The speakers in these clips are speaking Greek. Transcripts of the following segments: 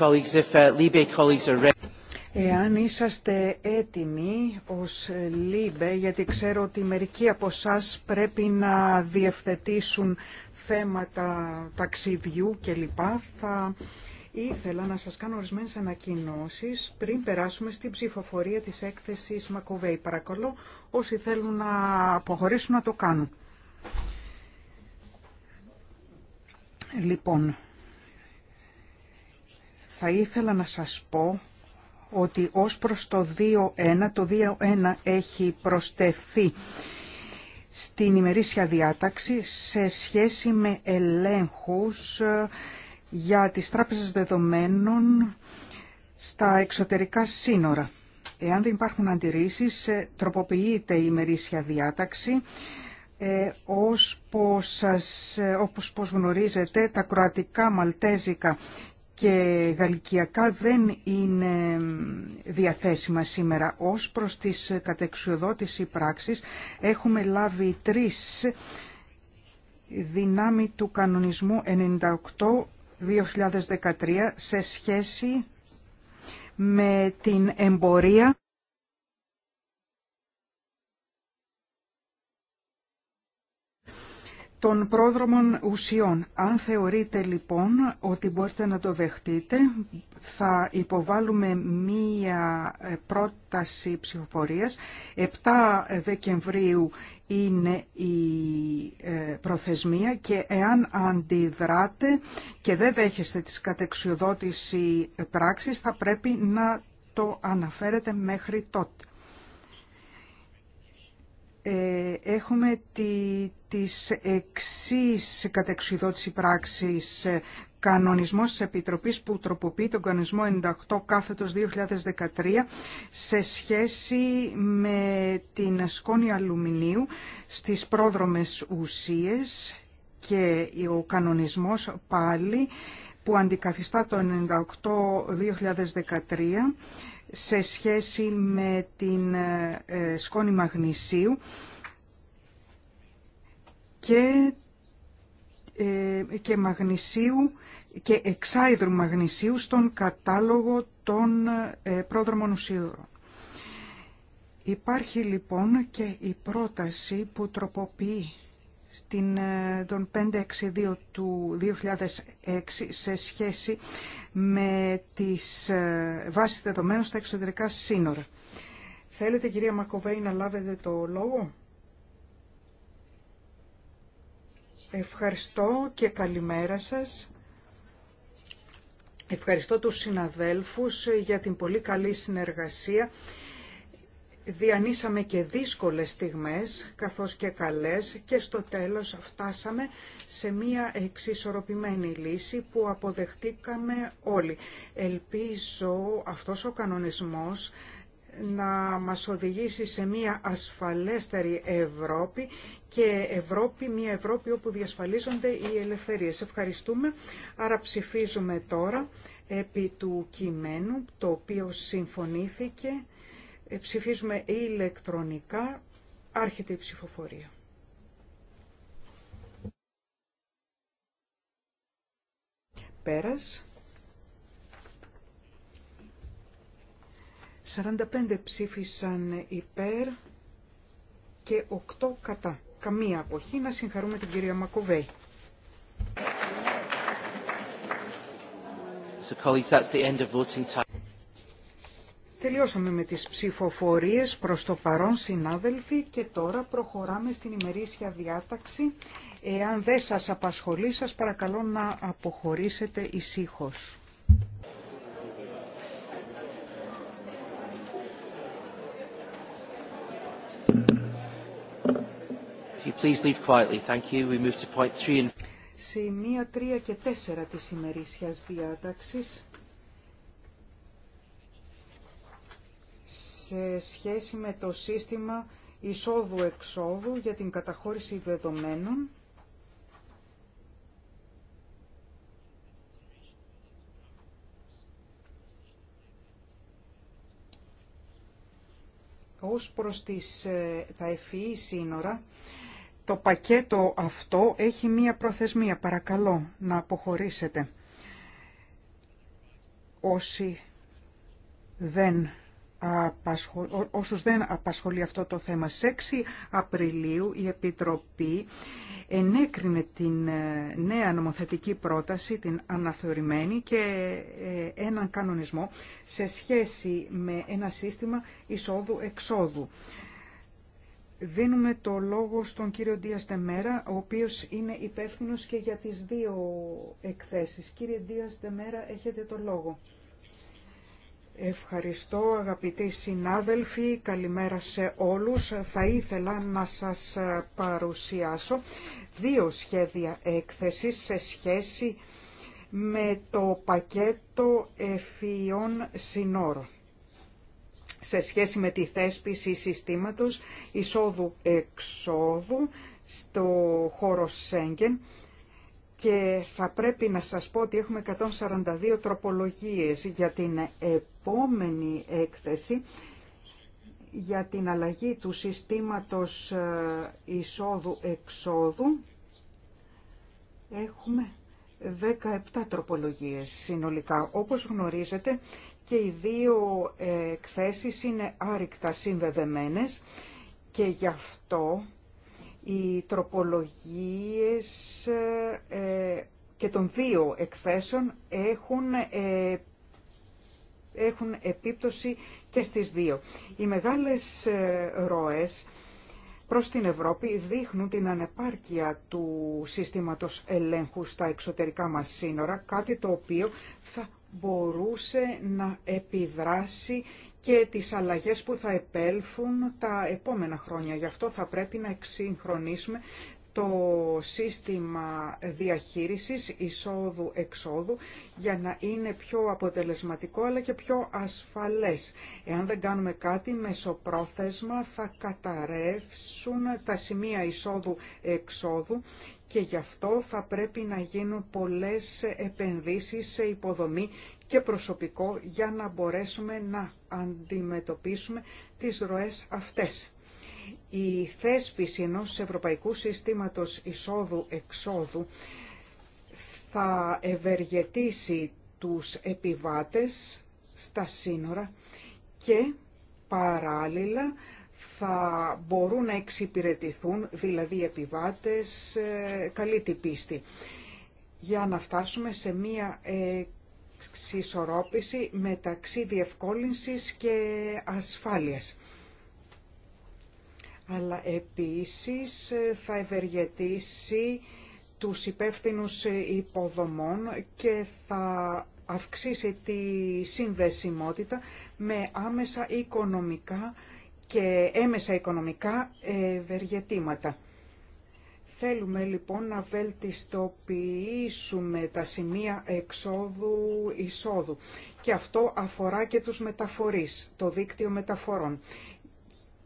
Uh, Εάν είσαστε έτοιμοι ως ΛΥΜΠΕ, γιατί ξέρω ότι μερικοί από εσά πρέπει να διευθετήσουν θέματα ταξιδιού κλπ. Θα ήθελα να σας κάνω ορισμένες ανακοινώσεις πριν περάσουμε στην ψηφοφορία της έκθεσης Μακοβέη. Παρακαλώ όσοι θέλουν να αποχωρήσουν να το κάνουν. Λοιπόν, θα ήθελα να σας πω ότι ως προς το 2.1, το 2.1 έχει προστεθεί στην ημερήσια διάταξη σε σχέση με ελέγχους ε, για τις τράπεζες δεδομένων στα εξωτερικά σύνορα. Εάν δεν υπάρχουν αντιρρήσεις, ε, τροποποιείται η ημερήσια διάταξη. Ε, ως πως, ε, όπως πως γνωρίζετε, τα κροατικά, μαλτέζικα και γαλλικιακά δεν είναι διαθέσιμα σήμερα. Ως προς τις κατεξουδότηση πράξεις έχουμε λάβει τρεις δυνάμει του κανονισμού 98-2013 σε σχέση με την εμπορία των πρόδρομων ουσιών. Αν θεωρείτε λοιπόν ότι μπορείτε να το δεχτείτε, θα υποβάλουμε μία ε, πρόταση ψηφοφορίας. 7 Δεκεμβρίου είναι η ε, προθεσμία και εάν αντιδράτε και δεν δέχεστε τις κατεξιοδότηση πράξεις θα πρέπει να το αναφέρετε μέχρι τότε. Ε, έχουμε τη, τις εξής κατεξιδότηση πράξης ε, κανονισμός της Επιτροπής που τροποποιεί τον κανονισμό 98 κάθετος 2013 σε σχέση με την σκόνη αλουμινίου στις πρόδρομες ουσίες και ο κανονισμός πάλι που αντικαθιστά το 98 2013 σε σχέση με την ε, ε, σκόνη μαγνησίου και, ε, και μαγνησίου και εξάειδρου μαγνησίου στον κατάλογο των πρόδρομων ουσιών. Υπάρχει λοιπόν και η πρόταση που τροποποιεί στην, ε, τον 562 του 2006 σε σχέση με τις ε, βάσεις δεδομένων στα εξωτερικά σύνορα. Θέλετε κυρία Μακοβέη να λάβετε το λόγο. Ευχαριστώ και καλημέρα σας. Ευχαριστώ τους συναδέλφους για την πολύ καλή συνεργασία διανύσαμε και δύσκολες στιγμές, καθώς και καλές, και στο τέλος φτάσαμε σε μία εξισορροπημένη λύση που αποδεχτήκαμε όλοι. Ελπίζω αυτός ο κανονισμός να μας οδηγήσει σε μια ασφαλέστερη Ευρώπη και Ευρώπη, μια Ευρώπη όπου διασφαλίζονται οι ελευθερίες. Ευχαριστούμε. Άρα ψηφίζουμε τώρα επί του κειμένου το οποίο συμφωνήθηκε ε, ψηφίζουμε ηλεκτρονικά. Άρχεται η ψηφοφορία. Πέρας. 45 ψήφισαν υπέρ και 8 κατά. Καμία αποχή. Να συγχαρούμε την κυρία Μακοβέη. So, colleagues, that's the end of voting Τελειώσαμε με τις ψηφοφορίες προς το παρόν συνάδελφοι και τώρα προχωράμε στην ημερήσια διάταξη. Εάν δεν σας απασχολεί σας παρακαλώ να αποχωρήσετε ησύχως. Σημεία 3 και 4 της ημερήσιας διάταξης σε σχέση με το σύστημα εισόδου-εξόδου για την καταχώρηση δεδομένων ως προς τις, ε, τα ευφυή e σύνορα, το πακέτο αυτό έχει μία προθεσμία. Παρακαλώ να αποχωρήσετε. Όσοι δεν όσους δεν απασχολεί αυτό το θέμα. Σε 6 Απριλίου η Επιτροπή ενέκρινε την ε, νέα νομοθετική πρόταση, την αναθεωρημένη και ε, έναν κανονισμό σε σχέση με ένα σύστημα εισόδου-εξόδου. Δίνουμε το λόγο στον κύριο Ντίας Τεμέρα, ο οποίος είναι υπεύθυνος και για τις δύο εκθέσεις. Κύριε Ντίας Τεμέρα, έχετε το λόγο. Ευχαριστώ αγαπητοί συνάδελφοι, καλημέρα σε όλους. Θα ήθελα να σας παρουσιάσω δύο σχέδια έκθεσης σε σχέση με το πακέτο εφιών συνόρων σε σχέση με τη θέσπιση συστήματος εισόδου-εξόδου στο χώρο Σέγγεν και θα πρέπει να σας πω ότι έχουμε 142 τροπολογίες για την επόμενη έκθεση για την αλλαγή του συστήματος ε, εισόδου-εξόδου. Έχουμε 17 τροπολογίες συνολικά. Όπως γνωρίζετε και οι δύο ε, εκθέσεις είναι άρρηκτα συνδεδεμένες και γι' αυτό οι τροπολογίες ε, και των δύο εκθέσεων έχουν, ε, έχουν επίπτωση και στις δύο. Οι μεγάλες ε, ροές προς την Ευρώπη δείχνουν την ανεπάρκεια του συστήματος ελέγχου στα εξωτερικά μας σύνορα, κάτι το οποίο θα μπορούσε να επιδράσει και τις αλλαγές που θα επέλθουν τα επόμενα χρόνια. Γι' αυτό θα πρέπει να εξυγχρονίσουμε το σύστημα διαχείρισης εισόδου-εξόδου για να είναι πιο αποτελεσματικό αλλά και πιο ασφαλές. Εάν δεν κάνουμε κάτι μεσοπρόθεσμα θα καταρρεύσουν τα σημεία εισόδου-εξόδου και γι' αυτό θα πρέπει να γίνουν πολλές επενδύσεις σε υποδομή και προσωπικό για να μπορέσουμε να αντιμετωπίσουμε τις ροές αυτές. Η θέσπιση ενός ευρωπαϊκού συστήματος εισόδου-εξόδου θα ευεργετήσει τους επιβάτες στα σύνορα και παράλληλα θα μπορούν να εξυπηρετηθούν, δηλαδή οι επιβάτες, ε, καλή την πίστη, για να φτάσουμε σε μία συσσωρόπηση, μεταξύ διευκόλυνσης και ασφάλειας. Αλλά επίσης ε, θα ευεργετήσει τους υπεύθυνους ε, υποδομών και θα αυξήσει τη συνδεσιμότητα με άμεσα οικονομικά και έμεσα οικονομικά ευεργετήματα. Θέλουμε λοιπόν να βελτιστοποιήσουμε τα σημεία εξόδου-εισόδου και αυτό αφορά και τους μεταφορείς, το δίκτυο μεταφορών.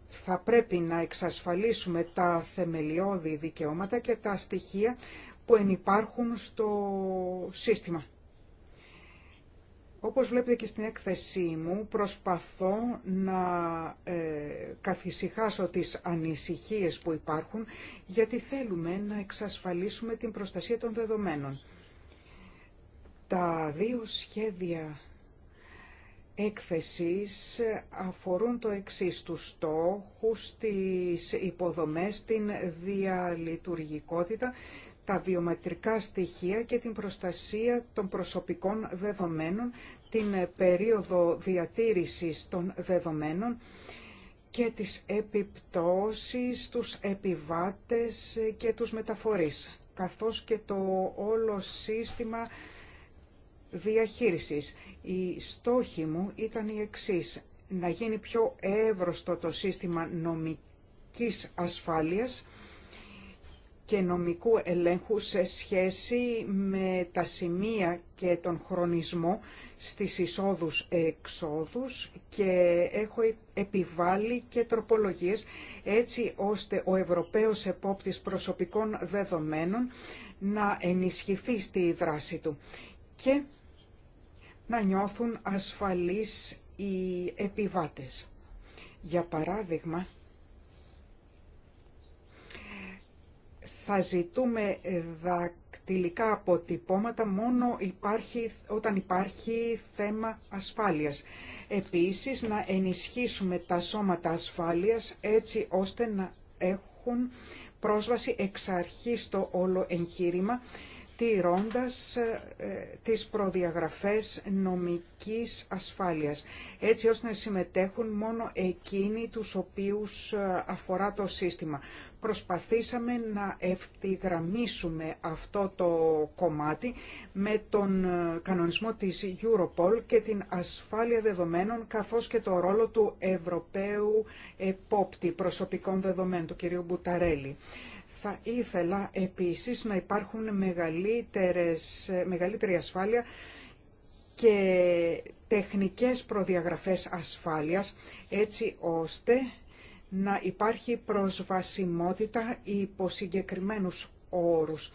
Θα πρέπει να εξασφαλίσουμε τα θεμελιώδη δικαιώματα και τα στοιχεία που ενυπάρχουν στο σύστημα. Όπως βλέπετε και στην έκθεσή μου, προσπαθώ να ε, καθησυχάσω τις ανησυχίες που υπάρχουν, γιατί θέλουμε να εξασφαλίσουμε την προστασία των δεδομένων. Τα δύο σχέδια έκθεσης αφορούν το εξής του στόχου τις υποδομές, την διαλειτουργικότητα τα βιομετρικά στοιχεία και την προστασία των προσωπικών δεδομένων, την περίοδο διατήρησης των δεδομένων και τις επιπτώσεις τους επιβάτες και τους μεταφορείς, καθώς και το όλο σύστημα διαχείρισης. Η στόχη μου ήταν η εξής, να γίνει πιο εύρωστο το σύστημα νομικής ασφάλειας, και νομικού ελέγχου σε σχέση με τα σημεία και τον χρονισμό στις εισόδους-εξόδους και έχω επιβάλει και τροπολογίες έτσι ώστε ο Ευρωπαίος Επόπτης Προσωπικών Δεδομένων να ενισχυθεί στη δράση του και να νιώθουν ασφαλείς οι επιβάτες. Για παράδειγμα, θα ζητούμε δακτυλικά αποτυπώματα μόνο υπάρχει, όταν υπάρχει θέμα ασφάλειας. Επίσης, να ενισχύσουμε τα σώματα ασφάλειας έτσι ώστε να έχουν πρόσβαση εξ αρχής στο όλο εγχείρημα τηρώντας ε, τις προδιαγραφές νομικής ασφάλειας, έτσι ώστε να συμμετέχουν μόνο εκείνοι τους οποίους ε, αφορά το σύστημα. Προσπαθήσαμε να ευθυγραμμίσουμε αυτό το κομμάτι με τον ε, κανονισμό της Europol και την ασφάλεια δεδομένων, καθώς και το ρόλο του Ευρωπαίου Επόπτη προσωπικών δεδομένων, του κ. Μπουταρέλη. Θα ήθελα επίσης να υπάρχουν μεγαλύτερη ασφάλεια και τεχνικές προδιαγραφές ασφάλειας έτσι ώστε να υπάρχει προσβασιμότητα υπό συγκεκριμένους όρους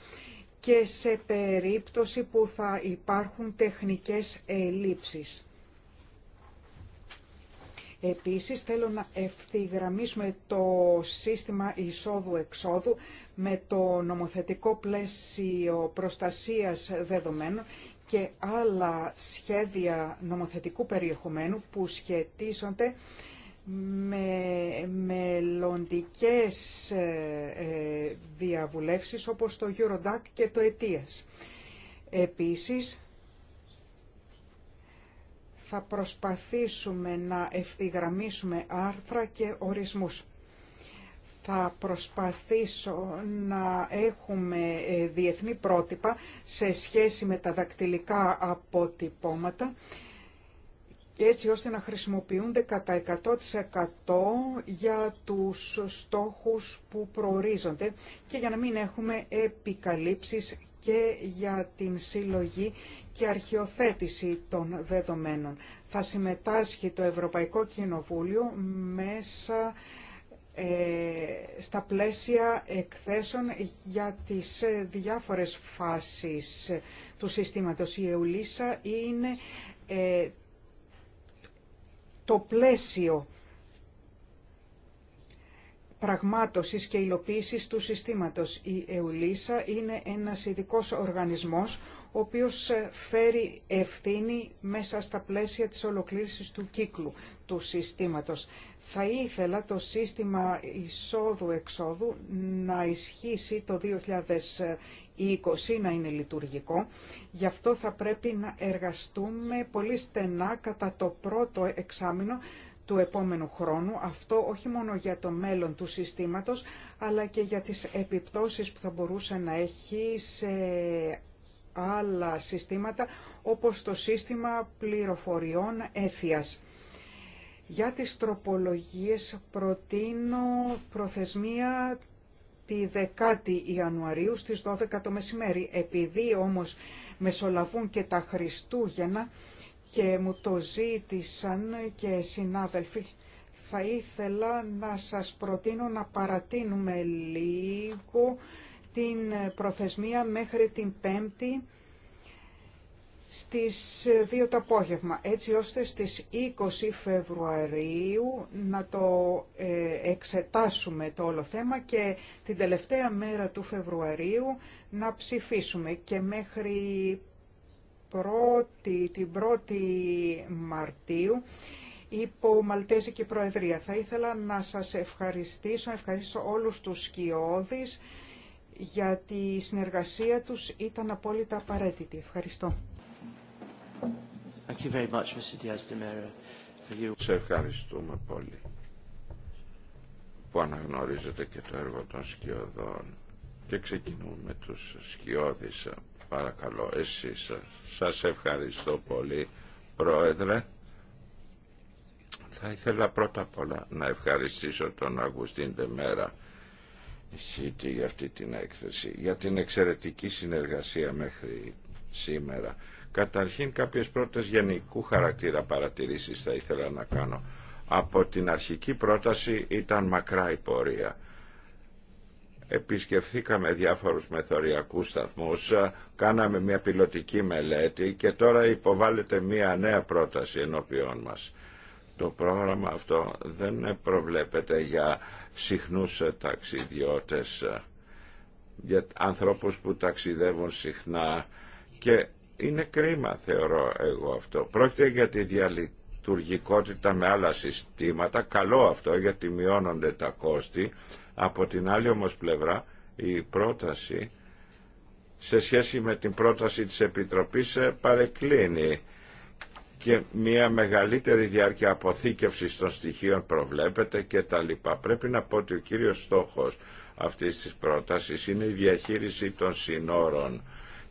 και σε περίπτωση που θα υπάρχουν τεχνικές ελλείψεις. Επίσης θέλω να ευθυγραμμίσουμε το σύστημα εισόδου-εξόδου με το νομοθετικό πλαίσιο προστασίας δεδομένων και άλλα σχέδια νομοθετικού περιεχομένου που σχετίζονται με μελλοντικές ε, ε, διαβουλεύσεις όπως το Eurodac και το ETIAS. Επίσης, θα προσπαθήσουμε να ευθυγραμμίσουμε άρθρα και ορισμούς. Θα προσπαθήσω να έχουμε ε, διεθνή πρότυπα σε σχέση με τα δακτυλικά αποτυπώματα έτσι ώστε να χρησιμοποιούνται κατά 100% για τους στόχους που προορίζονται και για να μην έχουμε επικαλύψεις και για την συλλογή και αρχιοθέτηση των δεδομένων. Θα συμμετάσχει το Ευρωπαϊκό Κοινοβούλιο μέσα ε, στα πλαίσια εκθέσεων για τις ε, διάφορες φάσεις του συστήματος. Η Εουλίσσα είναι ε, το πλαίσιο πραγμάτωσης και υλοποίησης του συστήματος. Η ΕΟΛΙΣΑ είναι ένας ειδικό οργανισμός, ο οποίος ε, φέρει ευθύνη μέσα στα πλαίσια της ολοκλήρωσης του κύκλου του συστήματος. Θα ήθελα το σύστημα εισόδου-εξόδου να ισχύσει το 2020, να είναι λειτουργικό. Γι' αυτό θα πρέπει να εργαστούμε πολύ στενά κατά το πρώτο εξάμεινο του επόμενου χρόνου. Αυτό όχι μόνο για το μέλλον του συστήματος, αλλά και για τις επιπτώσεις που θα μπορούσε να έχει σε άλλα συστήματα, όπως το σύστημα πληροφοριών έφιας. Για τις τροπολογίες προτείνω προθεσμία τη 10η Ιανουαρίου στις 12 το μεσημέρι. Επειδή όμως μεσολαβούν και τα Χριστούγεννα, και μου το ζήτησαν και συνάδελφοι. Θα ήθελα να σας προτείνω να παρατείνουμε λίγο την προθεσμία μέχρι την Πέμπτη στις 2 το απόγευμα, έτσι ώστε στις 20 Φεβρουαρίου να το ε, εξετάσουμε το όλο θέμα και την τελευταία μέρα του Φεβρουαρίου να ψηφίσουμε και μέχρι πρώτη, την 1η Μαρτίου υπό Μαλτέζικη Προεδρία. Θα ήθελα να σας ευχαριστήσω, να ευχαριστήσω όλους τους σκιώδεις για τη συνεργασία τους ήταν απόλυτα απαραίτητη. Ευχαριστώ. Thank Σε ευχαριστούμε πολύ που αναγνωρίζετε και το έργο των σκιωδών και ξεκινούμε τους σκιώδεις παρακαλώ εσείς. Σας ευχαριστώ πολύ Πρόεδρε. Θα ήθελα πρώτα απ' όλα να ευχαριστήσω τον Αγουστίν Δεμέρα Σίτη για αυτή την έκθεση, για την εξαιρετική συνεργασία μέχρι σήμερα. Καταρχήν κάποιες πρώτες γενικού χαρακτήρα παρατηρήσεις θα ήθελα να κάνω. Από την αρχική πρόταση ήταν μακρά η πορεία επισκεφθήκαμε διάφορους μεθοριακούς σταθμούς, κάναμε μια πιλωτική μελέτη και τώρα υποβάλλεται μια νέα πρόταση ενώπιόν μας. Το πρόγραμμα αυτό δεν προβλέπεται για συχνούς ταξιδιώτες, για ανθρώπους που ταξιδεύουν συχνά και είναι κρίμα θεωρώ εγώ αυτό. Πρόκειται για τη διαλειτουργικότητα με άλλα συστήματα, καλό αυτό γιατί μειώνονται τα κόστη, από την άλλη όμως πλευρά η πρόταση σε σχέση με την πρόταση της Επιτροπής ε, παρεκκλίνει και μια μεγαλύτερη διάρκεια αποθήκευσης των στοιχείων προβλέπεται και τα λοιπά. Πρέπει να πω ότι ο κύριος στόχος αυτής της πρότασης είναι η διαχείριση των συνόρων,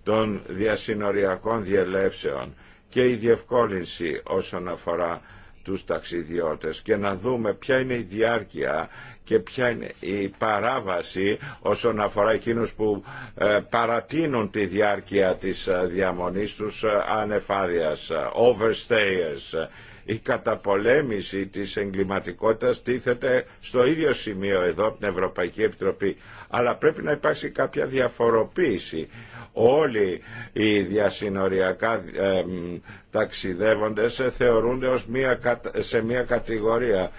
των διασυνοριακών διελεύσεων και η διευκόλυνση όσον αφορά τους ταξιδιώτες και να δούμε ποια είναι η διάρκεια και ποια είναι η παράβαση όσον αφορά εκείνους που ε, παρατείνουν τη διάρκεια της ε, διαμονής τους ε, ανεφάδιας, overstayers. Η καταπολέμηση της εγκληματικότητας τίθεται στο ίδιο σημείο εδώ από την Ευρωπαϊκή Επιτροπή. Αλλά πρέπει να υπάρξει κάποια διαφοροποίηση. Όλοι οι διασυνοριακά ταξιδεύοντες θεωρούνται ως μια, σε μια κατηγορία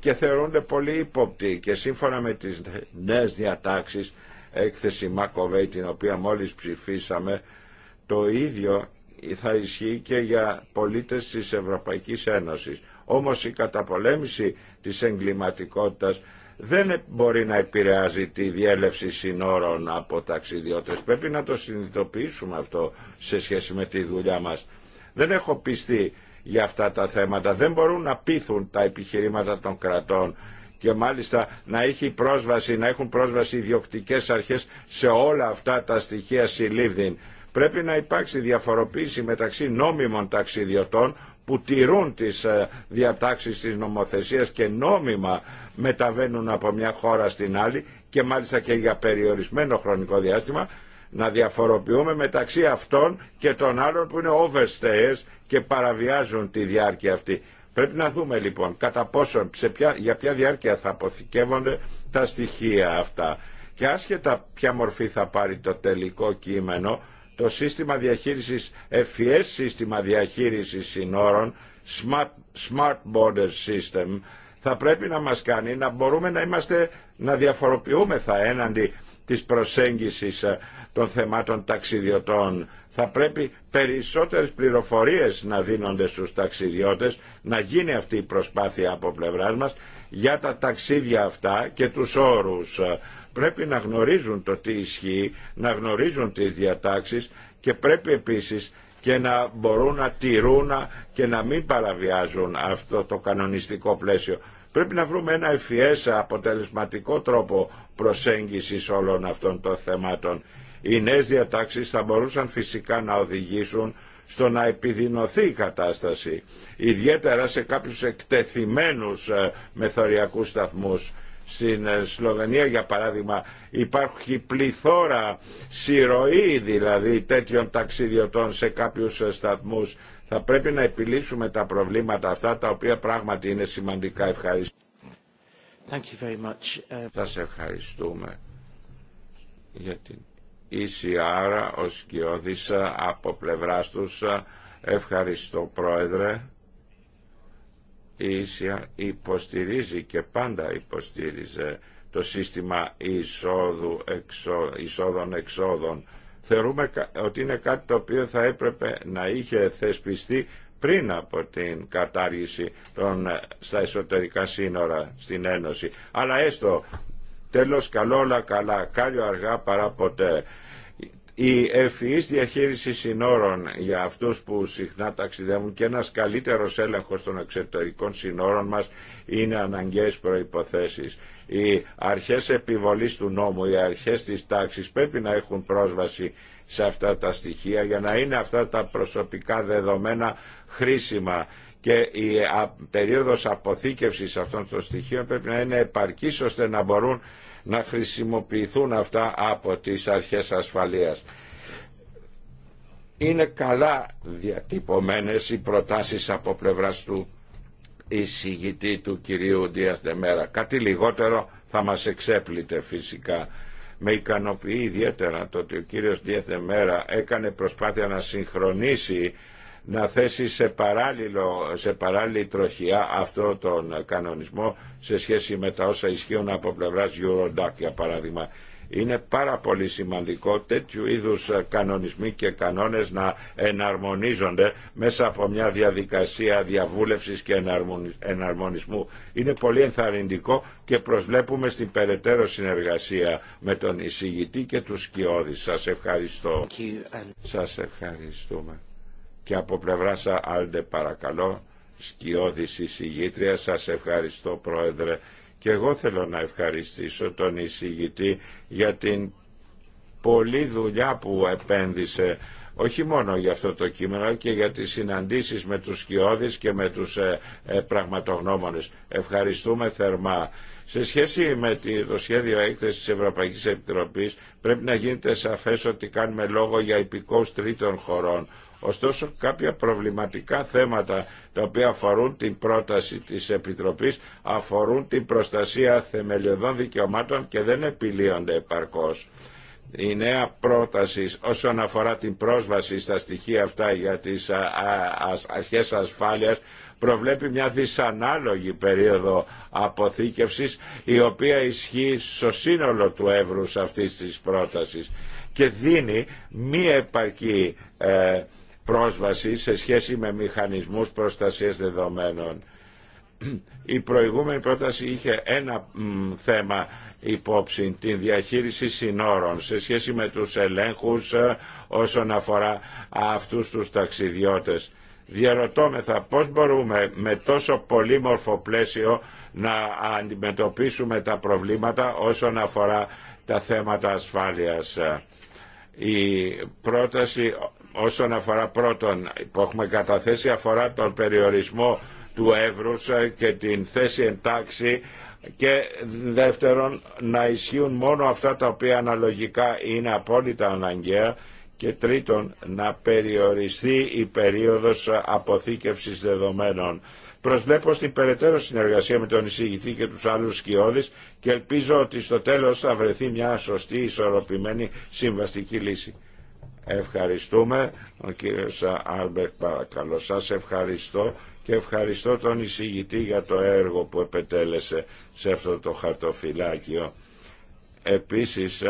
και θεωρούνται πολύ ύποπτοι και σύμφωνα με τις νέες διατάξεις έκθεση Μακοβέη την οποία μόλις ψηφίσαμε το ίδιο θα ισχύει και για πολίτες της Ευρωπαϊκής Ένωσης. Όμως η καταπολέμηση της εγκληματικότητας δεν μπορεί να επηρεάζει τη διέλευση συνόρων από ταξιδιώτες. Πρέπει να το συνειδητοποιήσουμε αυτό σε σχέση με τη δουλειά μας. Δεν έχω πιστεί για αυτά τα θέματα. Δεν μπορούν να πείθουν τα επιχειρήματα των κρατών και μάλιστα να, έχει πρόσβαση, να έχουν πρόσβαση ιδιοκτικές αρχές σε όλα αυτά τα στοιχεία συλλήβδιν. Πρέπει να υπάρξει διαφοροποίηση μεταξύ νόμιμων ταξιδιωτών που τηρούν τις ε, διατάξεις της νομοθεσίας και νόμιμα μεταβαίνουν από μια χώρα στην άλλη και μάλιστα και για περιορισμένο χρονικό διάστημα να διαφοροποιούμε μεταξύ αυτών και των άλλων που είναι overstayers και παραβιάζουν τη διάρκεια αυτή. Πρέπει να δούμε λοιπόν κατά πόσον, για ποια διάρκεια θα αποθηκεύονται τα στοιχεία αυτά. Και άσχετα ποια μορφή θα πάρει το τελικό κείμενο, το σύστημα διαχείρισης, FES σύστημα διαχείρισης συνόρων, Smart, Border System, θα πρέπει να μας κάνει να μπορούμε να είμαστε, να διαφοροποιούμεθα έναντι της προσέγγισης ε, των θεμάτων ταξιδιωτών. Θα πρέπει περισσότερες πληροφορίες να δίνονται στους ταξιδιώτες, να γίνει αυτή η προσπάθεια από πλευράς μας για τα ταξίδια αυτά και τους όρους. Ε, πρέπει να γνωρίζουν το τι ισχύει, να γνωρίζουν τις διατάξεις και πρέπει επίσης και να μπορούν να τηρούν και να μην παραβιάζουν αυτό το κανονιστικό πλαίσιο. Πρέπει να βρούμε ένα ευφυές αποτελεσματικό τρόπο προσέγγισης όλων αυτών των θεμάτων. Οι νέες διατάξεις θα μπορούσαν φυσικά να οδηγήσουν στο να επιδεινωθεί η κατάσταση, ιδιαίτερα σε κάποιους εκτεθειμένους ε, μεθοριακούς σταθμούς. Στην ε, Σλοβενία, για παράδειγμα, υπάρχει πληθώρα συρροή δηλαδή τέτοιων ταξιδιωτών σε κάποιους ε, σταθμούς θα πρέπει να επιλύσουμε τα προβλήματα αυτά τα οποία πράγματι είναι σημαντικά. Ευχαριστώ. Thank ε, ευχαριστούμε για την ως ο Σκιώδης από πλευράς τους. Ευχαριστώ Πρόεδρε. Η ΙΣΙΑ υποστηρίζει και πάντα υποστήριζε το σύστημα εξόδων, εισόδων-εξόδων θεωρούμε ότι είναι κάτι το οποίο θα έπρεπε να είχε θεσπιστεί πριν από την κατάργηση των, ε, στα εσωτερικά σύνορα στην Ένωση. Αλλά έστω, τέλος καλό όλα καλά, κάλιο αργά παρά ποτέ. Η ευφυής διαχείριση συνόρων για αυτούς που συχνά ταξιδεύουν και ένας καλύτερος έλεγχος των εξωτερικών συνόρων μας είναι αναγκαίες προϋποθέσεις. Οι αρχές επιβολής του νόμου, οι αρχές της τάξης πρέπει να έχουν πρόσβαση σε αυτά τα στοιχεία για να είναι αυτά τα προσωπικά δεδομένα χρήσιμα και η περίοδος αποθήκευσης αυτών των στοιχείων πρέπει να είναι επαρκής ώστε να μπορούν να χρησιμοποιηθούν αυτά από τις αρχές ασφαλείας. Είναι καλά διατυπωμένες οι προτάσεις από πλευράς του εισηγητή του κυρίου Δίας Δεμέρα. Κάτι λιγότερο θα μας εξέπλητε φυσικά. Με ικανοποιεί ιδιαίτερα το ότι ο κύριος Δίας Δεμέρα έκανε προσπάθεια να συγχρονίσει να θέσει σε, παράλληλο, σε παράλληλη τροχιά αυτό τον κανονισμό σε σχέση με τα όσα ισχύουν από πλευράς Eurodac για παράδειγμα. Είναι πάρα πολύ σημαντικό τέτοιου είδους κανονισμοί και κανόνες να εναρμονίζονται μέσα από μια διαδικασία διαβούλευσης και εναρμονισμού. Είναι πολύ ενθαρρυντικό και προσβλέπουμε στην περαιτέρω συνεργασία με τον εισηγητή και του σκιώδη. Σας ευχαριστώ. Σας ευχαριστούμε. Και από πλευρά σας, Άλντε, παρακαλώ, σκιώδης εισηγήτρια, σας ευχαριστώ, Πρόεδρε. Και εγώ θέλω να ευχαριστήσω τον εισηγητή για την πολλή δουλειά που επένδυσε όχι μόνο για αυτό το κείμενο αλλά και για τις συναντήσεις με τους σκιώδεις και με τους ε, ε, πραγματογνώμονες. Ευχαριστούμε θερμά. Σε σχέση με το σχέδιο έκθεση της Ευρωπαϊκής Επιτροπής πρέπει να γίνεται σαφές ότι κάνουμε λόγο για υπηκόους τρίτων χωρών. Ωστόσο κάποια προβληματικά θέματα τα οποία αφορούν την πρόταση της Επιτροπής, αφορούν την προστασία θεμελιωδών δικαιωμάτων και δεν επιλύονται επαρκώς. Η νέα πρόταση όσον αφορά την πρόσβαση στα στοιχεία αυτά για τις αρχές ασφάλειας προβλέπει μια δυσανάλογη περίοδο αποθήκευσης η οποία ισχύει στο σύνολο του εύρους αυτής της πρότασης και δίνει μη επαρκή ε, πρόσβαση σε σχέση με μηχανισμούς προστασίας δεδομένων. Η προηγούμενη πρόταση είχε ένα θέμα υπόψη, την διαχείριση συνόρων σε σχέση με τους ελέγχους ε, όσον αφορά αυτούς τους ταξιδιώτες. Διαρωτώμεθα πώς μπορούμε με τόσο πολύμορφο πλαίσιο να αντιμετωπίσουμε τα προβλήματα όσον αφορά τα θέματα ασφάλειας. Η πρόταση όσον αφορά πρώτον που έχουμε καταθέσει αφορά τον περιορισμό του εύρους ε, και την θέση εντάξει και δεύτερον να ισχύουν μόνο αυτά τα οποία αναλογικά είναι απόλυτα αναγκαία και τρίτον να περιοριστεί η περίοδος αποθήκευσης δεδομένων. Προσβλέπω στην περαιτέρω συνεργασία με τον εισηγητή και τους άλλους σκιώδεις και ελπίζω ότι στο τέλος θα βρεθεί μια σωστή ισορροπημένη συμβαστική λύση. Ευχαριστούμε. Ο κύριο Άλμπερτ παρακαλώ. Σας ευχαριστώ και ευχαριστώ τον εισηγητή για το έργο που επετέλεσε σε αυτό το χαρτοφυλάκιο. Επίσης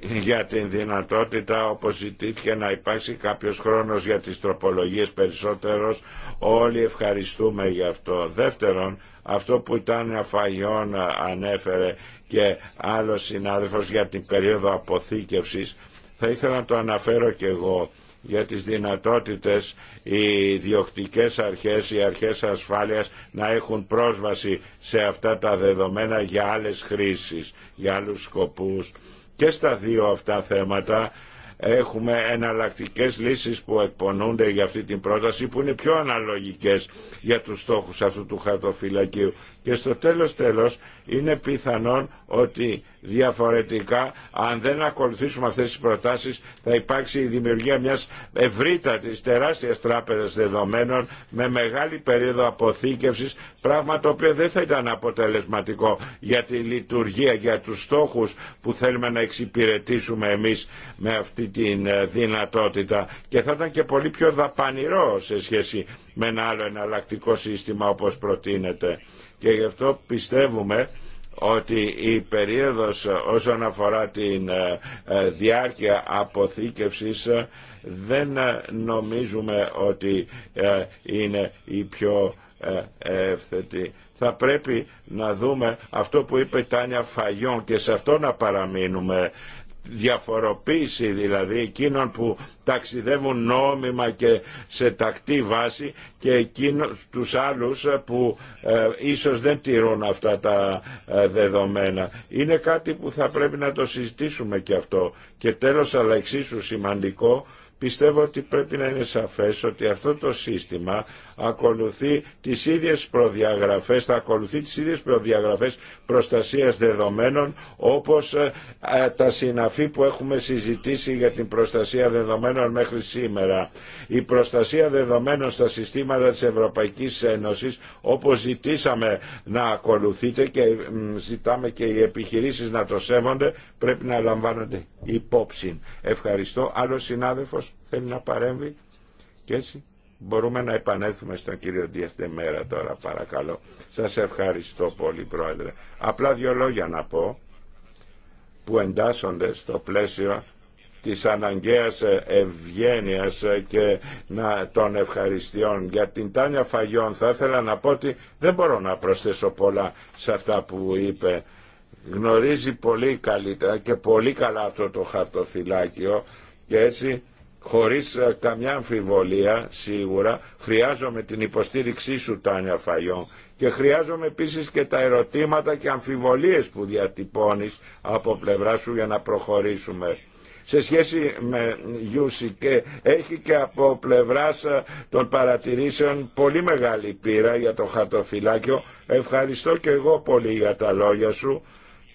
για την δυνατότητα όπως ζητήθηκε να υπάρξει κάποιος χρόνος για τις τροπολογίες περισσότερος όλοι ευχαριστούμε για αυτό δεύτερον αυτό που ήταν αφαγιών ανέφερε και άλλος συνάδελφος για την περίοδο αποθήκευσης θα ήθελα να το αναφέρω και εγώ για τις δυνατότητες οι διοκτικές αρχές, οι αρχές ασφάλειας να έχουν πρόσβαση σε αυτά τα δεδομένα για άλλες χρήσεις, για άλλους σκοπούς. Και στα δύο αυτά θέματα έχουμε εναλλακτικέ λύσεις που εκπονούνται για αυτή την πρόταση που είναι πιο αναλογικές για τους στόχους αυτού του χαρτοφυλακίου. Και στο τέλος τέλος είναι πιθανόν ότι διαφορετικά αν δεν ακολουθήσουμε αυτές τις προτάσεις θα υπάρξει η δημιουργία μιας ευρύτατης τεράστιας τράπεζας δεδομένων με μεγάλη περίοδο αποθήκευσης πράγμα το οποίο δεν θα ήταν αποτελεσματικό για τη λειτουργία, για τους στόχους που θέλουμε να εξυπηρετήσουμε εμείς με αυτή τη ε, δυνατότητα και θα ήταν και πολύ πιο δαπανηρό σε σχέση με ένα άλλο εναλλακτικό σύστημα όπως προτείνεται και γι' αυτό πιστεύουμε ότι η περίοδος όσον αφορά την ε, ε, διάρκεια αποθήκευσης ε, δεν νομίζουμε ότι είναι η πιο εύθετη. Θα πρέπει να δούμε αυτό που είπε η Τάνια Φαγιόν και σε αυτό να παραμείνουμε διαφοροποίηση δηλαδή εκείνων που ταξιδεύουν νόμιμα και σε τακτή βάση και εκείνους τους άλλους που ε, ίσως δεν τηρούν αυτά τα ε, δεδομένα. Είναι κάτι που θα πρέπει να το συζητήσουμε και αυτό. Και τέλος αλλά εξίσου σημαντικό πιστεύω ότι πρέπει να είναι σαφές ότι αυτό το σύστημα ακολουθεί τις ίδιες προδιαγραφές, θα ακολουθεί τις ίδιες προδιαγραφές προστασίας δεδομένων όπως ε, ε, τα συναφή που έχουμε συζητήσει για την προστασία δεδομένων μέχρι σήμερα. Η προστασία δεδομένων στα συστήματα της Ευρωπαϊκής Ένωσης όπως ζητήσαμε να ακολουθείτε και ζητάμε και οι επιχειρήσεις να το σέβονται πρέπει να λαμβάνονται υπόψη. Ευχαριστώ. Άλλο συνάδελφος θέλει να παρέμβει και έτσι Μπορούμε να επανέλθουμε στον κύριο Ντίαστε Μέρα τώρα παρακαλώ. Σας ευχαριστώ πολύ πρόεδρε. Απλά δύο λόγια να πω που εντάσσονται στο πλαίσιο της αναγκαίας ευγένειας και να, των ευχαριστειών. Για την Τάνια Φαγιών θα ήθελα να πω ότι δεν μπορώ να προσθέσω πολλά σε αυτά που είπε. Γνωρίζει πολύ καλύτερα και πολύ καλά αυτό το χαρτοφυλάκιο και έτσι Χωρίς ε, καμιά αμφιβολία σίγουρα χρειάζομαι την υποστήριξή σου Τάνια Φαγιόν και χρειάζομαι επίσης και τα ερωτήματα και αμφιβολίες που διατυπώνεις από πλευρά σου για να προχωρήσουμε σε σχέση με Γιούση και έχει και από πλευράς ε, των παρατηρήσεων πολύ μεγάλη πείρα για το χαρτοφυλάκιο. Ευχαριστώ και εγώ πολύ για τα λόγια σου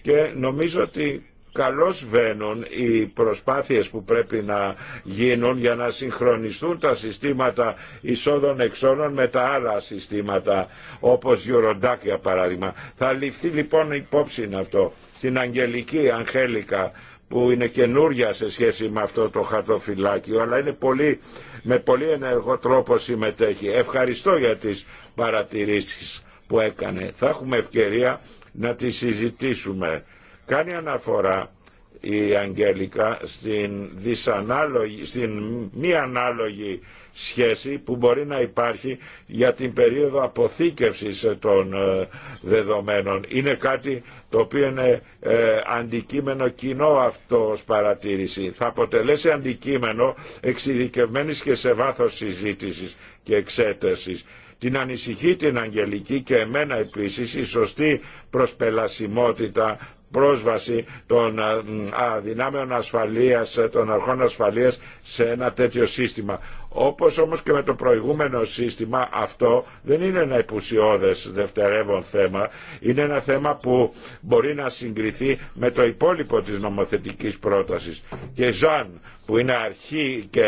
και νομίζω ότι καλώς βαίνουν οι προσπάθειες που πρέπει να γίνουν για να συγχρονιστούν τα συστήματα εισόδων-εξόδων με τα άλλα συστήματα όπως Eurodac για παράδειγμα. Θα ληφθεί λοιπόν υπόψη αυτό στην Αγγελική Αγγέλικα που είναι καινούρια σε σχέση με αυτό το χαρτοφυλάκιο αλλά είναι πολύ, με πολύ ενεργό τρόπο συμμετέχει. Ευχαριστώ για τις παρατηρήσεις που έκανε. Θα έχουμε ευκαιρία να τις συζητήσουμε Κάνει αναφορά η Αγγέλικα στην, δυσανάλογη, στην μη ανάλογη σχέση που μπορεί να υπάρχει για την περίοδο αποθήκευσης των ε, δεδομένων. Είναι κάτι το οποίο είναι ε, αντικείμενο κοινό αυτό ως παρατήρηση. Θα αποτελέσει αντικείμενο εξειδικευμένης και σε βάθος συζήτησης και εξέτασης. Την ανησυχεί την Αγγελική και εμένα επίσης η σωστή προσπελασιμότητα πρόσβαση των δυνάμεων ασφαλείας, ε, των αρχών ασφαλείας σε ένα τέτοιο σύστημα. Όπως όμως και με το προηγούμενο σύστημα αυτό δεν είναι ένα υπουσιώδες δευτερεύον θέμα. Είναι ένα θέμα που μπορεί να συγκριθεί με το υπόλοιπο της νομοθετικής πρότασης. Και Ζαν που είναι αρχή και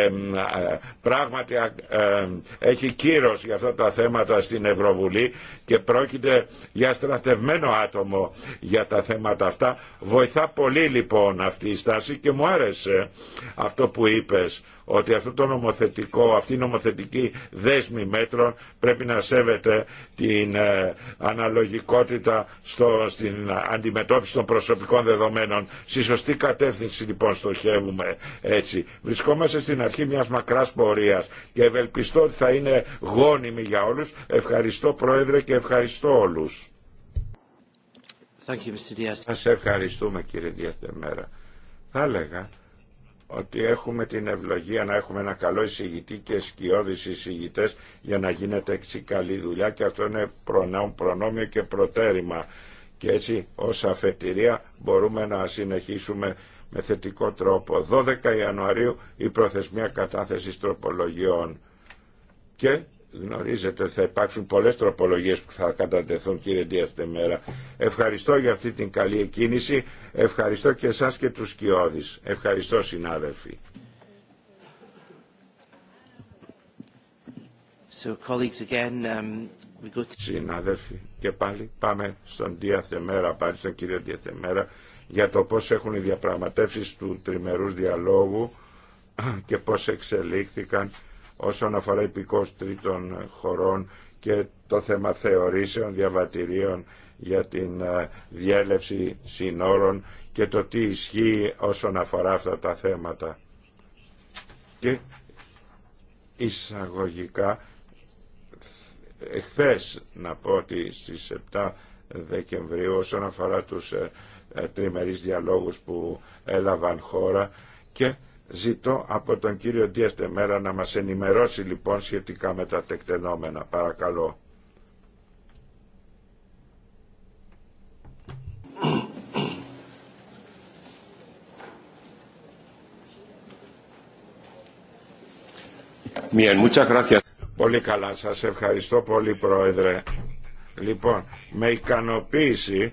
πράγματι ε, έχει κύρος για αυτά τα θέματα στην Ευρωβουλή και πρόκειται για στρατευμένο άτομο για τα θέματα αυτά Βοηθά πολύ λοιπόν αυτή η στάση και μου άρεσε αυτό που είπες ότι αυτό το νομοθετικό, αυτή η νομοθετική δέσμη μέτρων πρέπει να σέβεται την ε, αναλογικότητα στο, στην αντιμετώπιση των προσωπικών δεδομένων. Στη σωστή κατεύθυνση λοιπόν στοχεύουμε έτσι. Βρισκόμαστε στην αρχή μιας μακράς πορείας και ευελπιστώ ότι θα είναι γόνιμη για όλους. Ευχαριστώ Πρόεδρε και ευχαριστώ όλους. Σας ευχαριστούμε κύριε Διαθεμέρα. Θα έλεγα ότι έχουμε την ευλογία να έχουμε ένα καλό εισηγητή και σκιώδης εισηγητέ για να γίνεται έτσι καλή δουλειά και αυτό είναι προνόμιο και προτέρημα. Και έτσι ως αφετηρία μπορούμε να συνεχίσουμε με θετικό τρόπο. 12 Ιανουαρίου η προθεσμία κατάθεσης τροπολογιών. Και γνωρίζετε ότι θα υπάρξουν πολλές τροπολογίες που θα κατατεθούν κύριε Ντιεύτε μέρα. Ευχαριστώ για αυτή την καλή εκκίνηση. Ευχαριστώ και εσάς και τους Κιώδης. Ευχαριστώ συνάδελφοι. So, colleagues, again, um, we go to... Συνάδελφοι, και πάλι πάμε στον Διαθεμέρα, πάλι στον κύριο Διαθεμέρα, για το πώς έχουν οι διαπραγματεύσεις του τριμερούς διαλόγου και πώς εξελίχθηκαν όσον αφορά υπηκός τρίτων χωρών και το θέμα θεωρήσεων, διαβατηρίων για την ε, διέλευση συνόρων και το τι ισχύει όσον αφορά αυτά τα θέματα. Και εισαγωγικά, εχθές να πω ότι στις 7 Δεκεμβρίου όσον αφορά τους ε, ε, τριμερείς διαλόγους που έλαβαν χώρα και Ζητώ από τον κύριο Ντίας Μέρα να μας ενημερώσει λοιπόν σχετικά με τα τεκτενόμενα. Παρακαλώ. Πολύ καλά, σας ευχαριστώ πολύ Πρόεδρε. Λοιπόν, με ικανοποίηση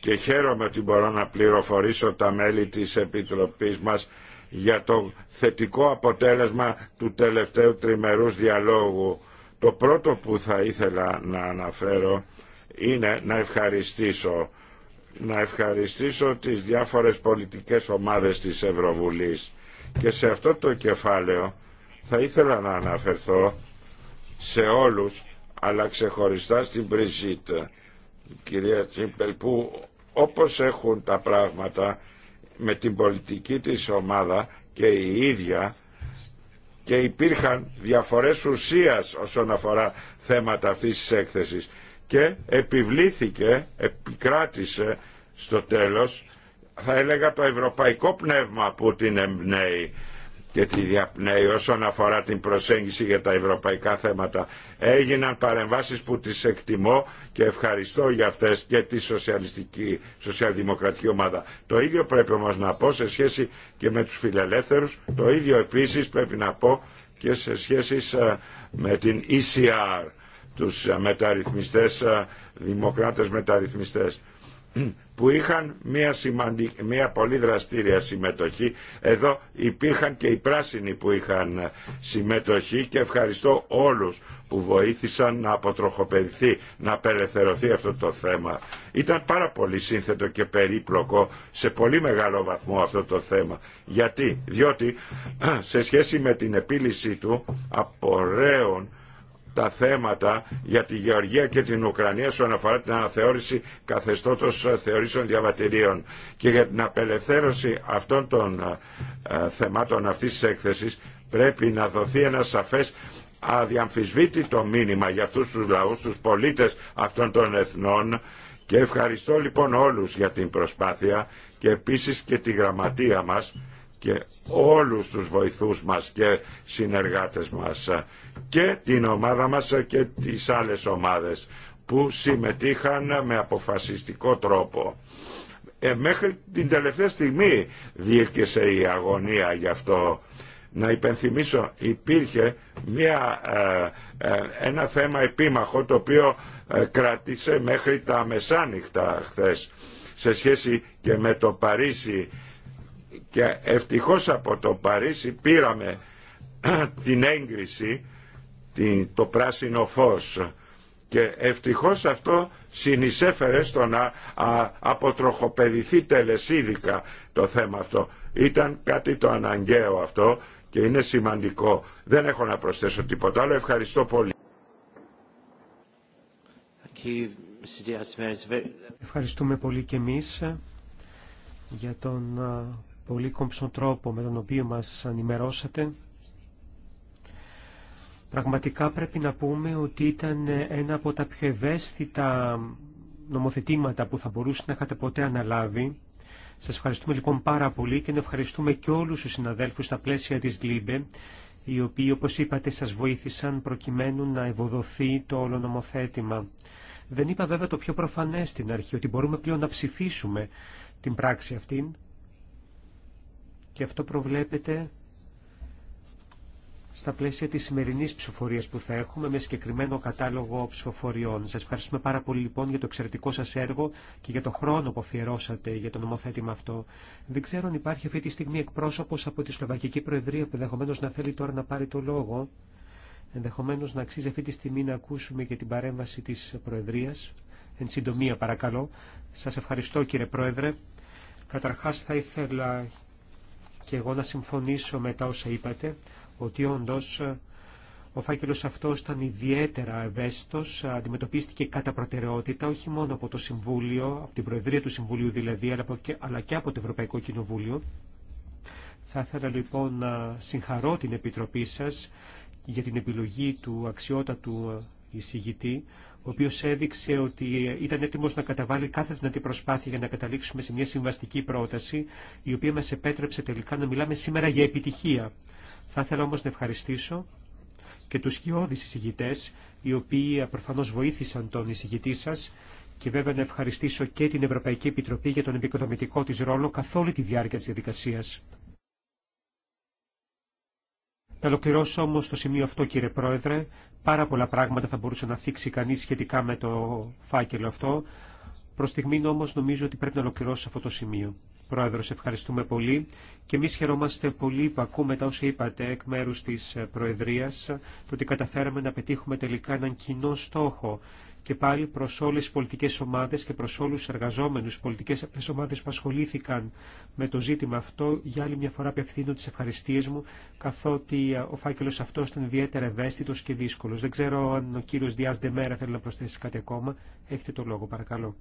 και χαίρομαι ότι μπορώ να πληροφορήσω τα μέλη της Επιτροπής μας για το θετικό αποτέλεσμα του τελευταίου τριμερούς διαλόγου. Το πρώτο που θα ήθελα να αναφέρω είναι να ευχαριστήσω να ευχαριστήσω τις διάφορες πολιτικές ομάδες της Ευρωβουλής και σε αυτό το κεφάλαιο θα ήθελα να αναφερθώ σε όλους αλλά ξεχωριστά στην Πριζίτ κυρία Τσίμπελ που όπως έχουν τα πράγματα με την πολιτική της ομάδα και η ίδια και υπήρχαν διαφορές ουσίας όσον αφορά θέματα αυτής της έκθεσης και επιβλήθηκε, επικράτησε στο τέλος θα έλεγα το ευρωπαϊκό πνεύμα που την εμπνέει και τη διαπνέει όσον αφορά την προσέγγιση για τα ευρωπαϊκά θέματα. Έγιναν παρεμβάσεις που τις εκτιμώ και ευχαριστώ για αυτές και τη σοσιαλιστική, σοσιαλδημοκρατική ομάδα. Το ίδιο πρέπει όμως να πω σε σχέση και με τους φιλελεύθερους, το ίδιο επίσης πρέπει να πω και σε σχέση με την ECR, τους μεταρρυθμιστές, ε, δημοκράτες μεταρρυθμιστές που είχαν μια, μια πολύ δραστήρια συμμετοχή. Εδώ υπήρχαν και οι πράσινοι που είχαν ε, συμμετοχή και ευχαριστώ όλους που βοήθησαν να αποτροχοπεδθεί, να απελευθερωθεί αυτό το θέμα. Ήταν πάρα πολύ σύνθετο και περίπλοκο σε πολύ μεγάλο βαθμό αυτό το θέμα. Γιατί, διότι σε σχέση με την επίλυσή του απορρέων τα θέματα για τη Γεωργία και την Ουκρανία στον αφορά την αναθεώρηση καθεστώτος θεωρήσεων διαβατηρίων και για την απελευθέρωση αυτών των ε, θεμάτων αυτής της έκθεσης πρέπει να δοθεί ένα σαφές αδιαμφισβήτητο μήνυμα για αυτούς τους λαούς, τους πολίτες αυτών των εθνών και ευχαριστώ λοιπόν όλους για την προσπάθεια και επίσης και τη γραμματεία μας και όλους τους βοηθούς μας και συνεργάτες μας και την ομάδα μας και τις άλλες ομάδες που συμμετείχαν με αποφασιστικό τρόπο. Ε, μέχρι την τελευταία στιγμή διήρκεσε η αγωνία γι' αυτό. Να υπενθυμίσω, υπήρχε μια, ε, ε, ένα θέμα επίμαχο το οποίο ε, κράτησε μέχρι τα μεσάνυχτα χθες σε σχέση και με το Παρίσι και ευτυχώς από το Παρίσι πήραμε την έγκριση το πράσινο φως. Και ευτυχώς αυτό συνεισέφερε στο να αποτροχοπεδηθεί τελεσίδικα το θέμα αυτό. Ήταν κάτι το αναγκαίο αυτό και είναι σημαντικό. Δεν έχω να προσθέσω τίποτα άλλο. Ευχαριστώ πολύ. Ευχαριστούμε πολύ και εμείς για τον πολύ κομψό τρόπο με τον οποίο μας ενημερώσατε. Πραγματικά πρέπει να πούμε ότι ήταν ένα από τα πιο ευαίσθητα νομοθετήματα που θα μπορούσε να είχατε ποτέ αναλάβει. Σας ευχαριστούμε λοιπόν πάρα πολύ και να ευχαριστούμε και όλους τους συναδέλφους στα πλαίσια της ΛΥΜΠΕ, οι οποίοι όπως είπατε σας βοήθησαν προκειμένου να ευοδοθεί το όλο νομοθέτημα. Δεν είπα βέβαια το πιο προφανές στην αρχή, ότι μπορούμε πλέον να ψηφίσουμε την πράξη αυτήν και αυτό προβλέπεται στα πλαίσια της σημερινής ψηφοφορίας που θα έχουμε με συγκεκριμένο κατάλογο ψηφοφοριών. Σας ευχαριστούμε πάρα πολύ λοιπόν για το εξαιρετικό σας έργο και για το χρόνο που αφιερώσατε για το νομοθέτημα αυτό. Δεν ξέρω αν υπάρχει αυτή τη στιγμή εκπρόσωπος από τη Σλοβακική Προεδρία που ενδεχομένω να θέλει τώρα να πάρει το λόγο. ενδεχομένω να αξίζει αυτή τη στιγμή να ακούσουμε και την παρέμβαση της Προεδρίας. Εν συντομία παρακαλώ. Σας ευχαριστώ κύριε Πρόεδρε. Καταρχάς θα ήθελα και εγώ να συμφωνήσω με τα όσα είπατε ότι όντως ε, ο φάκελος αυτός ήταν ιδιαίτερα ευαίσθητος, ε, αντιμετωπίστηκε κατά προτεραιότητα όχι μόνο από το Συμβούλιο, από την Προεδρία του Συμβουλίου δηλαδή, αλλά και από το Ευρωπαϊκό Κοινοβούλιο. Θα ήθελα λοιπόν να συγχαρώ την Επιτροπή σας για την επιλογή του αξιότατου ε, εισηγητή, ο οποίος έδειξε ότι ήταν έτοιμο να καταβάλει κάθε δυνατή προσπάθεια για να καταλήξουμε σε μια συμβαστική πρόταση, η οποία μα επέτρεψε τελικά να μιλάμε σήμερα για επιτυχία. Θα ήθελα όμως να ευχαριστήσω και τους χειώδεις εισηγητές, οι οποίοι προφανώς βοήθησαν τον εισηγητή σας και βέβαια να ευχαριστήσω και την Ευρωπαϊκή Επιτροπή για τον επικοδομητικό της ρόλο καθ' όλη τη διάρκεια της διαδικασίας. Να ολοκληρώσω όμω το σημείο αυτό, κύριε Πρόεδρε. Πάρα πολλά πράγματα θα μπορούσε να θίξει κανείς σχετικά με το φάκελο αυτό. Προ στιγμήν όμω νομίζω ότι πρέπει να ολοκληρώσω αυτό το σημείο. Πρόεδρο, ευχαριστούμε πολύ και εμεί χαιρόμαστε πολύ που ακούμε τα όσα είπατε εκ μέρου τη ε, Προεδρία, το ότι καταφέραμε να πετύχουμε τελικά έναν κοινό στόχο και πάλι προ όλε τι πολιτικέ ομάδε και προ όλου του εργαζόμενου, πολιτικέ ομάδε που ασχολήθηκαν με το ζήτημα αυτό. Για άλλη μια φορά απευθύνω τι ευχαριστίε μου, καθότι ε, ο φάκελο αυτό ήταν ιδιαίτερα ευαίσθητο και δύσκολο. Δεν ξέρω αν ο κύριο Διά Ντεμέρα θέλει να προσθέσει κάτι ακόμα. Έχετε το λόγο, παρακαλώ.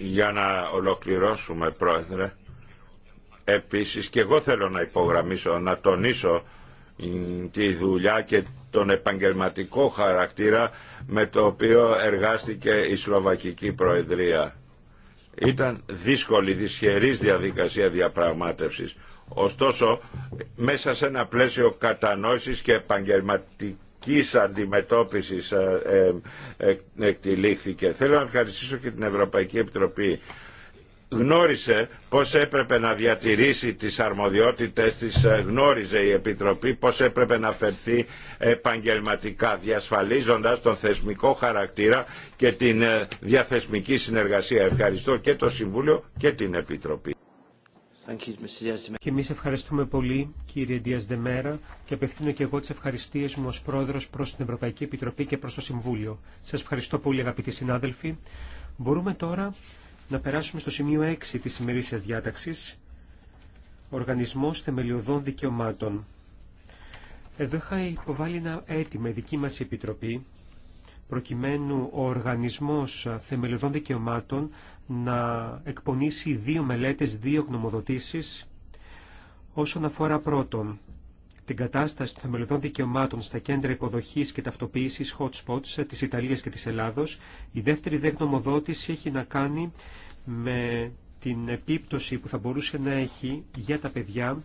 Για να ολοκληρώσουμε πρόεδρε, επίσης και εγώ θέλω να υπογραμμίσω, να τονίσω τη δουλειά και τον επαγγελματικό χαρακτήρα με το οποίο εργάστηκε η Σλοβακική Προεδρία. Ήταν δύσκολη, δυσχερής διαδικασία διαπραγμάτευσης. Ωστόσο, μέσα σε ένα πλαίσιο κατανόησης και επαγγελματική θετικής αντιμετώπισης ε, ε, ε, εκτιλήχθηκε. Θέλω να ευχαριστήσω και την Ευρωπαϊκή Επιτροπή γνώρισε πώς έπρεπε να διατηρήσει τις αρμοδιότητες της, γνώριζε η Επιτροπή πώς έπρεπε να φερθεί επαγγελματικά, διασφαλίζοντας τον θεσμικό χαρακτήρα και την διαθεσμική συνεργασία. Ευχαριστώ και το Συμβούλιο και την Επιτροπή. Και εμείς ευχαριστούμε πολύ κύριε Ντίας Δεμέρα και απευθύνω και εγώ τις ευχαριστίες μου ω πρόεδρο προς την Ευρωπαϊκή Επιτροπή και προς το Συμβούλιο. Σας ευχαριστώ πολύ αγαπητοί συνάδελφοι. Μπορούμε τώρα να περάσουμε στο σημείο 6 της ημερήσια διάταξης, Οργανισμό Θεμελιωδών Δικαιωμάτων. Εδώ είχα υποβάλει ένα αίτημα η δική μα Επιτροπή προκειμένου ο Οργανισμός Θεμελιωδών Δικαιωμάτων να εκπονήσει δύο μελέτες, δύο γνωμοδοτήσεις όσον αφορά πρώτον την κατάσταση των θεμελιωδών δικαιωμάτων στα κέντρα υποδοχή και ταυτοποίηση hot spots τη Ιταλία και τη Ελλάδο. Η δεύτερη δε γνωμοδότηση έχει να κάνει με την επίπτωση που θα μπορούσε να έχει για τα παιδιά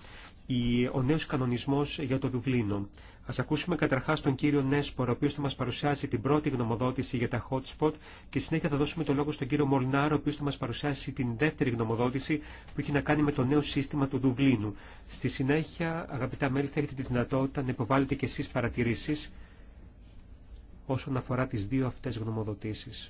ο νέος κανονισμός για το Δουβλίνο. Ας ακούσουμε καταρχάς τον κύριο Νέσπορ, ο οποίο θα μα παρουσιάσει την πρώτη γνωμοδότηση για τα Hotspot και συνέχεια θα δώσουμε το λόγο στον κύριο Μολνάρο, ο οποίος θα μας παρουσιάσει την δεύτερη γνωμοδότηση που έχει να κάνει με το νέο σύστημα του Δουβλίνου. Στη συνέχεια, αγαπητά μέλη, θα έχετε τη δυνατότητα να υποβάλλετε και εσεί παρατηρήσεις όσον αφορά τι δύο αυτέ γνωμοδοτήσει.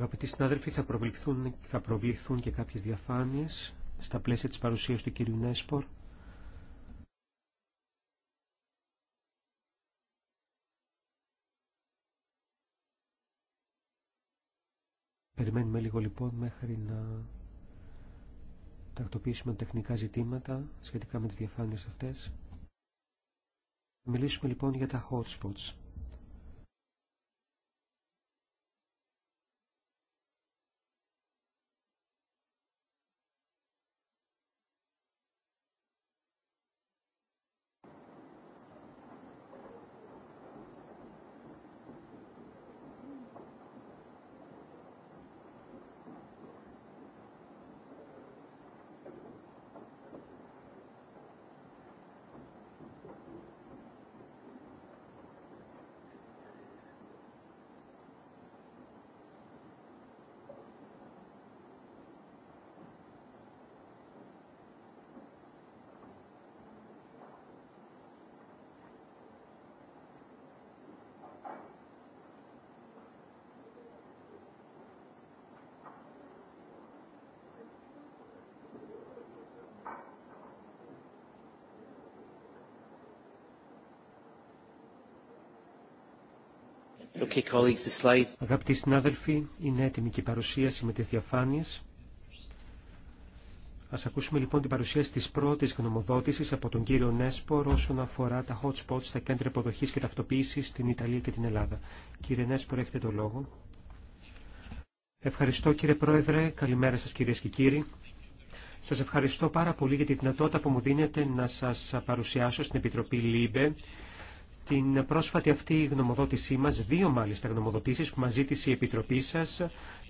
Αγαπητοί συνάδελφοι, θα προβληθούν, θα προβληθούν και κάποιες διαφάνειες στα πλαίσια της παρουσίας του κύριου Νέσπορ. Περιμένουμε λίγο λοιπόν μέχρι να τακτοποιήσουμε τεχνικά ζητήματα σχετικά με τις διαφάνειες αυτές. Μιλήσουμε λοιπόν για τα hotspots. Αγαπητοί συνάδελφοι, είναι έτοιμη και η παρουσίαση με τις διαφάνειες. Ας ακούσουμε λοιπόν την παρουσίαση της πρώτης γνωμοδότησης από τον κύριο Νέσπορ όσον αφορά τα hot spots στα κέντρα υποδοχής και ταυτοποίησης στην Ιταλία και την Ελλάδα. Κύριε Νέσπορ, έχετε το λόγο. Ευχαριστώ κύριε Πρόεδρε, καλημέρα σας κυρίες και κύριοι. Σας ευχαριστώ πάρα πολύ για τη δυνατότητα που μου δίνετε να σας παρουσιάσω στην Επιτροπή ΛΥΜΠΕ την πρόσφατη αυτή γνωμοδότησή μας, δύο μάλιστα γνωμοδοτήσεις που μας ζήτησε η Επιτροπή σα,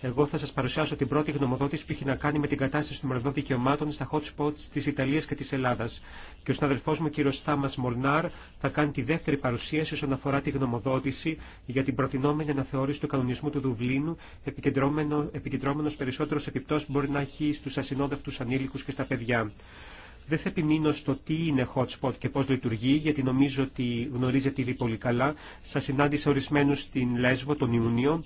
Εγώ θα σας παρουσιάσω την πρώτη γνωμοδότηση που έχει να κάνει με την κατάσταση των μορδών δικαιωμάτων στα hot spots της Ιταλίας και της Ελλάδας. Και ο συναδελφό μου κύριο Στάμα Μολνάρ θα κάνει τη δεύτερη παρουσίαση όσον αφορά τη γνωμοδότηση για την προτινόμενη αναθεώρηση του κανονισμού του Δουβλίνου, επικεντρώμενο, επικεντρώμενος περισσότερο επιπτώσεις που μπορεί να έχει στους ασυνόδευτού ανήλικου και στα παιδιά. Δεν θα επιμείνω στο τι είναι hotspot και πώς λειτουργεί, γιατί νομίζω ότι γνωρίζετε ήδη πολύ καλά. Σας συνάντησα ορισμένου στην Λέσβο τον Ιούνιο,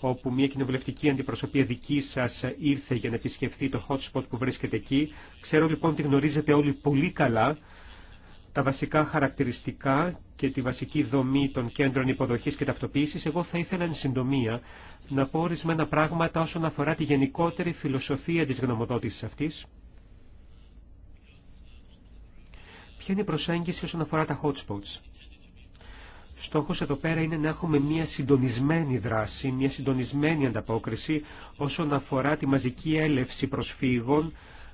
όπου μια κοινοβουλευτική αντιπροσωπεία δική σας ήρθε για να επισκεφθεί το hotspot που βρίσκεται εκεί. Ξέρω λοιπόν ότι γνωρίζετε όλοι πολύ καλά τα βασικά χαρακτηριστικά και τη βασική δομή των κέντρων υποδοχής και ταυτοποίησης, εγώ θα ήθελα εν συντομία να πω ορισμένα πράγματα όσον αφορά τη γενικότερη φιλοσοφία της γνωμοδότησης αυτής Ποια είναι η προσέγγιση όσον αφορά τα hotspots. Στόχος εδώ πέρα είναι να έχουμε μια συντονισμένη δράση, μια συντονισμένη ανταπόκριση όσον αφορά τη μαζική έλευση προσφύγων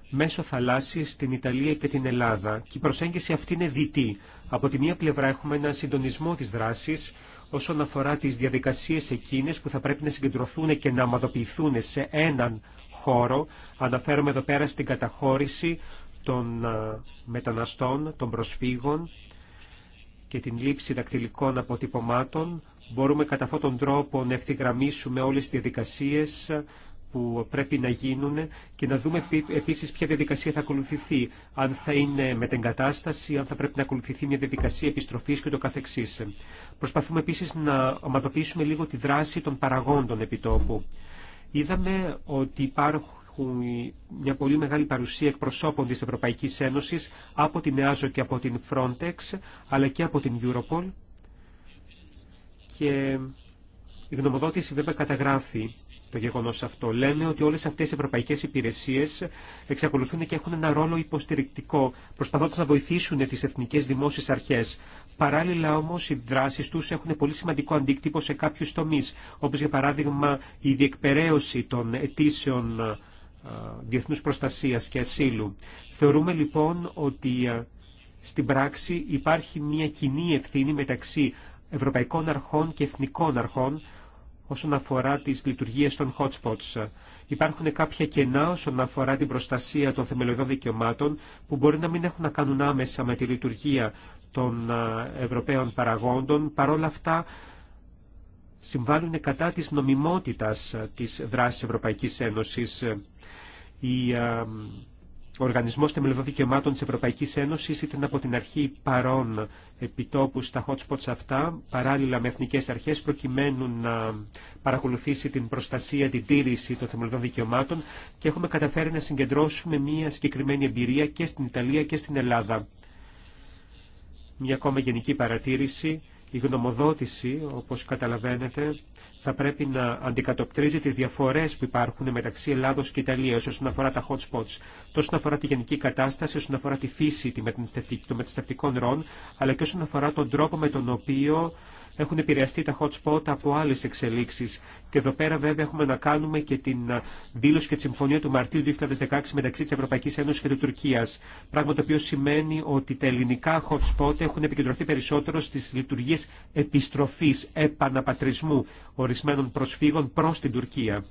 μέσω θαλάσσης στην Ιταλία και την Ελλάδα. Και η προσέγγιση αυτή είναι διτή. Από τη μία πλευρά έχουμε ένα συντονισμό της δράσης όσον αφορά τις διαδικασίες εκείνες που θα πρέπει να συγκεντρωθούν και να ομαδοποιηθούν σε έναν χώρο. Αναφέρομαι εδώ πέρα στην καταχώρηση των ε, μεταναστών, των προσφύγων και την λήψη δακτυλικών αποτυπωμάτων, μπορούμε κατά αυτόν τον τρόπο να ευθυγραμμίσουμε όλες τις διαδικασίες που πρέπει να γίνουν και να δούμε επίσης ποια διαδικασία θα ακολουθηθεί, αν θα είναι κατάσταση, αν θα πρέπει να ακολουθηθεί μια διαδικασία επιστροφής και το καθεξής. Προσπαθούμε επίσης να οματοποιήσουμε λίγο τη δράση των παραγόντων επιτόπου. Είδαμε ότι υπάρχουν έχουν μια πολύ μεγάλη παρουσία εκπροσώπων της Ευρωπαϊκής Ένωσης από την ΕΑΖΟ και από την Frontex, αλλά και από την Europol. Και η γνωμοδότηση βέβαια καταγράφει το γεγονός αυτό. Λέμε ότι όλες αυτές οι ευρωπαϊκές υπηρεσίες εξακολουθούν και έχουν ένα ρόλο υποστηρικτικό, προσπαθώντα να βοηθήσουν τις εθνικές δημόσιες αρχές. Παράλληλα όμως οι δράσεις τους έχουν πολύ σημαντικό αντίκτυπο σε κάποιου τομείς όπως για παράδειγμα η διεκπαιρέωση των αιτήσεων ε, διεθνούς προστασίας και ασύλου. Θεωρούμε λοιπόν ότι ε, στην πράξη υπάρχει μια κοινή ευθύνη μεταξύ ευρωπαϊκών αρχών και εθνικών αρχών όσον αφορά τις λειτουργίες των hotspots. Υπάρχουν κάποια κενά όσον αφορά την προστασία των θεμελιωδών δικαιωμάτων που μπορεί να μην έχουν να κάνουν άμεσα με τη λειτουργία των ε, Ευρωπαίων παραγόντων. Παρόλα αυτά συμβάλλουν κατά της νομιμότητας της δράσης Ευρωπαϊκής Ένωσης η ο Οργανισμός Θεμελιωδών Δικαιωμάτων της Ευρωπαϊκής Ένωσης ήταν από την αρχή παρών επιτόπου στα hot spots αυτά, παράλληλα με εθνικές αρχές, προκειμένου να παρακολουθήσει την προστασία, την τήρηση των θεμελιωδών δικαιωμάτων και έχουμε καταφέρει να συγκεντρώσουμε μια συγκεκριμένη εμπειρία και στην Ιταλία και στην Ελλάδα. Μια ακόμα γενική παρατήρηση, η γνωμοδότηση, όπως καταλαβαίνετε, θα πρέπει να αντικατοπτρίζει τις διαφορές που υπάρχουν μεταξύ Ελλάδος και Ιταλίας όσον αφορά τα hot spots, τόσο όσον αφορά τη γενική κατάσταση, όσον αφορά τη φύση των μεταναστευτικών ροών, αλλά και όσον αφορά τον τρόπο με τον οποίο έχουν επηρεαστεί τα hot spot από άλλες εξελίξεις. Και εδώ πέρα βέβαια έχουμε να κάνουμε και την ε, δήλωση και τη συμφωνία του Μαρτίου 2016 μεταξύ της Ευρωπαϊκής Ένωσης και του Τουρκίας. Πράγμα το οποίο σημαίνει ότι τα ελληνικά hot spot έχουν επικεντρωθεί περισσότερο στις λειτουργίες επιστροφής, επαναπατρισμού ορισμένων προσφύγων προς την Τουρκία.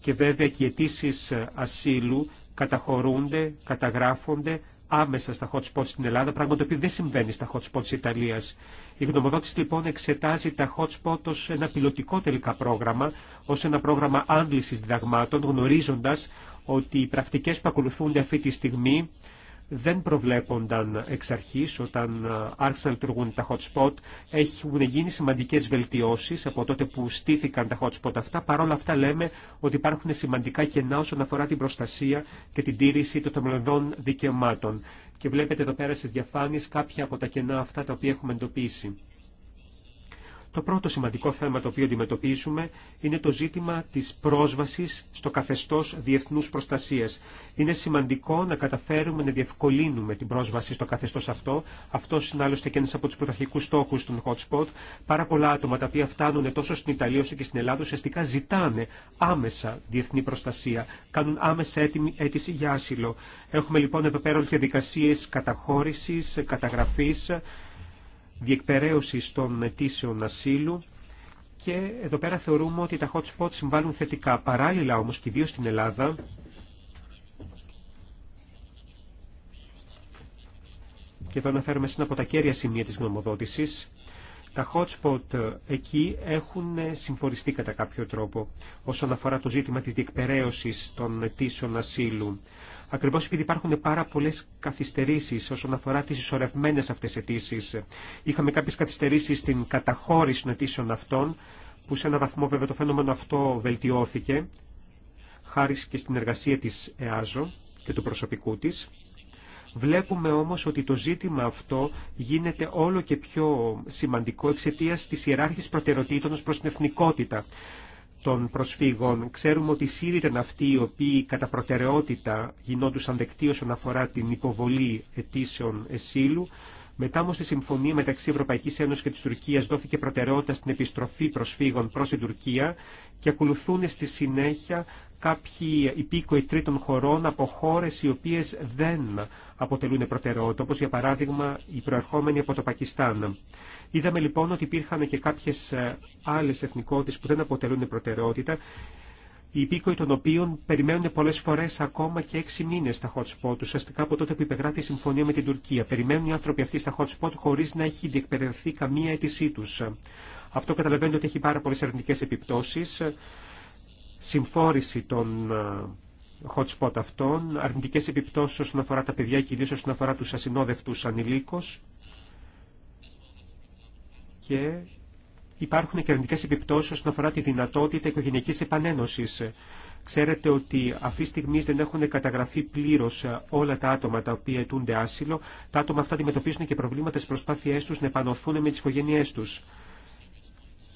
Και βέβαια και οι αιτήσει ε, ασύλου καταχωρούνται, καταγράφονται, άμεσα στα hot spots στην Ελλάδα, πράγμα το οποίο δεν συμβαίνει στα hot spots της Ιταλίας. Η γνωμοδότηση λοιπόν εξετάζει τα hot spots ως ένα πιλωτικό τελικά πρόγραμμα, ως ένα πρόγραμμα άντλησης διδαγμάτων, γνωρίζοντας ότι οι πρακτικές που ακολουθούνται αυτή τη στιγμή δεν προβλέπονταν εξ αρχής όταν ε, άρχισαν να λειτουργούν τα hot spot. Έχουν γίνει σημαντικές βελτιώσεις από τότε που στήθηκαν τα hot spot αυτά. Παρ' όλα αυτά λέμε ότι υπάρχουν σημαντικά κενά όσον αφορά την προστασία και την τήρηση των θεμελιωδών δικαιωμάτων. Και βλέπετε εδώ πέρα στις διαφάνειες κάποια από τα κενά αυτά τα οποία έχουμε εντοπίσει. Το πρώτο σημαντικό θέμα το οποίο αντιμετωπίζουμε είναι το ζήτημα της πρόσβασης στο καθεστώς διεθνούς προστασίας. Είναι σημαντικό να καταφέρουμε να διευκολύνουμε την πρόσβαση στο καθεστώς αυτό. Αυτό είναι άλλωστε και ένας από τους πρωταρχικούς στόχους των hotspot. Πάρα πολλά άτομα τα οποία φτάνουν τόσο στην Ιταλία όσο και στην Ελλάδα ουσιαστικά ζητάνε άμεσα διεθνή προστασία. Κάνουν άμεσα αίτηση για άσυλο. Έχουμε λοιπόν εδώ πέρα όλες τις διαδικασίες καταχώρησης, καταγραφής, διεκπαιρέωσης των αιτήσεων ασύλου και εδώ πέρα θεωρούμε ότι τα hot spots συμβάλλουν θετικά. Παράλληλα όμως και ιδίως στην Ελλάδα και εδώ αναφέρομαι σύν από τα κέρια σημεία της γνωμοδότησης τα hotspot εκεί έχουν συμφοριστεί κατά κάποιο τρόπο όσον αφορά το ζήτημα της διεκπαιρέωσης των αιτήσεων ασύλου ακριβώς επειδή υπάρχουν πάρα πολλές καθυστερήσεις όσον αφορά τις ισορρευμένες αυτές αιτήσει. Είχαμε κάποιες καθυστερήσεις στην καταχώρηση των αιτήσεων αυτών, που σε ένα βαθμό βέβαια το φαινόμενο αυτό βελτιώθηκε, χάρη και στην εργασία της ΕΑΖΟ και του προσωπικού της. Βλέπουμε όμως ότι το ζήτημα αυτό γίνεται όλο και πιο σημαντικό εξαιτία της ιεράρχης προτεραιοτήτων ως προς την εθνικότητα των προσφύγων. Ξέρουμε ότι οι Σύριοι ήταν αυτοί οι οποίοι κατά προτεραιότητα γινόντουσαν δεκτοί όσον αφορά την υποβολή αιτήσεων εσύλου. Μετά όμω τη συμφωνία μεταξύ Ευρωπαϊκή Ένωση και τη Τουρκία δόθηκε προτεραιότητα στην επιστροφή προσφύγων προ την Τουρκία και ακολουθούν στη συνέχεια κάποιοι υπήκοοι τρίτων χωρών από χώρε οι οποίε δεν αποτελούν προτεραιότητα, όπω για παράδειγμα οι προερχόμενοι από το Πακιστάν. Είδαμε λοιπόν ότι υπήρχαν και κάποιε ε, άλλε εθνικότητε που δεν αποτελούν προτεραιότητα, οι υπήκοοι των οποίων περιμένουν πολλέ φορέ ακόμα και έξι μήνες στα hot spot, ουσιαστικά από τότε που υπεγράφει η συμφωνία με την Τουρκία. Περιμένουν οι άνθρωποι αυτοί στα hot spot χωρίς να έχει διεκπαιδευτεί καμία αίτησή του. Αυτό καταλαβαίνετε ότι έχει πάρα πολλέ αρνητικέ επιπτώσει. συμφόρηση των ε, hot spot αυτών, αρνητικές επιπτώσεις όσον αφορά τα παιδιά και ιδίω όσον αφορά του ασυνόδευτου ανηλίκους, και υπάρχουν και αρνητικές επιπτώσεις όσον αφορά τη δυνατότητα οικογενειακής επανένωσης. Ξέρετε ότι αυτή τη στιγμή δεν έχουν καταγραφεί πλήρω όλα τα άτομα τα οποία αιτούνται άσυλο. Τα άτομα αυτά αντιμετωπίζουν και προβλήματα στι προσπάθειέ του να επανορθούν με τι οικογένειέ του.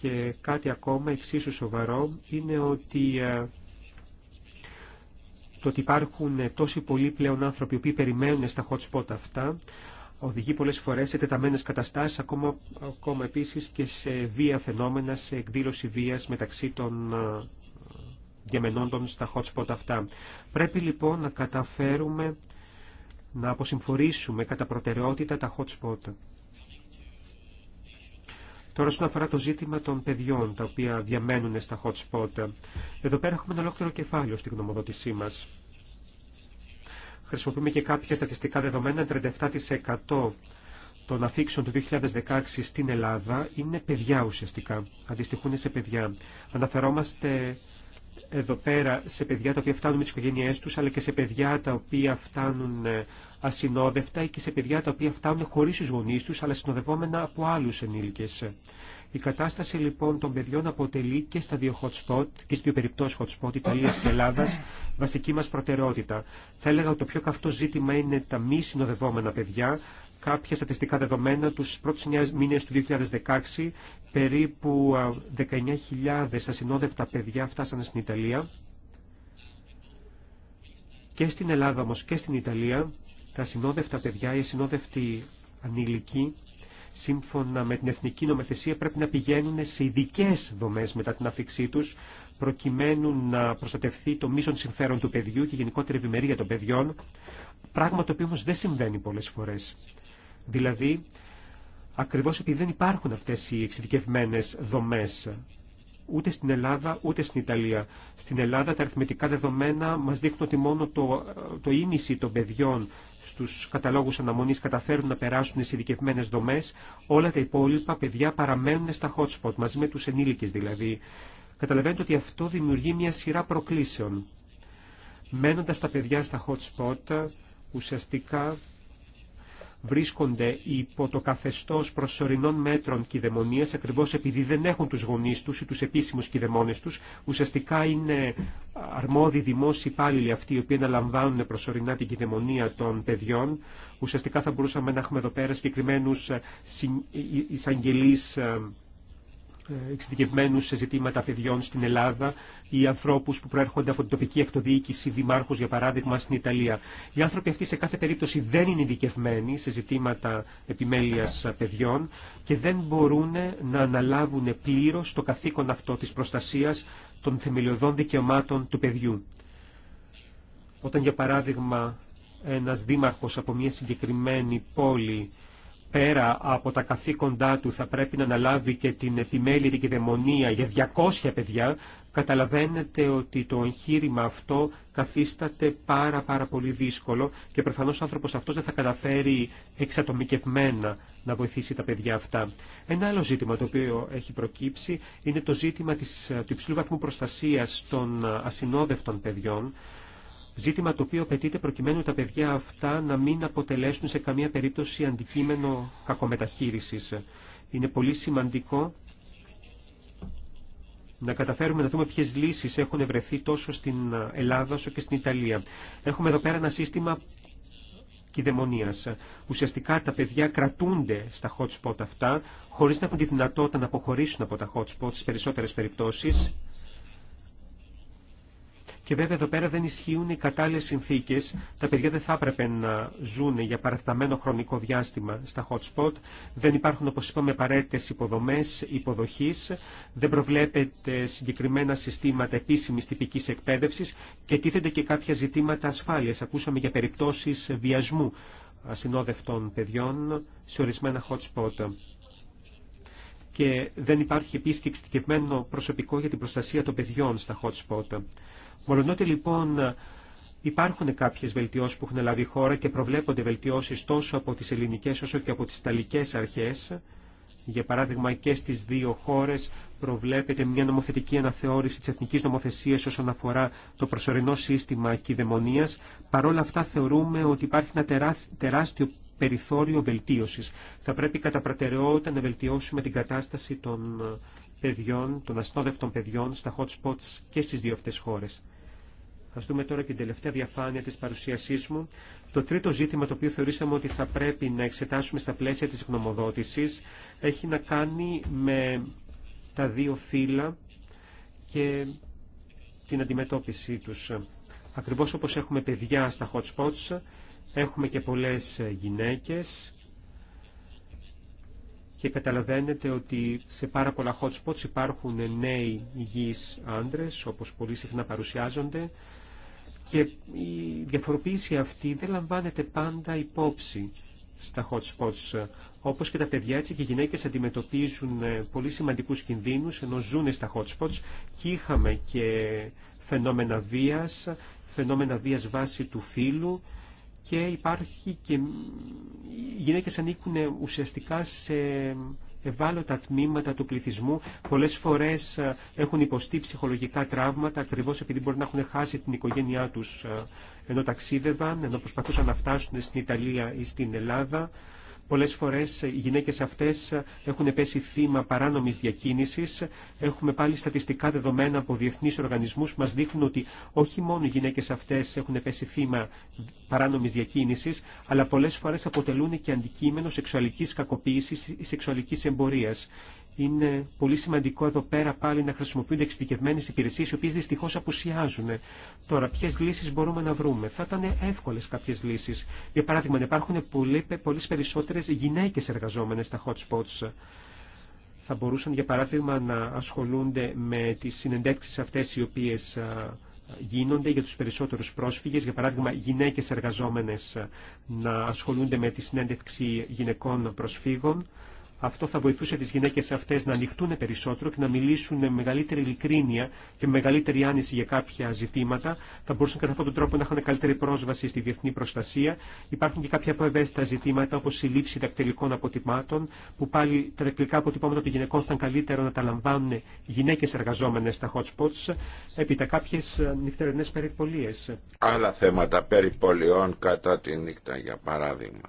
Και κάτι ακόμα εξίσου σοβαρό είναι ότι ε, το ότι υπάρχουν τόσοι πολλοί πλέον άνθρωποι που περιμένουν στα hot spot αυτά οδηγεί πολλές φορές σε τεταμένες καταστάσεις, ακόμα, ακόμα επίσης και σε βία φαινόμενα, σε εκδήλωση βίας μεταξύ των ε, διαμενόντων στα hot spot αυτά. Πρέπει λοιπόν να καταφέρουμε να αποσυμφορήσουμε κατά προτεραιότητα τα hot spot. Τώρα, όσον αφορά το ζήτημα των παιδιών τα οποία διαμένουν στα hot spot, εδώ πέρα έχουμε ένα ολόκληρο κεφάλαιο στην γνωμοδότησή μας. Χρησιμοποιούμε και κάποια στατιστικά δεδομένα. 37% των αφήξεων του 2016 στην Ελλάδα είναι παιδιά ουσιαστικά. Αντιστοιχούν σε παιδιά. Αναφερόμαστε εδώ πέρα σε παιδιά τα οποία φτάνουν με τις οικογένειές τους, αλλά και σε παιδιά τα οποία φτάνουν ε, ασυνόδευτα ή και σε παιδιά τα οποία φτάνουν χωρίς τους γονείς τους, αλλά συνοδευόμενα από άλλους ενήλικες. Η κατάσταση λοιπόν των παιδιών αποτελεί και στα δύο hot spot και στις δύο περιπτώσεις hot spot Ιταλίας και Ελλάδας βασική μας προτεραιότητα. Θα έλεγα ότι το πιο καυτό ζήτημα είναι τα μη συνοδευόμενα παιδιά. Κάποια στατιστικά δεδομένα τους πρώτου 9 μήνες του 2016 περίπου 19.000 ασυνόδευτα παιδιά φτάσανε στην Ιταλία. Και στην Ελλάδα όμως και στην Ιταλία τα ασυνόδευτα παιδιά, οι ασυνόδευτοι ανήλικοι σύμφωνα με την εθνική νομοθεσία πρέπει να πηγαίνουν σε ειδικέ δομέ μετά την άφηξή του, προκειμένου να προστατευτεί το μίσον συμφέρον του παιδιού και γενικότερη ευημερία των παιδιών, πράγμα το οποίο όμω δεν συμβαίνει πολλέ φορέ. Δηλαδή, ακριβώ επειδή δεν υπάρχουν αυτέ οι εξειδικευμένε δομέ ούτε στην Ελλάδα ούτε στην Ιταλία. Στην Ελλάδα τα αριθμητικά δεδομένα μας δείχνουν ότι μόνο το, το ίμιση των παιδιών στους καταλόγους αναμονής καταφέρουν να περάσουν σε ειδικευμένες δομές. Όλα τα υπόλοιπα παιδιά παραμένουν στα hot spot, μαζί με τους ενήλικες δηλαδή. Καταλαβαίνετε ότι αυτό δημιουργεί μια σειρά προκλήσεων. Μένοντας τα παιδιά στα hot spot, ουσιαστικά βρίσκονται υπό το καθεστώς προσωρινών μέτρων κυδαιμονίας ακριβώς επειδή δεν έχουν τους γονείς τους ή τους επίσημους κυδαιμόνες τους. Ουσιαστικά είναι αρμόδιοι δημόσιοι υπάλληλοι αυτοί οι οποίοι αναλαμβάνουν προσωρινά την κυδαιμονία των παιδιών. Ουσιαστικά θα μπορούσαμε να έχουμε εδώ πέρα συγκεκριμένου ε, ε, ε, εισαγγελείς ε, εξειδικευμένου σε ζητήματα παιδιών στην Ελλάδα ή ανθρώπου που προέρχονται από την τοπική αυτοδιοίκηση, Δημάρχου, για παράδειγμα στην Ιταλία. Οι άνθρωποι αυτοί σε κάθε περίπτωση δεν είναι ειδικευμένοι σε ζητήματα επιμέλεια παιδιών και δεν μπορούν να αναλάβουν πλήρω το καθήκον αυτό τη προστασία των θεμελιωδών δικαιωμάτων του παιδιού. Όταν για παράδειγμα ένας δήμαρχος από μια συγκεκριμένη πόλη πέρα από τα καθήκοντά του θα πρέπει να αναλάβει και την επιμέλεια και δαιμονία για 200 παιδιά, καταλαβαίνετε ότι το εγχείρημα αυτό καθίσταται πάρα πάρα πολύ δύσκολο και προφανώς ο άνθρωπος αυτός δεν θα καταφέρει εξατομικευμένα να βοηθήσει τα παιδιά αυτά. Ένα άλλο ζήτημα το οποίο έχει προκύψει είναι το ζήτημα της, του υψηλού βαθμού προστασίας των ασυνόδευτων παιδιών Ζήτημα το οποίο απαιτείται προκειμένου τα παιδιά αυτά να μην αποτελέσουν σε καμία περίπτωση αντικείμενο κακομεταχείρισης. Είναι πολύ σημαντικό να καταφέρουμε να δούμε ποιες λύσεις έχουν βρεθεί τόσο στην Ελλάδα όσο και στην Ιταλία. Έχουμε εδώ πέρα ένα σύστημα κυδαιμονίας. Ουσιαστικά τα παιδιά κρατούνται στα hot spot αυτά, χωρίς να έχουν τη δυνατότητα να αποχωρήσουν από τα hot spot στις περισσότερες περιπτώσεις. Και βέβαια εδώ πέρα δεν ισχύουν οι κατάλληλες συνθήκε. Τα παιδιά δεν θα έπρεπε να ζουν για παραταμένο χρονικό διάστημα στα hot spot. Δεν υπάρχουν, όπω είπαμε, απαραίτητε υποδομέ υποδοχή, Δεν προβλέπεται συγκεκριμένα συστήματα επίσημη τυπική εκπαίδευση και τίθενται και κάποια ζητήματα ασφάλεια. Ακούσαμε για περιπτώσει βιασμού ασυνόδευτων παιδιών σε ορισμένα hot spot και δεν υπάρχει επίσης και εξειδικευμένο προσωπικό για την προστασία των παιδιών στα hot spot. Μολονότι λοιπόν υπάρχουν κάποιε βελτιώσει που έχουν λάβει η χώρα και προβλέπονται βελτιώσει τόσο από τι ελληνικέ όσο και από τι ταλικέ αρχέ, για παράδειγμα και στι δύο χώρε προβλέπεται μια νομοθετική αναθεώρηση τη εθνική νομοθεσία όσον αφορά το προσωρινό σύστημα κυδαιμονία. Παρ' όλα αυτά θεωρούμε ότι υπάρχει ένα τεράστιο περιθώριο βελτίωση. Θα πρέπει κατά προτεραιότητα να βελτιώσουμε την κατάσταση των παιδιών, των παιδιών στα hot spots και στις δύο αυτές χώρες. Ας δούμε τώρα και την τελευταία διαφάνεια της παρουσίασής μου. Το τρίτο ζήτημα το οποίο θεωρήσαμε ότι θα πρέπει να εξετάσουμε στα πλαίσια της γνωμοδότησης έχει να κάνει με τα δύο φύλλα και την αντιμετώπιση τους. Ακριβώς όπως έχουμε παιδιά στα hot spots, έχουμε και πολλές γυναίκες και καταλαβαίνετε ότι σε πάρα πολλά hot spots υπάρχουν νέοι υγιείς άντρες, όπως πολύ συχνά παρουσιάζονται, και η διαφοροποίηση αυτή δεν λαμβάνεται πάντα υπόψη στα hot spots. Όπως και τα παιδιά έτσι και οι γυναίκες αντιμετωπίζουν ε, πολύ σημαντικούς κινδύνους ενώ ζουν στα hot spots και είχαμε και φαινόμενα βίας, φαινόμενα βίας βάση του φύλου και υπάρχει και οι γυναίκες ανήκουν ουσιαστικά σε ευάλωτα τμήματα του πληθυσμού πολλές φορές ε, έχουν υποστεί ψυχολογικά τραύματα ακριβώς επειδή μπορεί να έχουν χάσει την οικογένειά τους ε, ενώ ταξίδευαν, ενώ προσπαθούσαν να φτάσουν στην Ιταλία ή στην Ελλάδα Πολλές φορές οι γυναίκες αυτές έχουν πέσει θύμα παράνομης διακίνησης. Έχουμε πάλι στατιστικά δεδομένα από διεθνείς οργανισμούς που μας δείχνουν ότι όχι μόνο οι γυναίκες αυτές έχουν πέσει θύμα παράνομης διακίνησης, αλλά πολλές φορές αποτελούν και αντικείμενο σεξουαλικής κακοποίησης ή σεξουαλικής εμπορίας. Είναι πολύ σημαντικό εδώ πέρα πάλι να χρησιμοποιούνται εξειδικευμένε υπηρεσίε, οι οποίε δυστυχώ απουσιάζουν. Τώρα, ποιε λύσει μπορούμε να βρούμε. Θα ήταν εύκολε κάποιε λύσει. Για παράδειγμα, υπάρχουν πολλέ περισσότερε γυναίκε εργαζόμενε στα hot spots θα μπορούσαν για παράδειγμα να ασχολούνται με τι συνεντεύξει αυτέ, οι οποίε γίνονται για τους περισσότερους πρόσφυγες, για παράδειγμα γυναίκες εργαζόμενες να ασχολούνται με τη συνέντευξη γυναικών προσφύγων, αυτό θα βοηθούσε τις γυναίκες αυτές να ανοιχτούν περισσότερο και να μιλήσουν με μεγαλύτερη ειλικρίνεια και με μεγαλύτερη άνοιση για κάποια ζητήματα. Θα μπορούσαν κατά αυτόν τον τρόπο να έχουν καλύτερη πρόσβαση στη διεθνή προστασία. Υπάρχουν και κάποια προευαίσθητα ζητήματα όπως η λήψη δακτυλικών αποτυπμάτων που πάλι τα δακτυλικά αποτυπώματα των γυναικών θα ήταν καλύτερο να τα λαμβάνουν γυναίκες εργαζόμενες στα hot spots. τα κάποιες νυχτερινές περιπολίες. Άλλα θέματα περιπολιών κατά τη νύχτα για παράδειγμα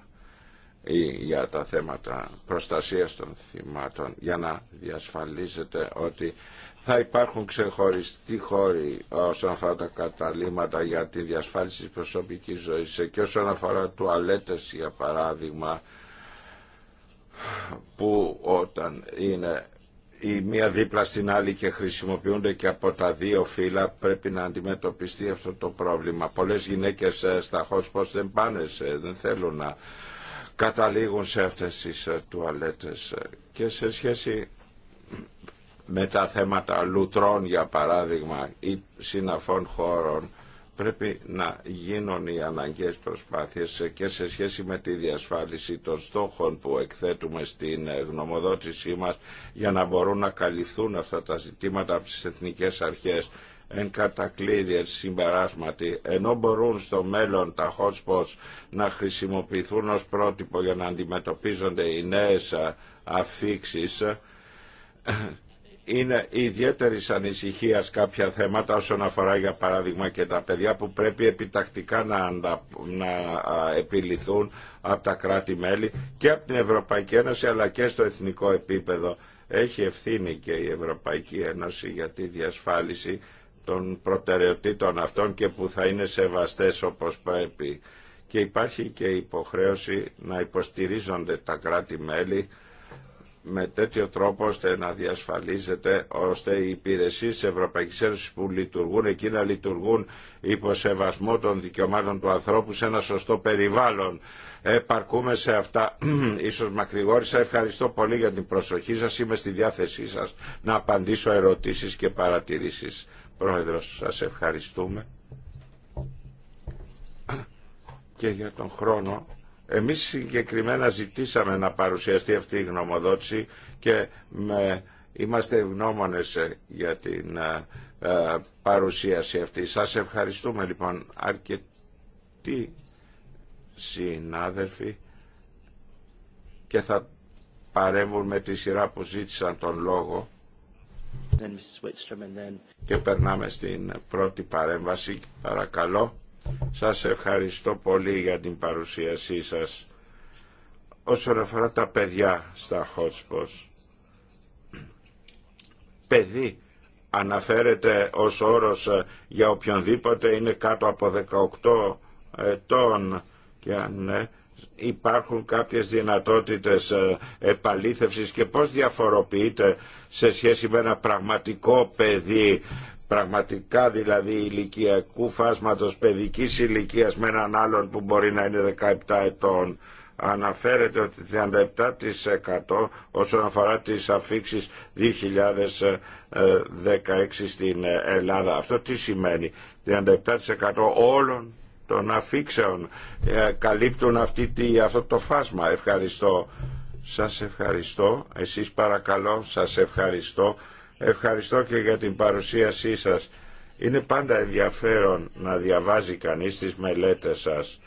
ή για τα θέματα προστασίας των θυμάτων για να διασφαλίζεται ότι θα υπάρχουν ξεχωριστοί χώροι όσον αφορά τα καταλήματα για τη διασφάλιση της προσωπικής ζωής και όσον αφορά τουαλέτες για παράδειγμα που όταν είναι η μία δίπλα στην άλλη και χρησιμοποιούνται και από τα δύο φύλλα πρέπει να αντιμετωπιστεί αυτό το πρόβλημα. Πολλές γυναίκες ε, στα πως δεν πάνε, σε, δεν θέλουν να καταλήγουν σε αυτές τις ε, τουαλέτες ε, και σε σχέση με τα θέματα λουτρών για παράδειγμα ή συναφών χώρων πρέπει να γίνουν οι αναγκαίες προσπάθειες ε, και σε σχέση με τη διασφάλιση των στόχων που εκθέτουμε στην γνωμοδότησή μας για να μπορούν να καλυφθούν αυτά τα ζητήματα από τις εθνικές αρχές εν κατακλείδη, συμπαράσματι συμπεράσματι, ενώ μπορούν στο μέλλον τα hot να χρησιμοποιηθούν ως πρότυπο για να αντιμετωπίζονται οι νέες αφήξεις, είναι ιδιαίτερη ανησυχία κάποια θέματα όσον αφορά για παράδειγμα και τα παιδιά που πρέπει επιτακτικά να, να επιληθούν από τα κράτη-μέλη και από την Ευρωπαϊκή Ένωση αλλά και στο εθνικό επίπεδο. Έχει ευθύνη και η Ευρωπαϊκή Ένωση για τη διασφάλιση των προτεραιοτήτων αυτών και που θα είναι σεβαστές όπως πρέπει. Και υπάρχει και υποχρέωση να υποστηρίζονται τα κράτη-μέλη με τέτοιο τρόπο ώστε να διασφαλίζεται ώστε οι υπηρεσίες της Ευρωπαϊκής Ένωσης που λειτουργούν εκεί να λειτουργούν υπό σεβασμό των δικαιωμάτων του ανθρώπου σε ένα σωστό περιβάλλον. Επαρκούμε σε αυτά. Ίσως μακρηγόρησα. Ευχαριστώ πολύ για την προσοχή σας. Είμαι στη διάθεσή σας να απαντήσω ερωτήσεις και παρατηρήσεις. Πρόεδρος, σας ευχαριστούμε και για τον χρόνο. Εμείς συγκεκριμένα ζητήσαμε να παρουσιαστεί αυτή η γνωμοδότηση και είμαστε ευγνώμονες ε, για την ε, ε, παρουσίαση αυτή. Σας ευχαριστούμε λοιπόν αρκετοί συνάδελφοι και θα παρέμβουν με τη σειρά που ζήτησαν τον λόγο και περνάμε στην πρώτη παρέμβαση. Παρακαλώ. Σας ευχαριστώ πολύ για την παρουσίασή σας. Όσον αφορά τα παιδιά στα spots, παιδί αναφέρεται ως όρος ε, για οποιονδήποτε είναι κάτω από 18 ετών και αν ναι, υπάρχουν κάποιες δυνατότητες ε, επαλήθευσης και πώς διαφοροποιείται σε σχέση με ένα πραγματικό παιδί πραγματικά δηλαδή ηλικιακού φάσματος παιδικής ηλικίας με έναν άλλον που μπορεί να είναι 17 ετών αναφέρεται ότι 37% όσον αφορά τις αφήξεις 2016 στην Ελλάδα. Αυτό τι σημαίνει 37% όλων των αφήξεων ε, καλύπτουν αυτή, αυτό το φάσμα. Ευχαριστώ. Σας ευχαριστώ. Εσείς παρακαλώ, σας ευχαριστώ. Ευχαριστώ και για την παρουσίασή σας. Είναι πάντα ενδιαφέρον να διαβάζει κανείς τις μελέτες σας,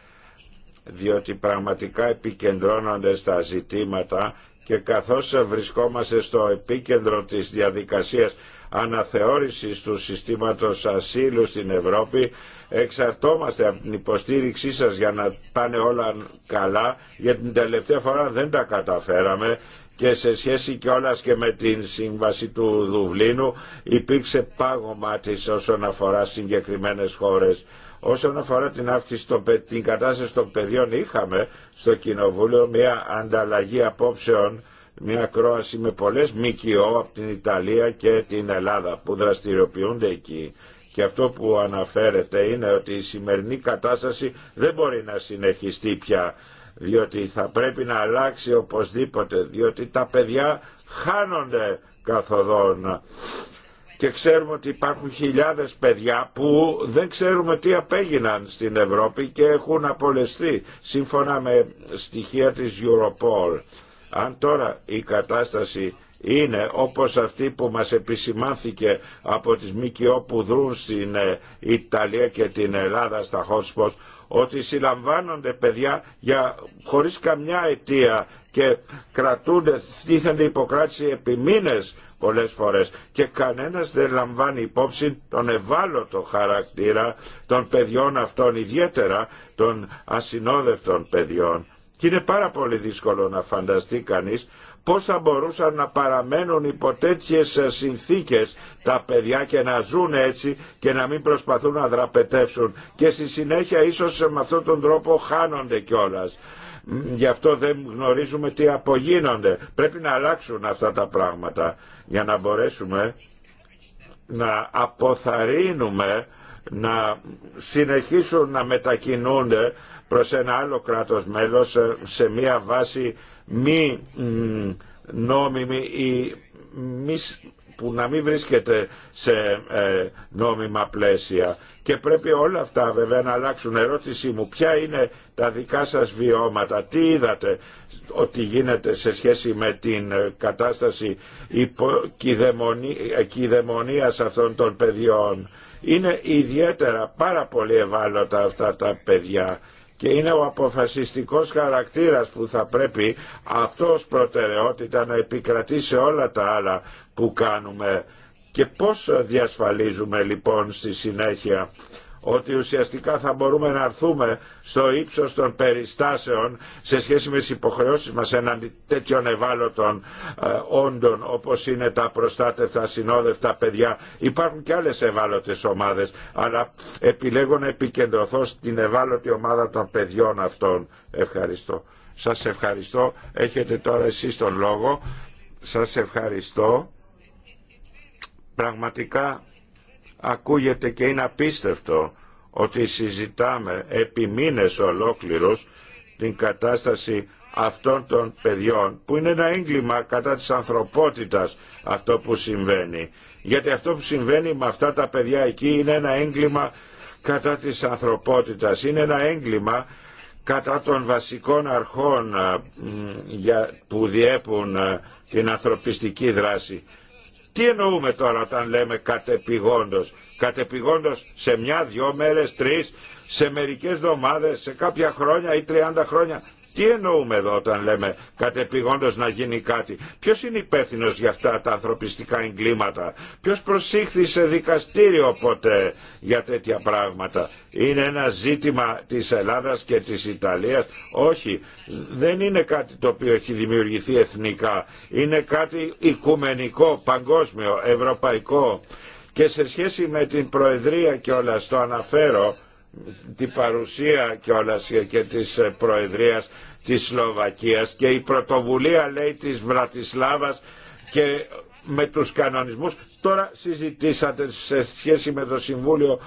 διότι πραγματικά επικεντρώνονται στα ζητήματα και καθώς βρισκόμαστε στο επίκεντρο της διαδικασίας αναθεώρησης του συστήματος ασύλου στην Ευρώπη, Εξαρτόμαστε από την υποστήριξή σας για να πάνε όλα καλά, γιατί την τελευταία φορά δεν τα καταφέραμε και σε σχέση όλας και με την σύμβαση του Δουβλίνου υπήρξε πάγωμα της όσον αφορά συγκεκριμένες χώρες. Όσον αφορά την αύξηση, την κατάσταση των παιδιών είχαμε στο Κοινοβούλιο μια ανταλλαγή απόψεων, μια κρόαση με πολλές ΜΚΟ από την Ιταλία και την Ελλάδα που δραστηριοποιούνται εκεί και αυτό που αναφέρεται είναι ότι η σημερινή κατάσταση δεν μπορεί να συνεχιστεί πια διότι θα πρέπει να αλλάξει οπωσδήποτε, διότι τα παιδιά χάνονται καθοδόν. Και ξέρουμε ότι υπάρχουν χιλιάδες παιδιά που δεν ξέρουμε τι απέγιναν στην Ευρώπη και έχουν απολεστεί, σύμφωνα με στοιχεία της Europol. Αν τώρα η κατάσταση είναι όπως αυτή που μας επισημάνθηκε από τις ΜΚΟ που δρούν στην ε, Ιταλία και την Ελλάδα στα χόσπος ότι συλλαμβάνονται παιδιά για, χωρίς καμιά αιτία και κρατούνται, στήθενται υποκράτηση επί μήνες πολλές φορές και κανένας δεν λαμβάνει υπόψη τον ευάλωτο χαρακτήρα των παιδιών αυτών, ιδιαίτερα των ασυνόδευτων παιδιών. Και είναι πάρα πολύ δύσκολο να φανταστεί κανείς πώς θα μπορούσαν να παραμένουν υπό τέτοιε ε, συνθήκες τα παιδιά και να ζουν έτσι και να μην προσπαθούν να δραπετεύσουν και στη συνέχεια ίσως με αυτόν τον τρόπο χάνονται κιόλα. Γι' αυτό δεν γνωρίζουμε τι απογίνονται. Πρέπει να αλλάξουν αυτά τα πράγματα για να μπορέσουμε να αποθαρρύνουμε να συνεχίσουν να μετακινούνται προς ένα άλλο κράτος μέλος ε, σε μια βάση μη νόμιμη ή που να μην βρίσκεται σε ε, νόμιμα πλαίσια. Και πρέπει όλα αυτά βέβαια να αλλάξουν. Ερώτησή μου, ποια είναι τα δικά σας βιώματα, τι είδατε ότι γίνεται σε σχέση με την ε, κατάσταση ε, κυδαιμονίας αυτών των παιδιών. Είναι ιδιαίτερα πάρα πολύ ευάλωτα αυτά τα παιδιά και είναι ο αποφασιστικός χαρακτήρας που θα πρέπει αυτός προτεραιότητα να επικρατεί όλα τα άλλα που κάνουμε και πώς διασφαλίζουμε λοιπόν στη συνέχεια ότι ουσιαστικά θα μπορούμε να αρθούμε στο ύψος των περιστάσεων σε σχέση με τις υποχρεώσεις μας έναντι τέτοιων ευάλωτων ε, όντων όπως είναι τα προστάτευτα, συνόδευτα παιδιά. Υπάρχουν και άλλες ευάλωτες ομάδες, αλλά επιλέγω να επικεντρωθώ στην ευάλωτη ομάδα των παιδιών αυτών. Ευχαριστώ. Σας ευχαριστώ. Έχετε τώρα εσείς τον λόγο. Σας ευχαριστώ. Πραγματικά Ακούγεται και είναι απίστευτο ότι συζητάμε επί μήνες ολόκληρος την κατάσταση αυτών των παιδιών που είναι ένα έγκλημα κατά της ανθρωπότητας αυτό που συμβαίνει. Γιατί αυτό που συμβαίνει με αυτά τα παιδιά εκεί είναι ένα έγκλημα κατά της ανθρωπότητας. Είναι ένα έγκλημα κατά των βασικών αρχών ε, που διέπουν ε, την ανθρωπιστική δράση. Τι εννοούμε τώρα όταν λέμε κατεπηγόντως. Κατεπηγόντως σε μια, δυο μέρες, τρεις, σε μερικές εβδομάδες, σε κάποια χρόνια ή τριάντα χρόνια. Τι εννοούμε εδώ όταν λέμε κατεπηγόντω να γίνει κάτι. Ποιο είναι υπεύθυνο για αυτά τα ανθρωπιστικά εγκλήματα. Ποιο προσήχθη δικαστήριο ποτέ για τέτοια πράγματα. Είναι ένα ζήτημα της Ελλάδα και τη Ιταλία. Όχι. Δεν είναι κάτι το οποίο έχει δημιουργηθεί εθνικά. Είναι κάτι οικουμενικό, παγκόσμιο, ευρωπαϊκό. Και σε σχέση με την Προεδρία και όλα, στο αναφέρω, την παρουσία και όλα και της ε, Προεδρίας της Σλοβακίας και η πρωτοβουλία λέει της Βρατισλάβας και με τους κανονισμούς. Τώρα συζητήσατε σε σχέση με το Συμβούλιο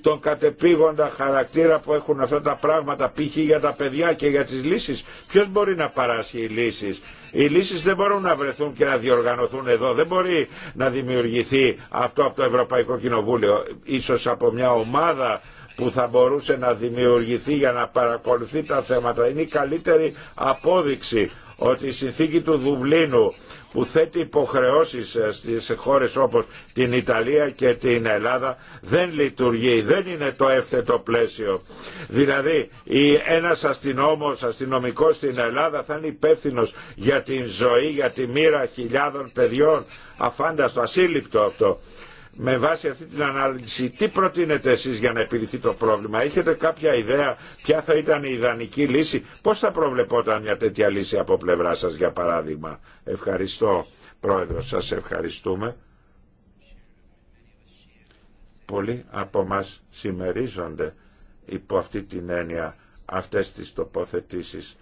τον κατεπήγοντα χαρακτήρα που έχουν αυτά τα πράγματα π.χ. για τα παιδιά και για τις λύσεις. Ποιος μπορεί να παράσχει οι λύσεις. Οι λύσεις δεν μπορούν να βρεθούν και να διοργανωθούν εδώ. Δεν μπορεί να δημιουργηθεί αυτό από το Ευρωπαϊκό Κοινοβούλιο. Ίσως από μια ομάδα που θα μπορούσε να δημιουργηθεί για να παρακολουθεί τα θέματα. Είναι η καλύτερη απόδειξη ότι η συνθήκη του Δουβλίνου που θέτει υποχρεώσεις ε, στις χώρες όπως την Ιταλία και την Ελλάδα δεν λειτουργεί, δεν είναι το εύθετο πλαίσιο. Δηλαδή ένας αστυνόμος, αστυνομικός στην Ελλάδα θα είναι υπεύθυνο για την ζωή, για τη μοίρα χιλιάδων παιδιών. Αφάνταστο, ασύλληπτο αυτό με βάση αυτή την ανάλυση τι προτείνετε εσείς για να επιληθεί το πρόβλημα. Έχετε κάποια ιδέα ποια θα ήταν η ιδανική λύση. Πώς θα προβλεπόταν μια τέτοια λύση από πλευρά σας για παράδειγμα. Ευχαριστώ πρόεδρο σας ευχαριστούμε. Πολλοί από μας συμμερίζονται υπό αυτή την έννοια αυτές τις τοποθετήσεις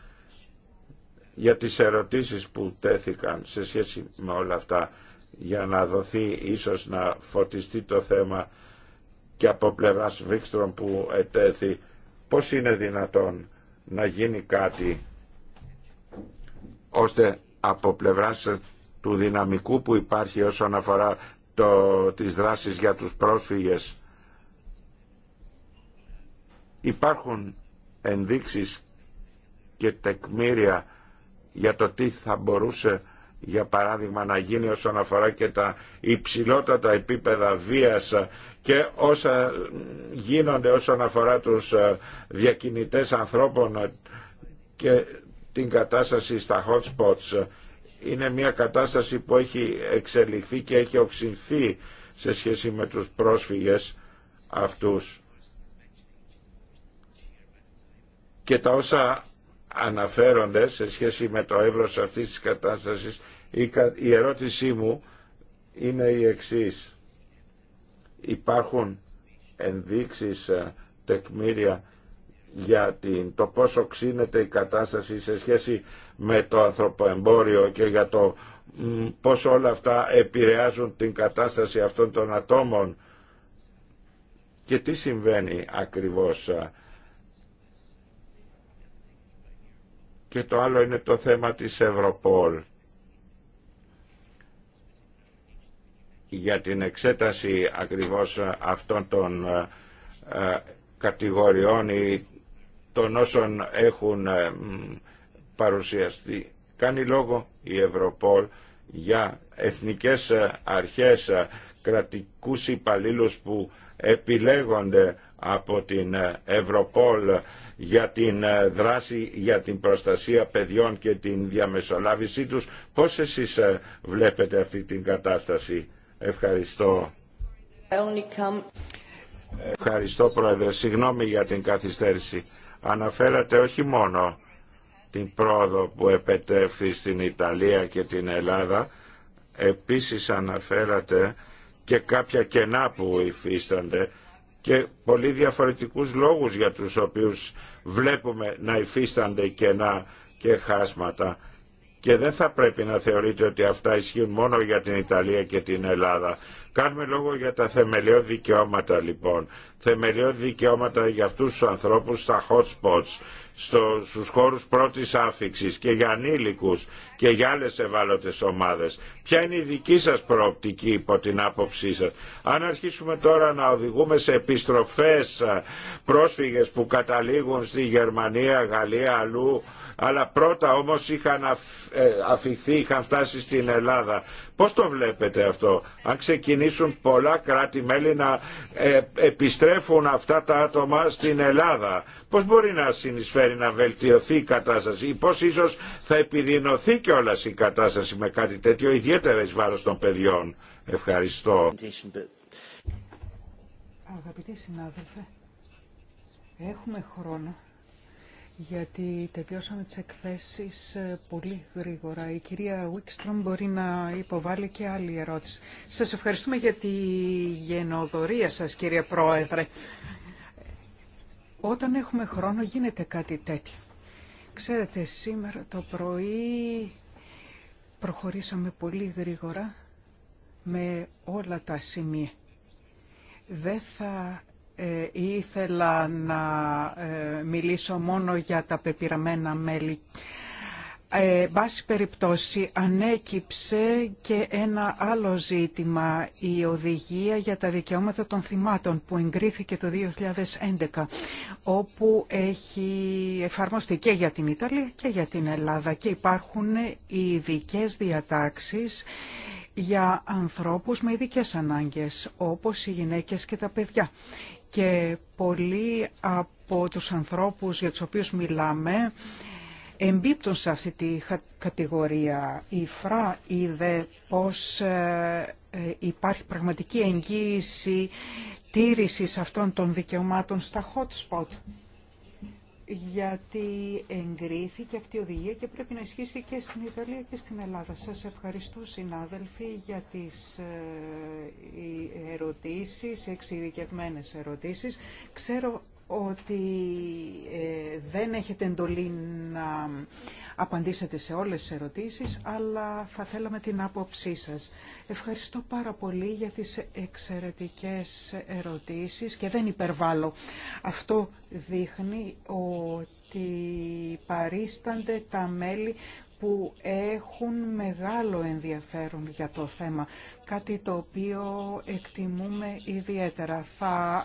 για τις ερωτήσεις που τέθηκαν σε σχέση με όλα αυτά για να δοθεί ίσως να φωτιστεί το θέμα και από πλευράς Βίξτρον που ετέθη πώς είναι δυνατόν να γίνει κάτι ώστε από πλευράς του δυναμικού που υπάρχει όσον αφορά το, τις δράσεις για τους πρόσφυγες υπάρχουν ενδείξεις και τεκμήρια για το τι θα μπορούσε για παράδειγμα να γίνει όσον αφορά και τα υψηλότατα επίπεδα βίας και όσα γίνονται όσον αφορά τους ε, διακινητές ανθρώπων και την κατάσταση στα hot spots. Είναι μια κατάσταση που έχει εξελιχθεί και έχει οξυνθεί σε σχέση με τους πρόσφυγες αυτούς. Και τα όσα αναφέρονται σε σχέση με το εύρος αυτής της κατάστασης η ερώτησή μου είναι η εξής. Υπάρχουν ενδείξεις ε, τεκμήρια για την, το πόσο ξύνεται η κατάσταση σε σχέση με το ανθρωποεμπόριο και για το πόσο όλα αυτά επηρεάζουν την κατάσταση αυτών των ατόμων και τι συμβαίνει ακριβώς. Ε. Και το άλλο είναι το θέμα της Ευρωπόλ. για την εξέταση ακριβώς αυτών των ε, ε, κατηγοριών ή των όσων έχουν ε, παρουσιαστεί. Κάνει λόγο η Ευρωπόλ για εθνικές αρχές κρατικούς υπαλλήλους που επιλέγονται από την Ευρωπόλ για την δράση για την προστασία παιδιών και την διαμεσολάβησή τους. Πώς εσείς βλέπετε αυτή την κατάσταση Ευχαριστώ. Ευχαριστώ Πρόεδρε. Συγγνώμη για την καθυστέρηση. Αναφέρατε όχι μόνο την πρόοδο που επετεύχθη στην Ιταλία και την Ελλάδα, επίσης αναφέρατε και κάποια κενά που υφίστανται και πολύ διαφορετικούς λόγους για τους οποίους βλέπουμε να υφίστανται κενά και χάσματα και δεν θα πρέπει να θεωρείτε ότι αυτά ισχύουν μόνο για την Ιταλία και την Ελλάδα. Κάνουμε λόγο για τα θεμελιώδη δικαιώματα λοιπόν. Θεμελιώδη δικαιώματα για αυτούς τους ανθρώπους στα hot spots, στο, στους χώρους πρώτης άφηξης και για ανήλικους και για άλλες ευάλωτες ομάδες. Ποια είναι η δική σας προοπτική υπό την άποψή σας. Αν αρχίσουμε τώρα να οδηγούμε σε επιστροφές ε, πρόσφυγες που καταλήγουν στη Γερμανία, Γαλλία, αλλού, αλλά πρώτα όμως είχαν ε, αφηθεί, είχαν φτάσει στην Ελλάδα. Πώς το βλέπετε αυτό, αν ξεκινήσουν πολλά κράτη-μέλη να ε, επιστρέφουν αυτά τα άτομα στην Ελλάδα, πώς μπορεί να συνεισφέρει να βελτιωθεί η κατάσταση ή πώς ίσως θα επιδεινωθεί κιόλα η κατάσταση με κάτι τέτοιο, ιδιαίτερα εις βάρος των παιδιών. Ευχαριστώ. Αγαπητοί συνάδελφοι, έχουμε χρόνο γιατί τελειώσαμε τις εκθέσεις ε, πολύ γρήγορα. Η κυρία Βίκστρομ μπορεί να υποβάλει και άλλη ερώτηση. Σας ευχαριστούμε για τη γενοδορία σας, κύριε Πρόεδρε. Όταν έχουμε χρόνο γίνεται κάτι τέτοιο. Ξέρετε, σήμερα το πρωί προχωρήσαμε πολύ γρήγορα με όλα τα σημεία. Δεν θα ε, ήθελα να ε, μιλήσω μόνο για τα πεπειραμένα μέλη. Ε, βάση περιπτώσει ανέκυψε και ένα άλλο ζήτημα, η οδηγία για τα δικαιώματα των θυμάτων που εγκρίθηκε το 2011, όπου έχει εφαρμοστεί και για την Ιταλία και για την Ελλάδα και υπάρχουν ειδικέ διατάξεις για ανθρώπους με ειδικές ανάγκες, όπως οι γυναίκες και τα παιδιά και πολλοί από τους ανθρώπους για τους οποίους μιλάμε εμπίπτουν σε αυτή τη κατηγορία. Η ΦΡΑ είδε πως ε, ε, υπάρχει πραγματική εγγύηση τήρησης αυτών των δικαιωμάτων στα hot spot γιατί εγκρίθηκε αυτή η οδηγία και πρέπει να ισχύσει και στην Ιταλία και στην Ελλάδα. Σας ευχαριστώ συνάδελφοι για τις ε, ερωτήσεις, εξειδικευμένες ερωτήσεις. Ξέρω ότι ε, δεν έχετε εντολή να απαντήσετε σε όλες τις ερωτήσεις, αλλά θα θέλαμε την άποψή σας. Ευχαριστώ πάρα πολύ για τις εξαιρετικές ερωτήσεις και δεν υπερβάλλω. Αυτό δείχνει ότι παρίστανται τα μέλη που έχουν μεγάλο ενδιαφέρον για το θέμα, κάτι το οποίο εκτιμούμε ιδιαίτερα. Θα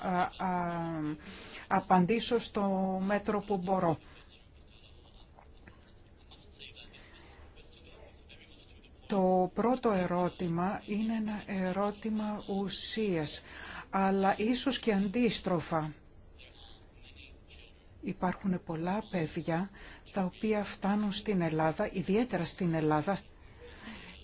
απαντήσω στο μέτρο που μπορώ. Το πρώτο ερώτημα είναι ένα ερώτημα ουσίας, αλλά ίσως και αντίστροφα. Υπάρχουν πολλά παιδιά τα οποία φτάνουν στην Ελλάδα, ιδιαίτερα στην Ελλάδα,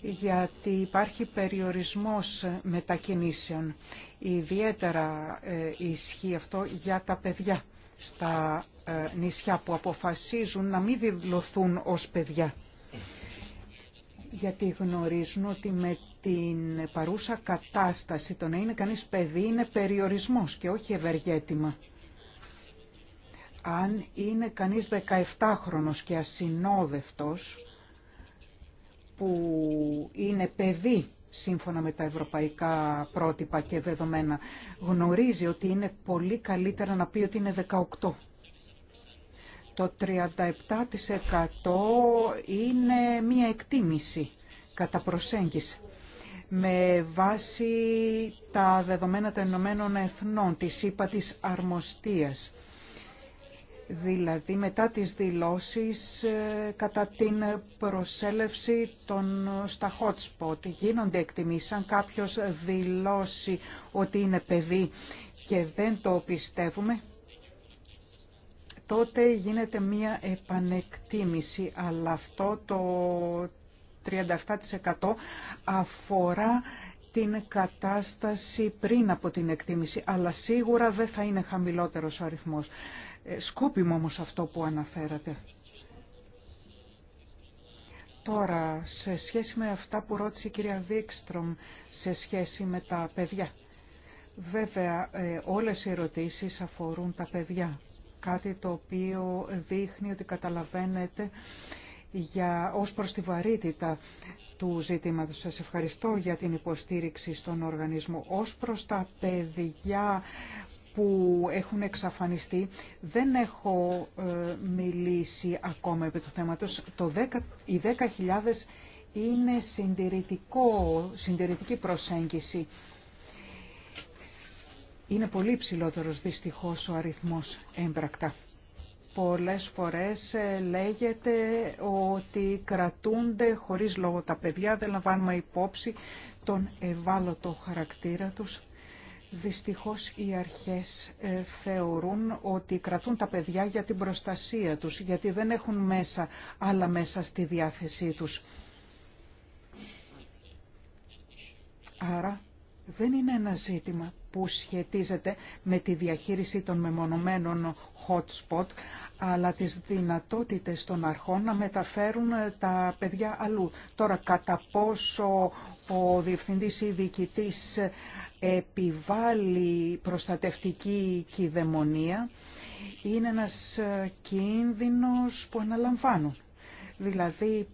γιατί υπάρχει περιορισμός μετακινήσεων. Ιδιαίτερα ε, ισχύει αυτό για τα παιδιά στα ε, νησιά που αποφασίζουν να μην δηλωθούν ως παιδιά. Γιατί γνωρίζουν ότι με την παρούσα κατάσταση το να είναι κανείς παιδί είναι περιορισμός και όχι ευεργέτημα αν είναι κανείς 17χρονος και ασυνόδευτος που είναι παιδί σύμφωνα με τα ευρωπαϊκά πρότυπα και δεδομένα γνωρίζει ότι είναι πολύ καλύτερα να πει ότι είναι 18. Το 37% είναι μία εκτίμηση κατά προσέγγιση με βάση τα δεδομένα των Ηνωμένων Εθνών, της ΥΠΑ της Αρμοστίας δηλαδή μετά τις δηλώσεις ε, κατά την προσέλευση των, ε, στα hot spot. Γίνονται εκτιμήσεις αν κάποιος δηλώσει ότι είναι παιδί και δεν το πιστεύουμε, τότε γίνεται μία επανεκτίμηση, αλλά αυτό το 37% αφορά την κατάσταση πριν από την εκτίμηση, αλλά σίγουρα δεν θα είναι χαμηλότερος ο αριθμός. Ε, σκόπιμο όμως αυτό που αναφέρατε. Τώρα, σε σχέση με αυτά που ρώτησε η κυρία Βίκστρομ, σε σχέση με τα παιδιά. Βέβαια, ε, όλες οι ερωτήσεις αφορούν τα παιδιά. Κάτι το οποίο δείχνει ότι καταλαβαίνετε για, ως προς τη βαρύτητα του ζητήματος. Σας ευχαριστώ για την υποστήριξη στον οργανισμό. Ως προς τα παιδιά που έχουν εξαφανιστεί, δεν έχω ε, μιλήσει ακόμα επί του θέματος. Το οι 10.000 είναι συντηρητικό, συντηρητική προσέγγιση. Είναι πολύ ψηλότερος δυστυχώς ο αριθμός έμπρακτα πολλές φορές ε, λέγεται ότι κρατούνται χωρίς λόγο τα παιδιά, δεν λαμβάνουμε υπόψη τον ευάλωτο χαρακτήρα τους. Δυστυχώς οι αρχές ε, θεωρούν ότι κρατούν τα παιδιά για την προστασία τους, γιατί δεν έχουν μέσα άλλα μέσα στη διάθεσή τους. Άρα δεν είναι ένα ζήτημα που σχετίζεται με τη διαχείριση των μεμονωμένων hot spot, αλλά τις δυνατότητες των αρχών να μεταφέρουν ε, τα παιδιά αλλού. Τώρα, κατά πόσο ο διευθυντής ή διοικητής ε, επιβάλλει προστατευτική κυδαιμονία, είναι ένας ε, κίνδυνος που αναλαμβάνουν. Δηλαδή,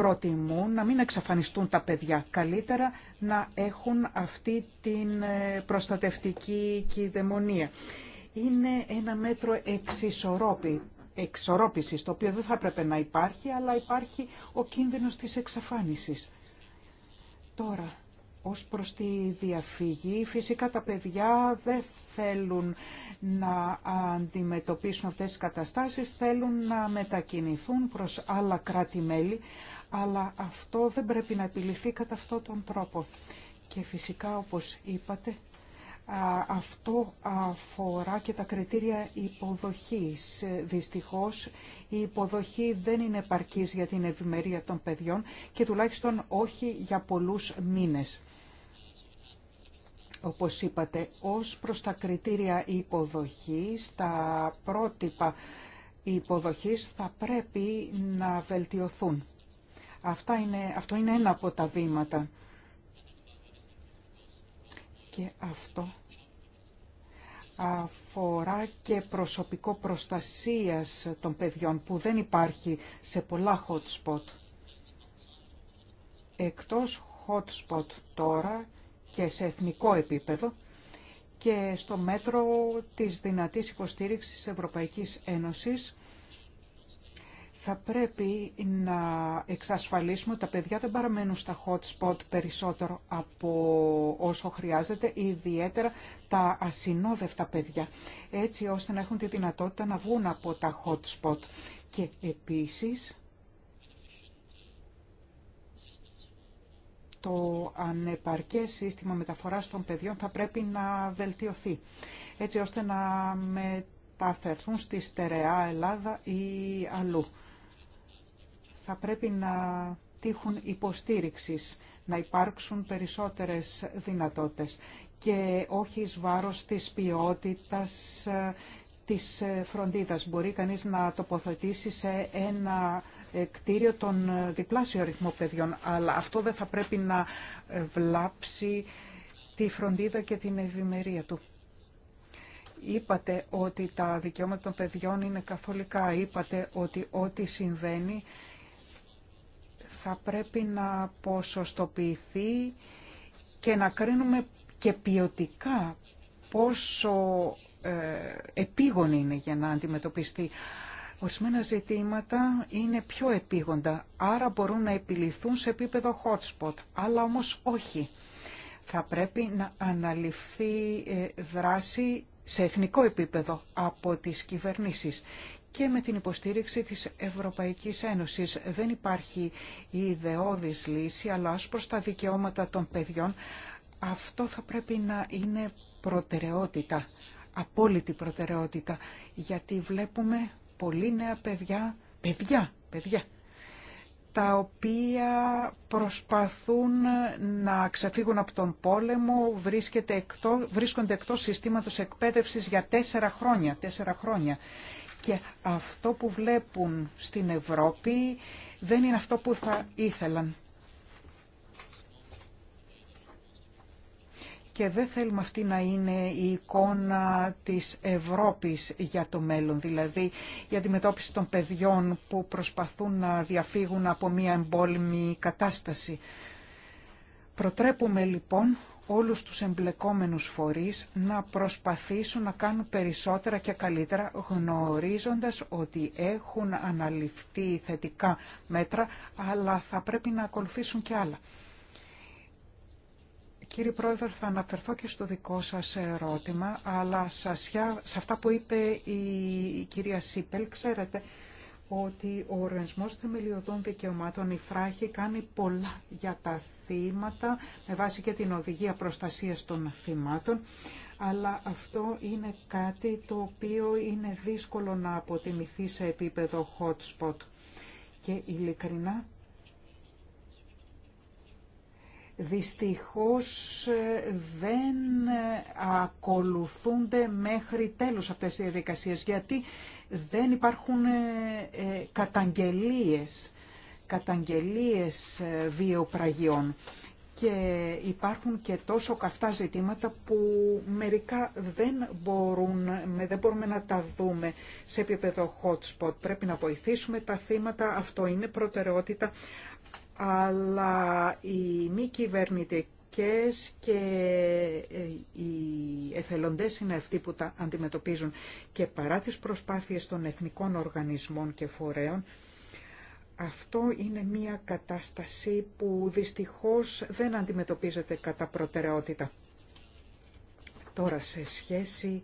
προτιμούν να μην εξαφανιστούν τα παιδιά. Καλύτερα να έχουν αυτή την ε, προστατευτική κυδαιμονία. Είναι ένα μέτρο εξισορρόπη, το οποίο δεν θα έπρεπε να υπάρχει, αλλά υπάρχει ο κίνδυνος της εξαφάνισης. Τώρα, ως προς τη διαφυγή, φυσικά τα παιδιά δεν θέλουν να αντιμετωπίσουν αυτές τις καταστάσεις, θέλουν να μετακινηθούν προς άλλα κράτη-μέλη, αλλά αυτό δεν πρέπει να επιληθεί κατά αυτόν τον τρόπο. Και φυσικά, όπως είπατε, αυτό αφορά και τα κριτήρια υποδοχής. Δυστυχώς, η υποδοχή δεν είναι επαρκής για την ευημερία των παιδιών και τουλάχιστον όχι για πολλούς μήνες. Όπως είπατε, ως προς τα κριτήρια υποδοχής, τα πρότυπα υποδοχής θα πρέπει να βελτιωθούν. Αυτά είναι, αυτό είναι ένα από τα βήματα. Και αυτό αφορά και προσωπικό προστασίας των παιδιών που δεν υπάρχει σε πολλά hot spot. Εκτός hot spot τώρα και σε εθνικό επίπεδο και στο μέτρο της δυνατής υποστήριξης Ευρωπαϊκής Ένωσης θα πρέπει να εξασφαλίσουμε ότι τα παιδιά δεν παραμένουν στα hot spot περισσότερο από όσο χρειάζεται, ιδιαίτερα τα ασυνόδευτα παιδιά, έτσι ώστε να έχουν τη δυνατότητα να βγουν από τα hot spot. Και επίσης, το ανεπαρκές σύστημα μεταφοράς των παιδιών θα πρέπει να βελτιωθεί, έτσι ώστε να μεταφερθούν στη στερεά Ελλάδα ή αλλού θα πρέπει να τύχουν υποστήριξης, να υπάρξουν περισσότερες δυνατότητες και όχι εις βάρος της ποιότητας ε, της ε, φροντίδας. Μπορεί κανείς να τοποθετήσει σε ένα ε, κτίριο τον διπλάσιο αριθμό παιδιών, αλλά αυτό δεν θα πρέπει να βλάψει τη φροντίδα και την ευημερία του. Είπατε ότι τα δικαιώματα των παιδιών είναι καθολικά. Είπατε ότι ό,τι συμβαίνει θα πρέπει να ποσοστοποιηθεί και να κρίνουμε και ποιοτικά πόσο ε, είναι για να αντιμετωπιστεί. Ορισμένα ζητήματα είναι πιο επίγοντα, άρα μπορούν να επιληθούν σε επίπεδο hotspot, αλλά όμως όχι. Θα πρέπει να αναλυφθεί ε, δράση σε εθνικό επίπεδο από τις κυβερνήσεις και με την υποστήριξη της Ευρωπαϊκής Ένωσης. Δεν υπάρχει η ιδεώδης λύση, αλλά ως προς τα δικαιώματα των παιδιών, αυτό θα πρέπει να είναι προτεραιότητα, απόλυτη προτεραιότητα, γιατί βλέπουμε πολύ νέα παιδιά, παιδιά, παιδιά, τα οποία προσπαθούν να ξεφύγουν από τον πόλεμο, βρίσκονται εκτός, εκτός συστήματος εκπαίδευσης για χρόνια, τέσσερα χρόνια. Και αυτό που βλέπουν στην Ευρώπη δεν είναι αυτό που θα ήθελαν. Και δεν θέλουμε αυτή να είναι η εικόνα της Ευρώπης για το μέλλον, δηλαδή η αντιμετώπιση των παιδιών που προσπαθούν να διαφύγουν από μια εμπόλεμη κατάσταση. Προτρέπουμε λοιπόν όλους τους εμπλεκόμενους φορείς να προσπαθήσουν να κάνουν περισσότερα και καλύτερα γνωρίζοντας ότι έχουν αναλυφθεί θετικά μέτρα αλλά θα πρέπει να ακολουθήσουν και άλλα. Κύριε Πρόεδρε, θα αναφερθώ και στο δικό σας ερώτημα, αλλά σε αυτά που είπε η κυρία Σίπελ, ξέρετε, ότι ο Οργανισμός Θεμελιωδών Δικαιωμάτων, η Φράχη, κάνει πολλά για τα θύματα, με βάση και την Οδηγία Προστασίας των Θυμάτων, αλλά αυτό είναι κάτι το οποίο είναι δύσκολο να αποτιμηθεί σε επίπεδο hot spot. Και ειλικρινά, δυστυχώς ε, δεν ε, ακολουθούνται μέχρι τέλους αυτές οι διαδικασίες, γιατί δεν υπάρχουν ε, ε, καταγγελίες, καταγγελίες ε, βιοπραγιών και υπάρχουν και τόσο καυτά ζητήματα που μερικά δεν, μπορούν, δεν μπορούμε να τα δούμε σε επίπεδο hot spot. Πρέπει να βοηθήσουμε τα θύματα, αυτό είναι προτεραιότητα, αλλά η μη κυβερνητική και ε, οι εθελοντές είναι αυτοί που τα αντιμετωπίζουν. Και παρά τις προσπάθειες των εθνικών οργανισμών και φορέων, αυτό είναι μια κατάσταση που δυστυχώς δεν αντιμετωπίζεται κατά προτεραιότητα. Τώρα σε σχέση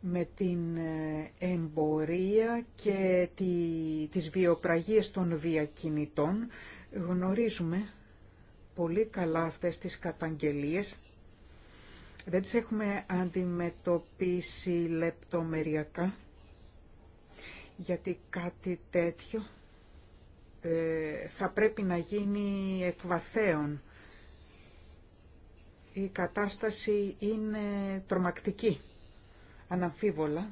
με την ε, εμπορία και τη, τις βιοπραγίες των διακινητών γνωρίζουμε πολύ καλά αυτές τις καταγγελίες. Δεν τις έχουμε αντιμετωπίσει λεπτομεριακά, γιατί κάτι τέτοιο ε, θα πρέπει να γίνει εκβαθέων. Η κατάσταση είναι τρομακτική, αναμφίβολα.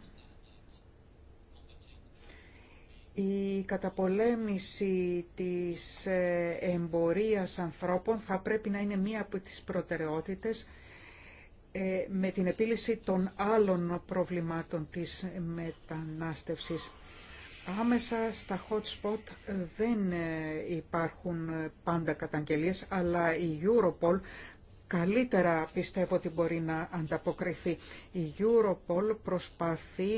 Η καταπολέμηση της ε, εμπορίας ανθρώπων θα πρέπει να είναι μία από τις προτεραιότητες ε, με την επίλυση των άλλων προβλημάτων της μετανάστευσης. Άμεσα στα hot spot δεν ε, υπάρχουν πάντα καταγγελίες, αλλά η Europol καλύτερα πιστεύω ότι μπορεί να ανταποκριθεί. Η Europol προσπαθεί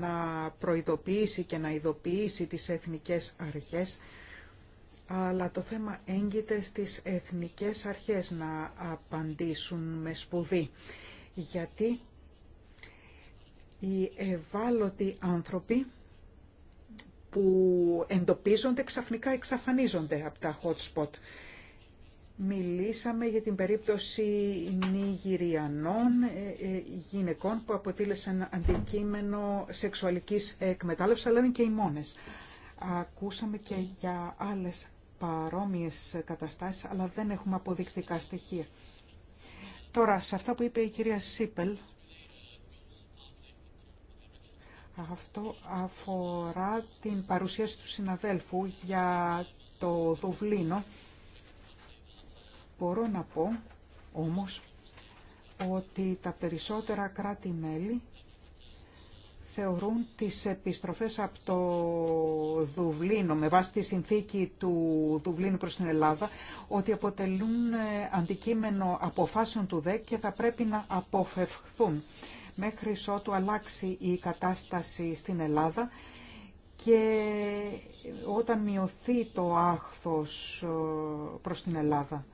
να προειδοποιήσει και να ειδοποιήσει τις εθνικές αρχές, αλλά το θέμα έγκυται στις εθνικές αρχές να απαντήσουν με σπουδή. Γιατί οι ευάλωτοι άνθρωποι που εντοπίζονται ξαφνικά εξαφανίζονται από τα hot spot. Μιλήσαμε για την περίπτωση Νιγηριανών ε, ε, γυναικών που αποτέλεσαν αντικείμενο σεξουαλικής εκμετάλλευσης, αλλά είναι και οι μόνες. Ακούσαμε και για άλλες παρόμοιες καταστάσεις, αλλά δεν έχουμε αποδεικτικά στοιχεία. Τώρα, σε αυτά που είπε η κυρία Σίπελ, αυτό αφορά την παρουσίαση του συναδέλφου για το Δουβλίνο Μπορώ να πω όμως ότι τα περισσότερα κράτη-μέλη θεωρούν τις επιστροφές από το Δουβλίνο με βάση τη συνθήκη του Δουβλίνου προς την Ελλάδα ότι αποτελούν ε, αντικείμενο αποφάσεων του ΔΕΚ και θα πρέπει να αποφευχθούν μέχρι ότου αλλάξει η κατάσταση στην Ελλάδα και όταν μειωθεί το άχθος ε, προς την Ελλάδα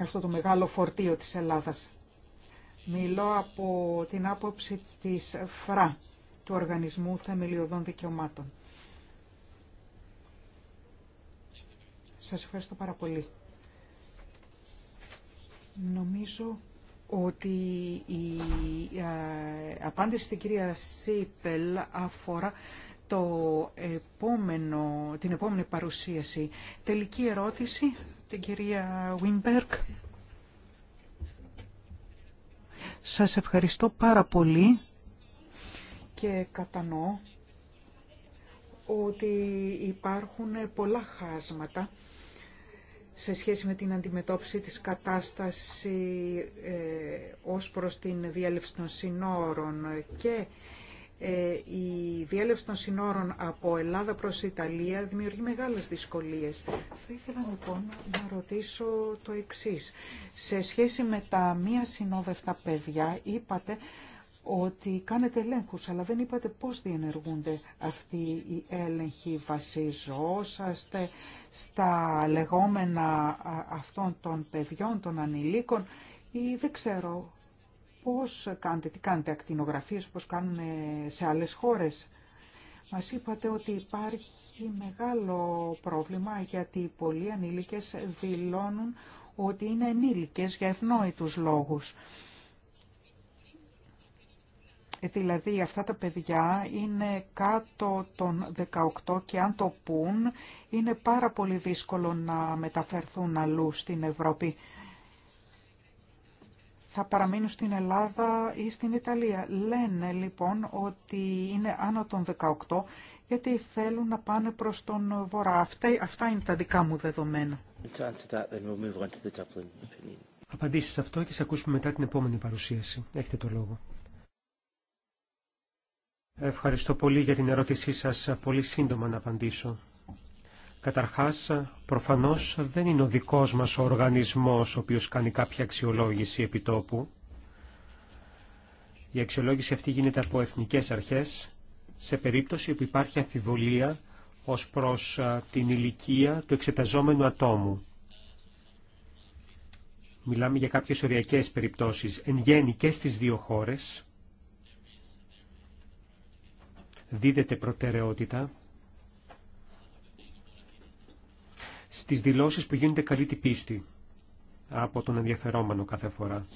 αυτό το μεγάλο φορτίο της Ελλάδας. Μιλώ από την άποψη της ΦΡΑ, του Οργανισμού Θεμελιωδών Δικαιωμάτων. Σας ευχαριστώ πάρα πολύ. Νομίζω ότι η ε, απάντηση στην κυρία Σίπελ αφορά το επόμενο, την επόμενη παρουσίαση. Τελική ερώτηση την κυρία Βίνμπεργκ. Σας ευχαριστώ πάρα πολύ και κατανοώ ότι υπάρχουν πολλά χάσματα σε σχέση με την αντιμετώπιση της κατάσταση ε, ως προς την διέλευση των συνόρων και ε, η διέλευση των συνόρων από Ελλάδα προς Ιταλία δημιουργεί μεγάλες δυσκολίες. Θα ήθελα λοιπόν να ρωτήσω το εξής. Σε σχέση με τα μία συνόδευτα παιδιά είπατε ότι κάνετε ελέγχου, αλλά δεν είπατε πώς διενεργούνται αυτοί οι έλεγχοι. Βασιζόσαστε στα λεγόμενα αυτών των παιδιών, των ανηλίκων ή δεν ξέρω Πώς κάνετε, τι κάνετε, ακτινογραφίες, πώς κάνουν ε, σε άλλες χώρες. Μας είπατε ότι υπάρχει μεγάλο πρόβλημα γιατί πολλοί ανήλικες δηλώνουν ότι είναι ενήλικες για ευνόητους λόγους. Ε, δηλαδή αυτά τα παιδιά είναι κάτω των 18 και αν το πούν είναι πάρα πολύ δύσκολο να μεταφερθούν αλλού στην Ευρώπη θα παραμείνω στην Ελλάδα ή στην Ιταλία. Λένε λοιπόν ότι είναι άνω των 18 γιατί θέλουν να πάνε προς τον Βορρά. Αυτά, αυτά είναι τα δικά μου δεδομένα. Απαντήσεις σε αυτό και σε ακούσουμε μετά την επόμενη παρουσίαση. Έχετε το λόγο. Ευχαριστώ πολύ για την ερώτησή σας. Πολύ σύντομα να απαντήσω. Καταρχάς, προφανώς δεν είναι ο δικός μας ο οργανισμός ο οποίος κάνει κάποια αξιολόγηση επιτόπου. Η αξιολόγηση αυτή γίνεται από εθνικές αρχές σε περίπτωση που υπάρχει αφιβολία ως προς την ηλικία του εξεταζόμενου ατόμου. Μιλάμε για κάποιες οριακές περιπτώσεις, εν γέννη και στις δύο χώρες. Δίδεται προτεραιότητα στις δηλώσεις που γίνονται καλή την πίστη από τον ενδιαφερόμενο κάθε φορά.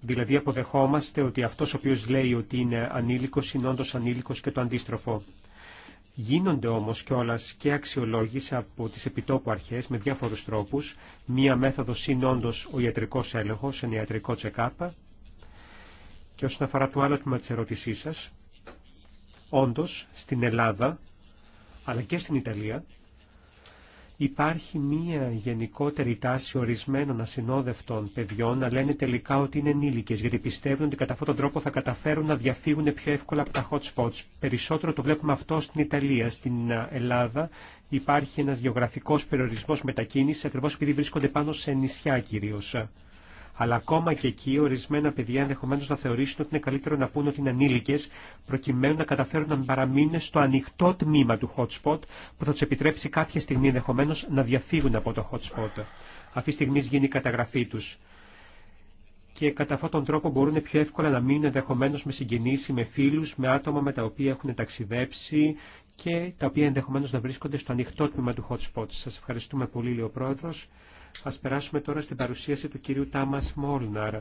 Δηλαδή αποδεχόμαστε ότι αυτός ο οποίος λέει ότι είναι ανήλικος είναι όντως ανήλικος και το αντίστροφο. Γίνονται όμως κιόλας και αξιολόγηση από τις επιτόπου αρχές με διάφορους τρόπους. Μία μέθοδος είναι όντως ο ιατρικός έλεγχος, ένα ιατρικό τσεκάπα. Και όσον αφορά το άλλο τμήμα της ερώτησής σας, όντως στην Ελλάδα αλλά και στην Ιταλία, υπάρχει μία γενικότερη τάση ορισμένων ασυνόδευτων παιδιών να λένε τελικά ότι είναι ενήλικες, γιατί πιστεύουν ότι κατά αυτόν τον τρόπο θα καταφέρουν να διαφύγουν πιο εύκολα από τα hot spots. Περισσότερο το βλέπουμε αυτό στην Ιταλία. Στην ε, Ελλάδα υπάρχει ένας γεωγραφικός περιορισμός μετακίνησης, ακριβώς επειδή βρίσκονται πάνω σε νησιά κυρίως αλλά ακόμα και εκεί ορισμένα παιδιά ενδεχομένω να θεωρήσουν ότι είναι καλύτερο να πούν ότι είναι ανήλικε, προκειμένου να καταφέρουν να παραμείνουν στο ανοιχτό τμήμα του hotspot, που θα του επιτρέψει κάποια στιγμή ενδεχομένω να διαφύγουν από το hotspot. Αυτή τη στιγμή γίνει η καταγραφή του. Και κατά αυτόν τον τρόπο μπορούν πιο εύκολα να μείνουν ενδεχομένω με συγγενεί ή με φίλου, με άτομα με τα οποία έχουν ταξιδέψει και τα οποία ενδεχομένω να βρίσκονται στο ανοιχτό τμήμα του hotspot. Σα ευχαριστούμε πολύ, λέει Πρόεδρος. Ας περάσουμε τώρα στην παρουσίαση του κυρίου Τάμας Μόλναρ.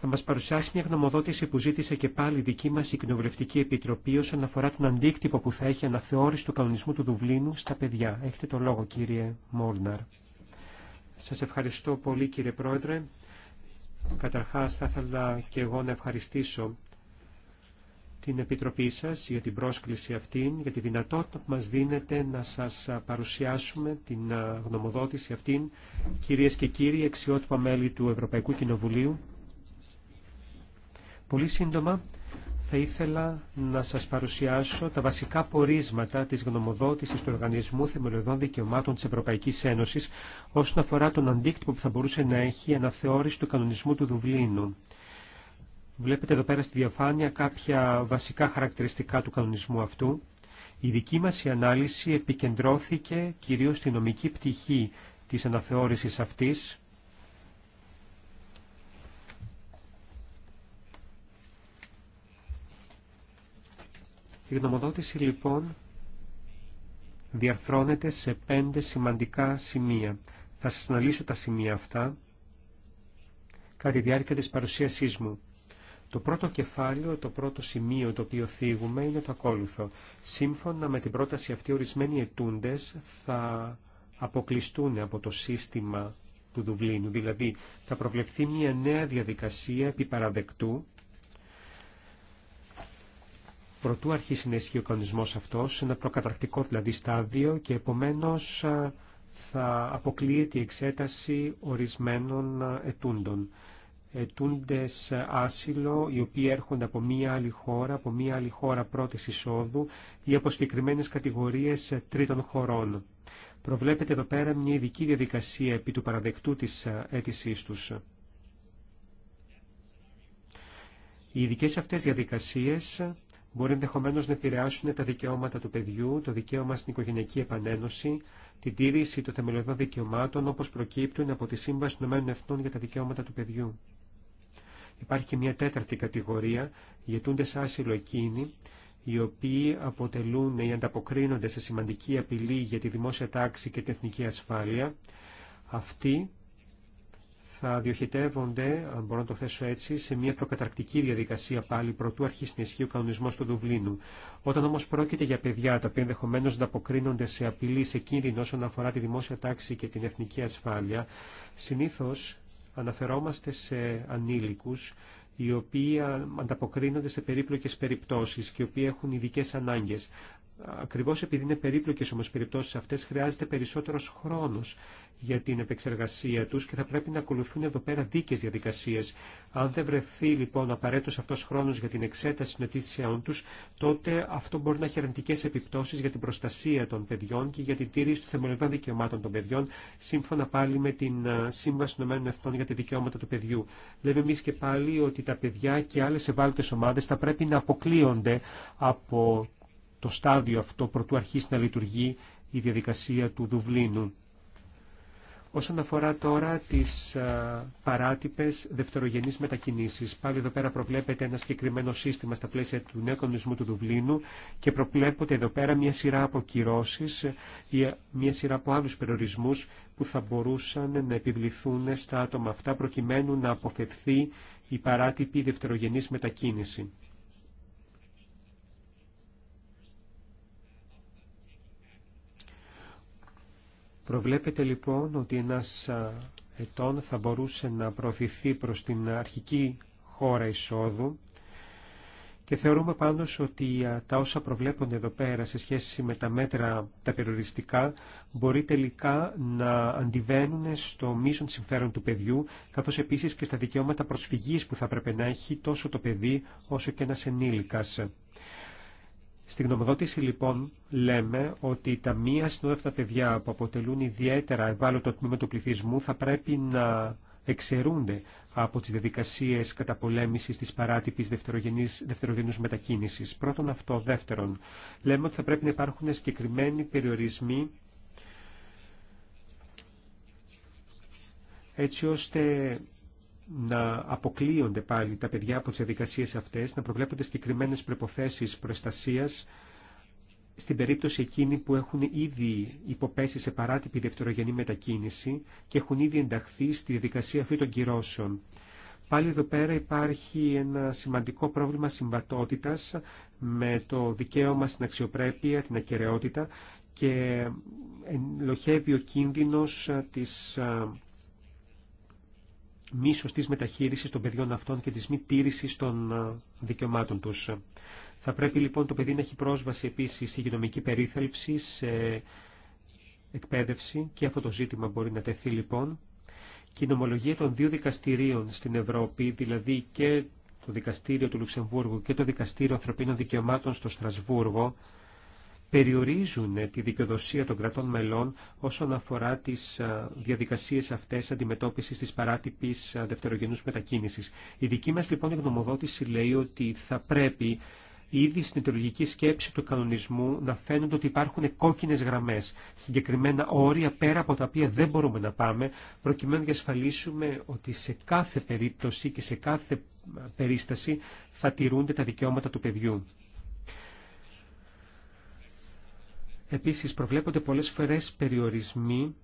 Θα μας παρουσιάσει μια γνωμοδότηση που ζήτησε και πάλι δική μας η Κοινοβουλευτική Επιτροπή όσον αφορά τον αντίκτυπο που θα έχει αναθεώρηση του κανονισμού του Δουβλίνου στα παιδιά. Έχετε το λόγο κύριε Μόλναρ. Σας ευχαριστώ πολύ κύριε Πρόεδρε. Καταρχάς θα ήθελα και εγώ να ευχαριστήσω την Επιτροπή σας για την πρόσκληση αυτήν, για τη δυνατότητα που μας δίνετε να σας παρουσιάσουμε την γνωμοδότηση αυτήν. Κυρίες και κύριοι, εξιότυπα μέλη του Ευρωπαϊκού Κοινοβουλίου, πολύ σύντομα θα ήθελα να σας παρουσιάσω τα βασικά πορίσματα της γνωμοδότησης του Οργανισμού Θεμελιωδών Δικαιωμάτων της Ευρωπαϊκής Ένωσης όσον αφορά τον αντίκτυπο που θα μπορούσε να έχει αναθεώρηση του κανονισμού του Δουβλίνου. Βλέπετε εδώ πέρα στη διαφάνεια κάποια βασικά χαρακτηριστικά του κανονισμού αυτού. Η δική μας η ανάλυση επικεντρώθηκε κυρίως στη νομική πτυχή της αναθεώρησης αυτής. Η γνωμοδότηση λοιπόν διαρθρώνεται σε πέντε σημαντικά σημεία. Θα σας αναλύσω τα σημεία αυτά κατά τη διάρκεια της παρουσίασής μου. Το πρώτο κεφάλαιο, το πρώτο σημείο το οποίο θίγουμε είναι το ακόλουθο. Σύμφωνα με την πρόταση αυτή, ορισμένοι ετούντες θα αποκλειστούν από το σύστημα του Δουβλίνου. Δηλαδή, θα προβλεφθεί μια νέα διαδικασία επιπαραδεκτού, προτού αρχίσει να ισχύει ο αυτό, αυτός, ένα προκαταρκτικό δηλαδή στάδιο και επομένω θα αποκλείεται η εξέταση ορισμένων ετούντων ετούντες άσυλο, οι οποίοι έρχονται από μία άλλη χώρα, από μία άλλη χώρα πρώτης εισόδου ή από συγκεκριμένε κατηγορίες τρίτων χωρών. Προβλέπεται εδώ πέρα μια ειδική διαδικασία επί του παραδεκτού της αίτησής τους. Οι ειδικέ αυτές διαδικασίες μπορεί ενδεχομένω να επηρεάσουν τα δικαιώματα του παιδιού, το δικαίωμα στην οικογενειακή επανένωση, την τήρηση των θεμελιωδών δικαιωμάτων όπω προκύπτουν από τη Σύμβαση των Εθνών για τα Δικαιώματα του Παιδιού. Υπάρχει και μια τέταρτη κατηγορία, σε άσυλο εκείνοι, οι οποίοι αποτελούν ή ανταποκρίνονται σε σημαντική απειλή για τη δημόσια τάξη και την εθνική ασφάλεια. Αυτοί θα διοχετεύονται, αν μπορώ να το θέσω έτσι, σε μια προκαταρκτική διαδικασία πάλι προτού αρχίσει να ισχύει ο κανονισμό του Δουβλίνου. Όταν όμω πρόκειται για παιδιά τα οποία ενδεχομένω ανταποκρίνονται σε απειλή, σε κίνδυνο όσον αφορά τη δημόσια τάξη και την εθνική ασφάλεια, συνήθω αναφερόμαστε σε ανήλικους οι οποίοι ανταποκρίνονται σε περίπλοκες περιπτώσεις και οι οποίοι έχουν ειδικέ ανάγκες. Ακριβώς επειδή είναι περίπλοκες όμως περιπτώσεις αυτές, χρειάζεται περισσότερος χρόνος για την επεξεργασία τους και θα πρέπει να ακολουθούν εδώ πέρα δίκες διαδικασίες. Αν δεν βρεθεί λοιπόν απαραίτητος αυτός χρόνος για την εξέταση των αιτήσεών τους, τότε αυτό μπορεί να έχει αρνητικέ επιπτώσεις για την προστασία των παιδιών και για την τήρηση των θεμελιωδών δικαιωμάτων των παιδιών, σύμφωνα πάλι με την ε, Σύμβαση των ΗΕ για τα δικαιώματα του παιδιού. Λέμε εμεί και πάλι ότι τα παιδιά και άλλες ευάλωτες ομάδες θα πρέπει να αποκλείονται από το στάδιο αυτό προτού αρχίσει να λειτουργεί η διαδικασία του Δουβλίνου. Όσον αφορά τώρα τις α, παράτυπες δευτερογενείς μετακινήσεις, πάλι εδώ πέρα προβλέπεται ένα συγκεκριμένο σύστημα στα πλαίσια του νέου κανονισμού του Δουβλίνου και προβλέπονται εδώ πέρα μια σειρά από κυρώσεις ή ε, μια σειρά από άλλους περιορισμούς που θα μπορούσαν να επιβληθούν στα άτομα αυτά προκειμένου να αποφευθεί η παράτυπη δευτερογενής μετακίνηση. Προβλέπεται λοιπόν ότι ένας ετών θα μπορούσε να προωθηθεί προς την αρχική χώρα εισόδου και θεωρούμε πάντως ότι τα όσα προβλέπονται εδώ πέρα σε σχέση με τα μέτρα τα περιοριστικά μπορεί τελικά να αντιβαίνουν στο μίσον συμφέρον του παιδιού καθώς επίσης και στα δικαιώματα προσφυγής που θα πρέπει να έχει τόσο το παιδί όσο και ένας ενήλικας. Στην γνωμοδότηση λοιπόν λέμε ότι τα μία συνόδευτα παιδιά που αποτελούν ιδιαίτερα ευάλωτο τμήμα του πληθυσμού θα πρέπει να εξαιρούνται από τις διαδικασίες καταπολέμησης της παράτυπης δευτερογενής, δευτερογενούς μετακίνησης. Πρώτον αυτό. Δεύτερον, λέμε ότι θα πρέπει να υπάρχουν συγκεκριμένοι περιορισμοί έτσι ώστε να αποκλείονται πάλι τα παιδιά από τις διαδικασίε αυτές, να προβλέπονται συγκεκριμένε προϋποθέσεις προστασίας στην περίπτωση εκείνη που έχουν ήδη υποπέσει σε παράτυπη δευτερογενή μετακίνηση και έχουν ήδη ενταχθεί στη διαδικασία αυτή των κυρώσεων. Πάλι εδώ πέρα υπάρχει ένα σημαντικό πρόβλημα συμβατότητας με το δικαίωμα στην αξιοπρέπεια, την ακαιρεότητα και ελοχεύει ο κίνδυνος της μη σωστή μεταχείριση των παιδιών αυτών και τη μη τήρηση των ε, δικαιωμάτων του. Θα πρέπει λοιπόν το παιδί να έχει πρόσβαση επίση στη υγειονομική περίθαλψη, σε εκπαίδευση και αυτό το ζήτημα μπορεί να τεθεί λοιπόν. Και η νομολογία των δύο δικαστηρίων στην Ευρώπη, δηλαδή και το Δικαστήριο του Λουξεμβούργου και το Δικαστήριο Ανθρωπίνων Δικαιωμάτων στο Στρασβούργο, περιορίζουν τη δικαιοδοσία των κρατών μελών όσον αφορά τις διαδικασίες αυτές αντιμετώπισης της παράτυπης δευτερογενούς μετακίνησης. Η δική μας λοιπόν γνωμοδότηση λέει ότι θα πρέπει ήδη στην ιδεολογική σκέψη του κανονισμού να φαίνονται ότι υπάρχουν κόκκινε γραμμέ, συγκεκριμένα όρια πέρα από τα οποία δεν μπορούμε να πάμε, προκειμένου να διασφαλίσουμε ότι σε κάθε περίπτωση και σε κάθε περίσταση θα τηρούνται τα δικαιώματα του παιδιού. Επίσης προβλέπονται πολλές φορές περιορισμοί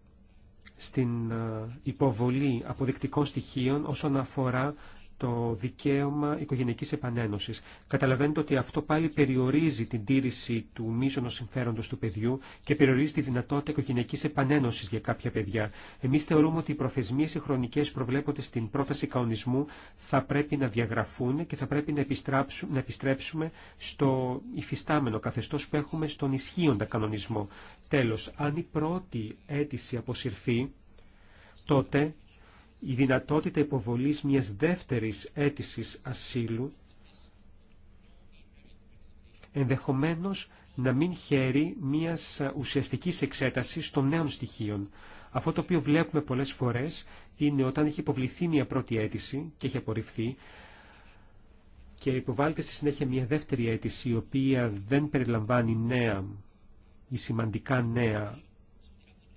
στην ε, υποβολή αποδεικτικών στοιχείων όσον αφορά το δικαίωμα οικογενειακής επανένωσης. Καταλαβαίνετε ότι αυτό πάλι περιορίζει την τήρηση του μείζωνος συμφέροντος του παιδιού και περιορίζει τη δυνατότητα οικογενειακής επανένωσης για κάποια παιδιά. Εμείς θεωρούμε ότι οι προθεσμίες οι χρονικές προβλέπονται στην πρόταση κανονισμού θα πρέπει να διαγραφούν και θα πρέπει να, να επιστρέψουμε στο υφιστάμενο καθεστώς που έχουμε στον ισχύοντα κανονισμό. Τέλος, αν η πρώτη αίτηση αποσυρθεί, τότε η δυνατότητα υποβολής μιας δεύτερης αίτησης ασύλου ενδεχομένως να μην χαίρει μιας ουσιαστικής εξέτασης των νέων στοιχείων. Αυτό το οποίο βλέπουμε πολλές φορές είναι όταν έχει υποβληθεί μια πρώτη αίτηση και έχει απορριφθεί και υποβάλλεται στη συνέχεια μια δεύτερη αίτηση η οποία δεν περιλαμβάνει νέα ή σημαντικά νέα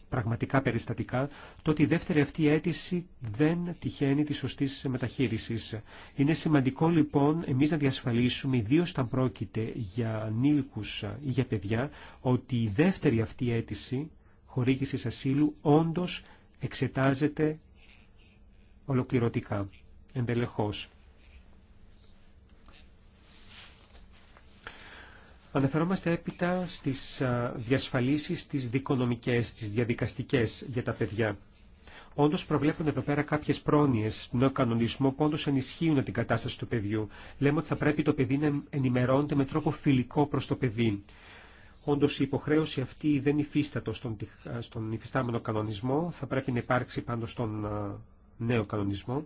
πραγματικά περιστατικά, τότε η δεύτερη αυτή αίτηση δεν τυχαίνει τη σωστή μεταχείριση. Είναι σημαντικό λοιπόν εμεί να διασφαλίσουμε, ιδίω όταν πρόκειται για ανήλικου ή για παιδιά, ότι η δεύτερη αυτή αίτηση χορήγηση ασύλου όντω εξετάζεται ολοκληρωτικά, εντελεχώς. Αναφερόμαστε έπειτα στις διασφαλίσεις, τις δικονομικές, τις διαδικαστικές για τα παιδιά. Όντως προβλέπουν εδώ πέρα κάποιες πρόνοιες στον κανονισμό που όντω ενισχύουν την κατάσταση του παιδιού. Λέμε ότι θα πρέπει το παιδί να ενημερώνεται με τρόπο φιλικό προς το παιδί. Όντως η υποχρέωση αυτή δεν υφίστατο στον, στον υφιστάμενο κανονισμό, θα πρέπει να υπάρξει πάντως στον νέο κανονισμό.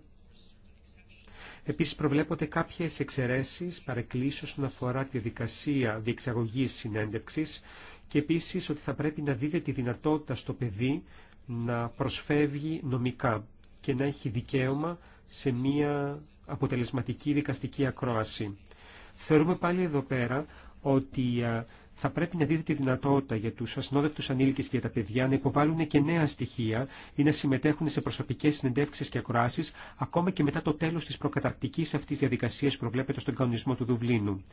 Επίσης προβλέπονται κάποιες εξαιρέσεις παρεκκλήσεις όσον αφορά τη δικασία διεξαγωγής συνέντευξης και επίσης ότι θα πρέπει να δίδεται τη δυνατότητα στο παιδί να προσφεύγει νομικά και να έχει δικαίωμα σε μία αποτελεσματική δικαστική ακρόαση. Θεωρούμε πάλι εδώ πέρα ότι θα πρέπει να δίδεται τη δυνατότητα για τους ασυνόδευτου ανήλικες και για τα παιδιά να υποβάλουν και νέα στοιχεία ή να συμμετέχουν σε προσωπικες συνεντεύξει και ακροάσεις ακόμα και μετά το τελος της προκαταρκτικης αυτης διαδικασιας που προβλέπεται στον κανονισμό του Δουβλίνου.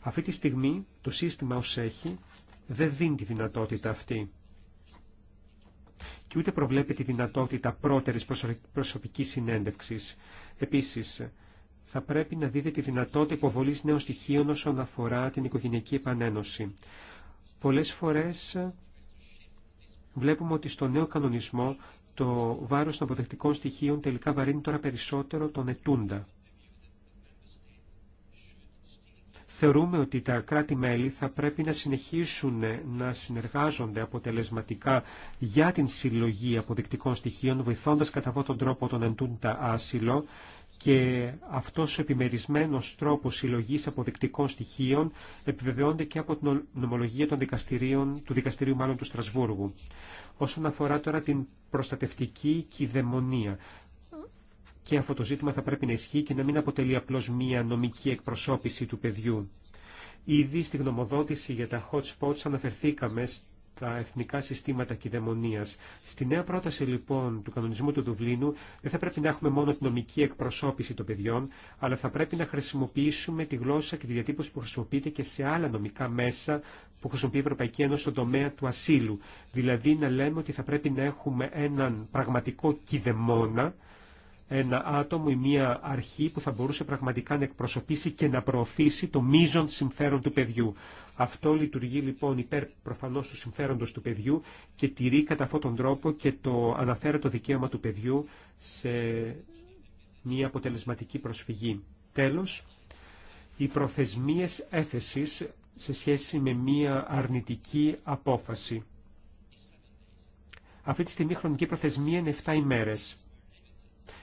Αυτή τη στιγμή το σύστημα ως έχει δεν δίνει τη δυνατότητα αυτή και ούτε προβλέπει τη δυνατότητα πρώτερης προσωπικής συνέντευξης. Επίσης, θα πρέπει να δίδεται τη δυνατότητα υποβολής νέων στοιχείων όσον αφορά την οικογενειακή επανένωση. Πολλές φορές ε, βλέπουμε ότι στο νέο κανονισμό το βάρος των αποδεκτικών στοιχείων τελικά βαρύνει τώρα περισσότερο τον ετούντα. Θεωρούμε ότι τα κράτη-μέλη θα πρέπει να συνεχίσουν να συνεργάζονται αποτελεσματικά για την συλλογή αποδεικτικών στοιχείων, βοηθώντας κατά αυτόν τον τρόπο τον εντούντα άσυλο και αυτός ο επιμερισμένος τρόπος συλλογής αποδεικτικών στοιχείων επιβεβαιώνεται και από την νομολογία των δικαστηρίων, του δικαστηρίου μάλλον του Στρασβούργου. Όσον αφορά τώρα την προστατευτική κυδαιμονία, και αυτό το ζήτημα θα πρέπει να ισχύει και να μην αποτελεί απλώς μία νομική εκπροσώπηση του παιδιού. Ήδη στη γνωμοδότηση για τα hot spots αναφερθήκαμε τα εθνικά συστήματα κυδαιμονίας. Στη νέα πρόταση λοιπόν του κανονισμού του Δουβλίνου δεν θα πρέπει να έχουμε μόνο την νομική εκπροσώπηση των παιδιών, αλλά θα πρέπει να χρησιμοποιήσουμε τη γλώσσα και τη διατύπωση που χρησιμοποιείται και σε άλλα νομικά μέσα που χρησιμοποιεί η Ευρωπαϊκή Ένωση στον τομέα του ασύλου. Δηλαδή να λέμε ότι θα πρέπει να έχουμε έναν πραγματικό κυδαιμόνα, ένα άτομο ή μία αρχή που θα μπορούσε πραγματικά να εκπροσωπήσει και να προωθήσει το μείζον συμφέρον του παιδιού. Αυτό λειτουργεί λοιπόν υπέρ προφανώς του συμφέροντος του παιδιού και τηρεί κατά αυτόν τον τρόπο και το το δικαίωμα του παιδιού σε μία αποτελεσματική προσφυγή. Τέλος, οι προθεσμίες έθεσης σε σχέση με μία αρνητική απόφαση. Αυτή τη στιγμή η χρονική προθεσμία είναι 7 ημέρες.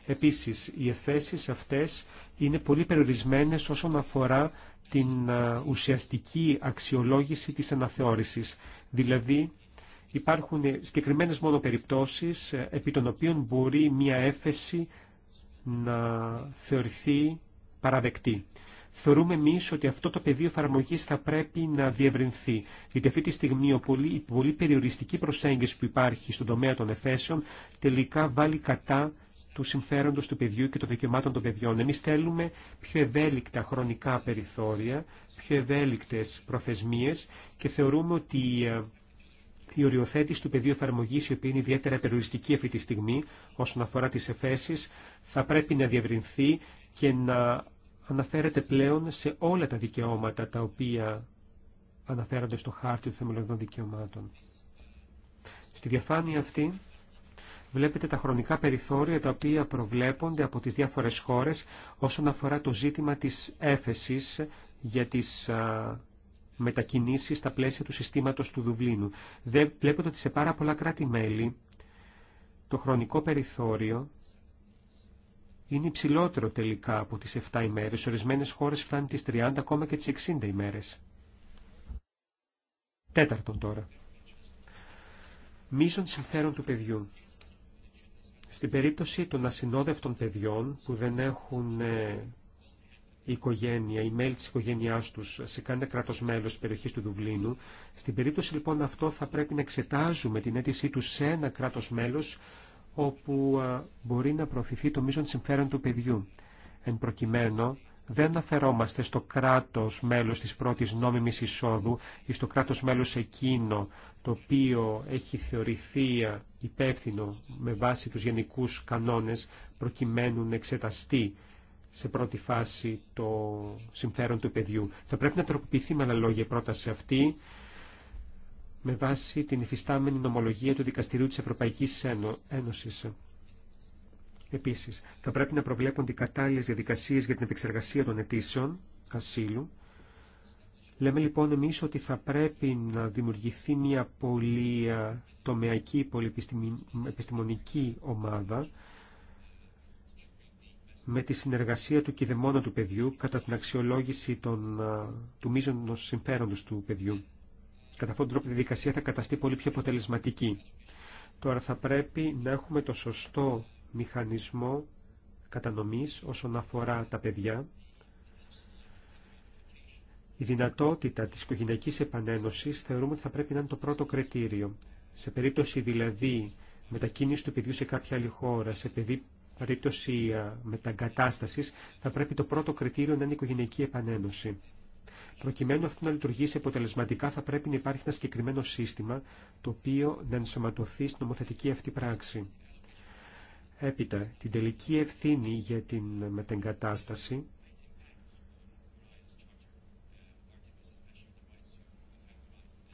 Επίσης, οι εφέσεις αυτές είναι πολύ περιορισμένες όσον αφορά την ε, ουσιαστική αξιολόγηση της αναθεώρησης. Δηλαδή, υπάρχουν συγκεκριμένες μόνο περιπτώσεις ε, επί των οποίων μπορεί μια έφεση να θεωρηθεί παραδεκτή. Θεωρούμε εμεί ότι αυτό το πεδίο εφαρμογή θα πρέπει να διευρυνθεί. Γιατί αυτή τη στιγμή η πολύ περιοριστική προσέγγιση που υπάρχει στον τομέα των εφέσεων τελικά βάλει κατά του συμφέροντος του παιδιού και των δικαιωμάτων των παιδιών. Εμείς θέλουμε πιο ευέλικτα χρονικά περιθώρια, πιο ευέλικτες προθεσμίες και θεωρούμε ότι ε, η οριοθέτηση του πεδίου εφαρμογή, η οποία είναι ιδιαίτερα περιοριστική αυτή τη στιγμή όσον αφορά τι εφέσεις, θα πρέπει να διευρυνθεί και να αναφέρεται πλέον σε όλα τα δικαιώματα τα οποία αναφέρονται στο χάρτη των θεμελιωδών δικαιωμάτων. Στη διαφάνεια αυτή βλέπετε τα χρονικά περιθώρια τα οποία προβλέπονται από τις διάφορες χώρες όσον αφορά το ζήτημα της έφεσης για τις μετακινήσεις στα πλαίσια του συστήματος του Δουβλίνου. Βλέπετε ότι σε πάρα πολλά κράτη-μέλη το χρονικό περιθώριο είναι υψηλότερο τελικά από τις 7 ημέρες. Ορισμένες χώρες φτάνει τις 30 ακόμα και τις 60 ημέρες. Τέταρτον τώρα. Μίσον συμφέρον του παιδιού. Στην περίπτωση των ασυνόδευτων παιδιών που δεν έχουν ε, οικογένεια, ή μέλη της οικογένειάς τους σε κανένα κράτος μέλος της περιοχής του Δουβλίνου. Στην περίπτωση λοιπόν αυτό θα πρέπει να εξετάζουμε την αίτησή του σε ένα κράτος μέλος όπου μπορεί να προωθηθεί το μείζον συμφέρον του παιδιού. Εν προκειμένου, δεν αναφερόμαστε στο κράτος μέλος της πρώτης νόμιμης εισόδου ή στο κράτος μέλος εκείνο το οποίο έχει θεωρηθεί υπεύθυνο με βάση τους γενικούς κανόνες προκειμένου να εξεταστεί σε πρώτη φάση το συμφέρον του παιδιού. Θα πρέπει να τροποποιηθεί με άλλα λόγια η πρόταση αυτή με βάση την υφιστάμενη νομολογία του Δικαστηρίου της Ευρωπαϊκής Ένωσης. Επίσης, θα πρέπει να προβλέπονται οι κατάλληλες διαδικασίες για την επεξεργασία των αιτήσεων ασύλου Λέμε λοιπόν εμείς ότι θα πρέπει να δημιουργηθεί μια πολύ ε, τομεακή πολυεπιστημονική ομάδα με τη συνεργασία του και του παιδιού κατά την αξιολόγηση των, ε, του μείζοντος συμφέροντος του παιδιού. Κατά αυτόν τον τρόπο η διαδικασία θα καταστεί πολύ πιο αποτελεσματική. Τώρα θα πρέπει να έχουμε το σωστό μηχανισμό κατανομής όσον αφορά τα παιδιά η δυνατότητα της οικογενειακής επανένωσης θεωρούμε ότι θα πρέπει να είναι το πρώτο κριτήριο. Σε περίπτωση δηλαδή μετακίνηση του παιδιού σε κάποια άλλη χώρα, σε παιδί, περίπτωση μεταγκατάστασης, θα πρέπει το πρώτο κριτήριο να είναι η οικογενειακή επανένωση. Προκειμένου αυτό να λειτουργήσει αποτελεσματικά θα πρέπει να υπάρχει ένα συγκεκριμένο σύστημα το οποίο να ενσωματωθεί στην νομοθετική αυτή πράξη. Έπειτα, την τελική ευθύνη για την μετεγκατάσταση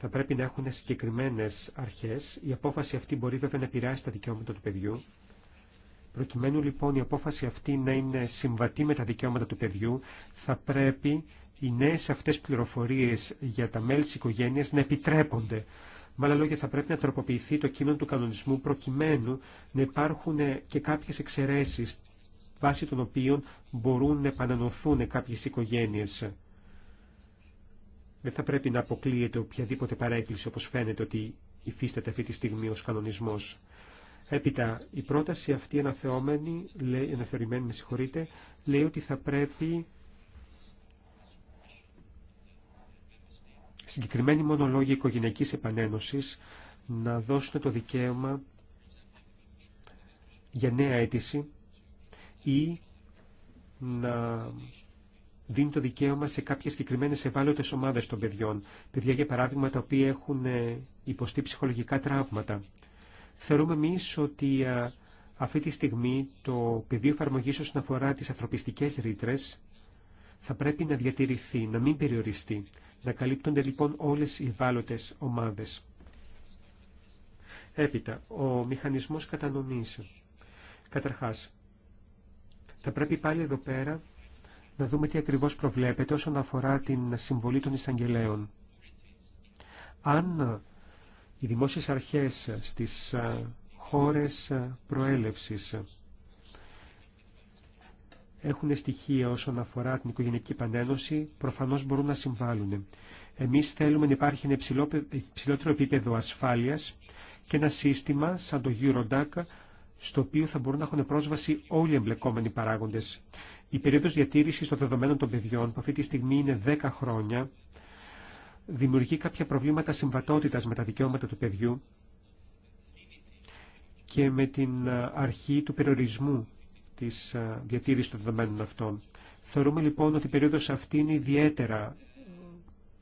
θα πρέπει να έχουν συγκεκριμένες αρχές. Η απόφαση αυτή μπορεί βέβαια να επηρεάσει τα δικαιώματα του παιδιού. Προκειμένου λοιπόν η απόφαση αυτή να είναι συμβατή με τα δικαιώματα του παιδιού, θα πρέπει οι νέες αυτές πληροφορίες για τα μέλη της οικογένειας να επιτρέπονται. Με άλλα λόγια, θα πρέπει να τροποποιηθεί το κείμενο του κανονισμού προκειμένου να υπάρχουν και κάποιες εξαιρέσεις βάσει των οποίων μπορούν να επανανοθούν κάποιες οικογένειες. Δεν θα πρέπει να αποκλείεται οποιαδήποτε παρέκκληση όπως φαίνεται ότι υφίσταται αυτή τη στιγμή ως κανονισμός. Έπειτα, η πρόταση αυτή αναθεωμένη, λέει, αναθεωρημένη, με λέει ότι θα πρέπει συγκεκριμένοι μόνο λόγοι οικογενειακής επανένωσης να δώσουν το δικαίωμα για νέα αίτηση ή να δίνει το δικαίωμα σε κάποιες συγκεκριμένες ευάλωτες ομάδες των παιδιών. Παιδιά, για παράδειγμα, τα οποία έχουν ε, υποστεί ψυχολογικά τραύματα. Θεωρούμε εμεί ότι ε, αυτή τη στιγμή το πεδίο εφαρμογή όσον αφορά τι ανθρωπιστικέ ρήτρε θα πρέπει να διατηρηθεί, να μην περιοριστεί, να καλύπτονται λοιπόν όλες οι ευάλωτε ομάδες. Έπειτα, ο μηχανισμός κατανομής. Καταρχάς, θα πρέπει πάλι εδώ πέρα να δούμε τι ακριβώς προβλέπετε όσον αφορά την συμβολή των εισαγγελέων. Αν οι δημόσιες αρχές στις ε, χώρες ε, προέλευσης έχουν στοιχεία όσον αφορά την οικογενειακή πανένωση, προφανώς μπορούν να συμβάλλουν. Εμείς θέλουμε να υπάρχει ένα υψηλότερο επίπεδο ασφάλειας και ένα σύστημα σαν το Eurodac, στο οποίο θα μπορούν να έχουν πρόσβαση όλοι οι εμπλεκόμενοι παράγοντες. Η περίοδος διατήρησης των δεδομένων των παιδιών, που αυτή τη στιγμή είναι 10 χρόνια, δημιουργεί κάποια προβλήματα συμβατότητας με τα δικαιώματα του παιδιού και με την ε, αρχή του περιορισμού της ε, διατήρησης των δεδομένων αυτών. Θεωρούμε λοιπόν ότι η περίοδος αυτή είναι ιδιαίτερα ε,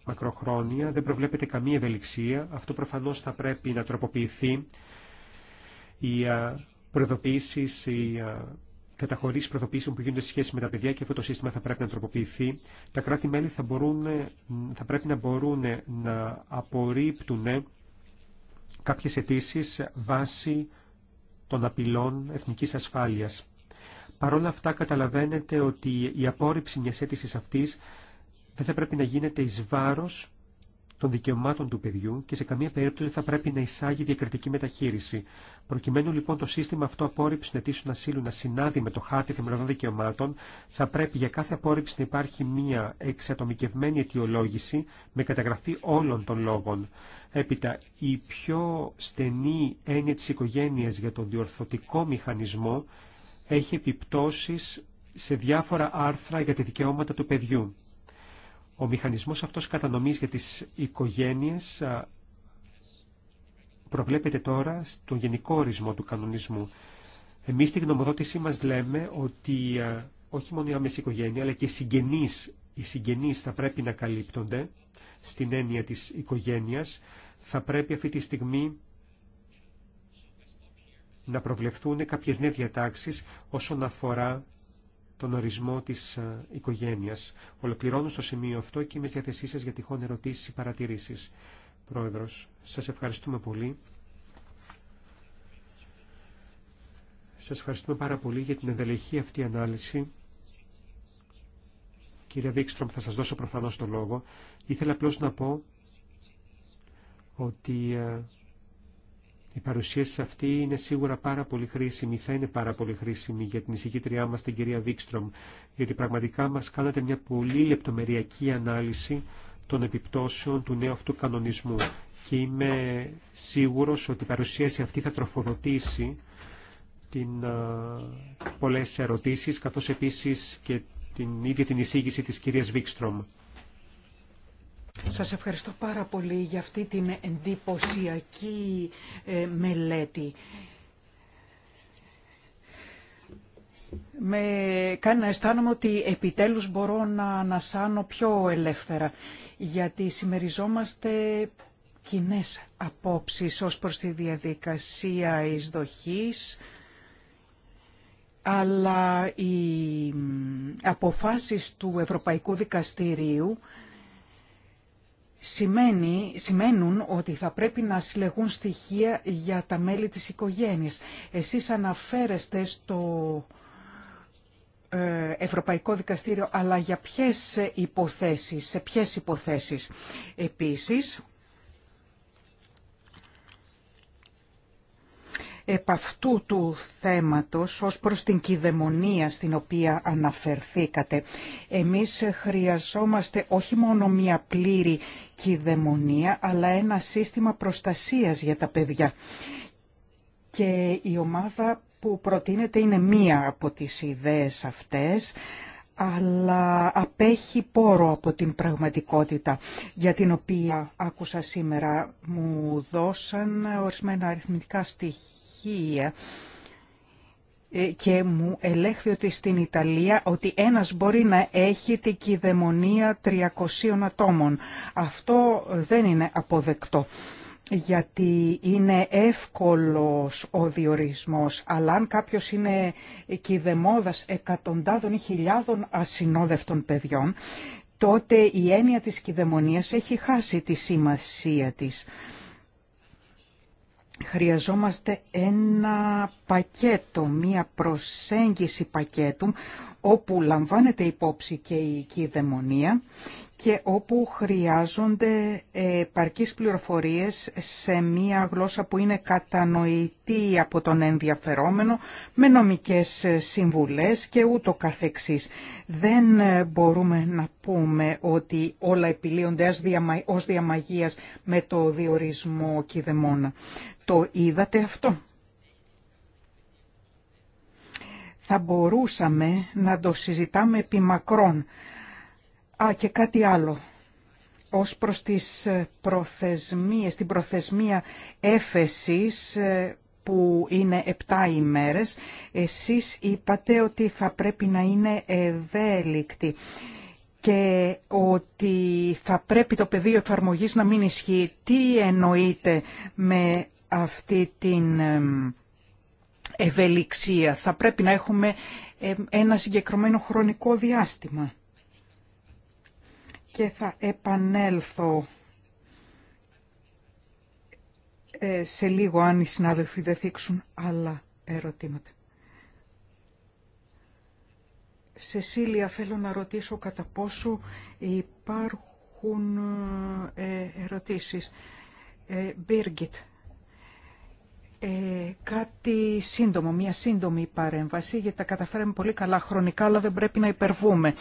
μακροχρόνια, δεν προβλέπεται καμία ευελιξία. Αυτό προφανώς θα πρέπει να τροποποιηθεί. Οι προειδοποίησεις, οι καταχωρήσει προθοποιήσεων που γίνονται σε σχέση με τα παιδιά και αυτό το σύστημα θα πρέπει να τροποποιηθεί. Τα κράτη-μέλη θα, θα πρέπει να μπορούν να απορρίπτουν κάποιες αιτήσει βάσει των απειλών εθνικής ασφάλειας. Παρ' όλα αυτά καταλαβαίνετε ότι η απόρριψη μιας αίτησης αυτής δεν θα πρέπει να γίνεται εις βάρος των δικαιωμάτων του παιδιού και σε καμία περίπτωση θα πρέπει να εισάγει διακριτική μεταχείριση. Προκειμένου λοιπόν το σύστημα αυτό απόρριψη αιτήσεων ασύλου να συνάδει με το χάρτη θεμελιωδών δικαιωμάτων, θα πρέπει για κάθε απόρριψη να υπάρχει μία εξατομικευμένη αιτιολόγηση με καταγραφή όλων των λόγων. Έπειτα, η πιο στενή έννοια τη οικογένεια για τον διορθωτικό μηχανισμό έχει επιπτώσει σε διάφορα άρθρα για τα δικαιώματα του παιδιού. Ο μηχανισμός αυτός κατανομής για τις οικογένειες προβλέπεται τώρα στο γενικό ορισμό του κανονισμού. Εμείς στη γνωμοδότησή μας λέμε ότι όχι μόνο η άμεση οικογένεια, αλλά και οι συγγενείς, οι συγγενείς θα πρέπει να καλύπτονται στην έννοια της οικογένειας. Θα πρέπει αυτή τη στιγμή να προβλεφθούν κάποιες νέες διατάξεις όσον αφορά τον ορισμό της ε, οικογένειας. Ολοκληρώνω στο σημείο αυτό και είμαι στη διάθεσή σας για τυχόν ερωτήσεις ή παρατηρήσεις. Πρόεδρος, σας ευχαριστούμε πολύ. Σας ευχαριστούμε πάρα πολύ για την ενδελεχή αυτή ανάλυση. Κύριε Βίξτρομ, θα σας δώσω προφανώς το λόγο. Ήθελα απλώς να πω ότι ε, η παρουσίαση αυτή είναι σίγουρα πάρα πολύ χρήσιμη, θα είναι πάρα πολύ χρήσιμη για την εισηγήτριά μας την κυρία Βίξτρομ γιατί πραγματικά μας κάνατε μια πολύ λεπτομεριακή ανάλυση των επιπτώσεων του νέου αυτού κανονισμού και είμαι σίγουρος ότι η παρουσίαση αυτή θα τροφοδοτήσει την, πολλές ερωτήσεις, καθώς επίσης και την ίδια την εισήγηση της κυρίας Βίκστρομ. Σας ευχαριστώ πάρα πολύ για αυτή την εντυπωσιακή ε, μελέτη. Με κάνει να αισθάνομαι ότι επιτέλους μπορώ να ανασάνω πιο ελεύθερα, γιατί συμμεριζόμαστε κοινέ απόψεις ως προς τη διαδικασία εισδοχής, αλλά οι αποφάσεις του Ευρωπαϊκού Δικαστηρίου σημαίνει, σημαίνουν ότι θα πρέπει να συλλεγούν στοιχεία για τα μέλη της οικογένειας. Εσείς αναφέρεστε στο ε, Ευρωπαϊκό Δικαστήριο, αλλά για ποιες υποθέσεις, σε ποιες υποθέσεις. Επίσης, επ' αυτού του θέματος ως προς την κυδαιμονία στην οποία αναφερθήκατε. Εμείς χρειαζόμαστε όχι μόνο μια πλήρη κυδαιμονία, αλλά ένα σύστημα προστασίας για τα παιδιά. Και η ομάδα που προτείνεται είναι μία από τις ιδέες αυτές, αλλά απέχει πόρο από την πραγματικότητα για την οποία άκουσα σήμερα. Μου δώσαν ορισμένα αριθμητικά στοιχεία ε, και μου ελέγχθη ότι στην Ιταλία ότι ένας μπορεί να έχει την κυδαιμονία 300 ατόμων. Αυτό δεν είναι αποδεκτό γιατί είναι εύκολος ο διορισμός, αλλά αν κάποιος είναι κηδεμόδας εκατοντάδων ή χιλιάδων ασυνόδευτων παιδιών, τότε η έννοια της κυδεμονίας έχει χάσει τη σημασία της. Χρειαζόμαστε ένα πακέτο, μία προσέγγιση πακέτου, όπου λαμβάνεται υπόψη και η κυδαιμονία και όπου χρειάζονται επαρκείς πληροφορίες σε μία γλώσσα που είναι κατανοητή από τον ενδιαφερόμενο με νομικές συμβουλές και ούτω καθεξής. Δεν μπορούμε να πούμε ότι όλα επιλύονται ως διαμαγείας με το διορισμό κηδεμόνα. Το είδατε αυτό. Θα μπορούσαμε να το συζητάμε επί Α, και κάτι άλλο. Ως προς τις ε, προθεσμίες, την προθεσμία έφεσης ε, που είναι 7 ημέρες, εσείς είπατε ότι θα πρέπει να είναι ευέλικτη και ότι θα πρέπει το πεδίο εφαρμογής να μην ισχύει. Τι εννοείτε με αυτή την ευελιξία. Θα πρέπει να έχουμε ένα συγκεκριμένο χρονικό διάστημα και θα επανέλθω ε, σε λίγο αν οι συνάδελφοι δεν θίξουν άλλα ερωτήματα. Σεσίλια, θέλω να ρωτήσω κατά πόσο υπάρχουν ε, ερωτήσεις. Μπίργκιτ, ε, ε, κάτι σύντομο, μια σύντομη παρέμβαση, γιατί τα καταφέραμε πολύ καλά χρονικά, αλλά δεν πρέπει να υπερβούμε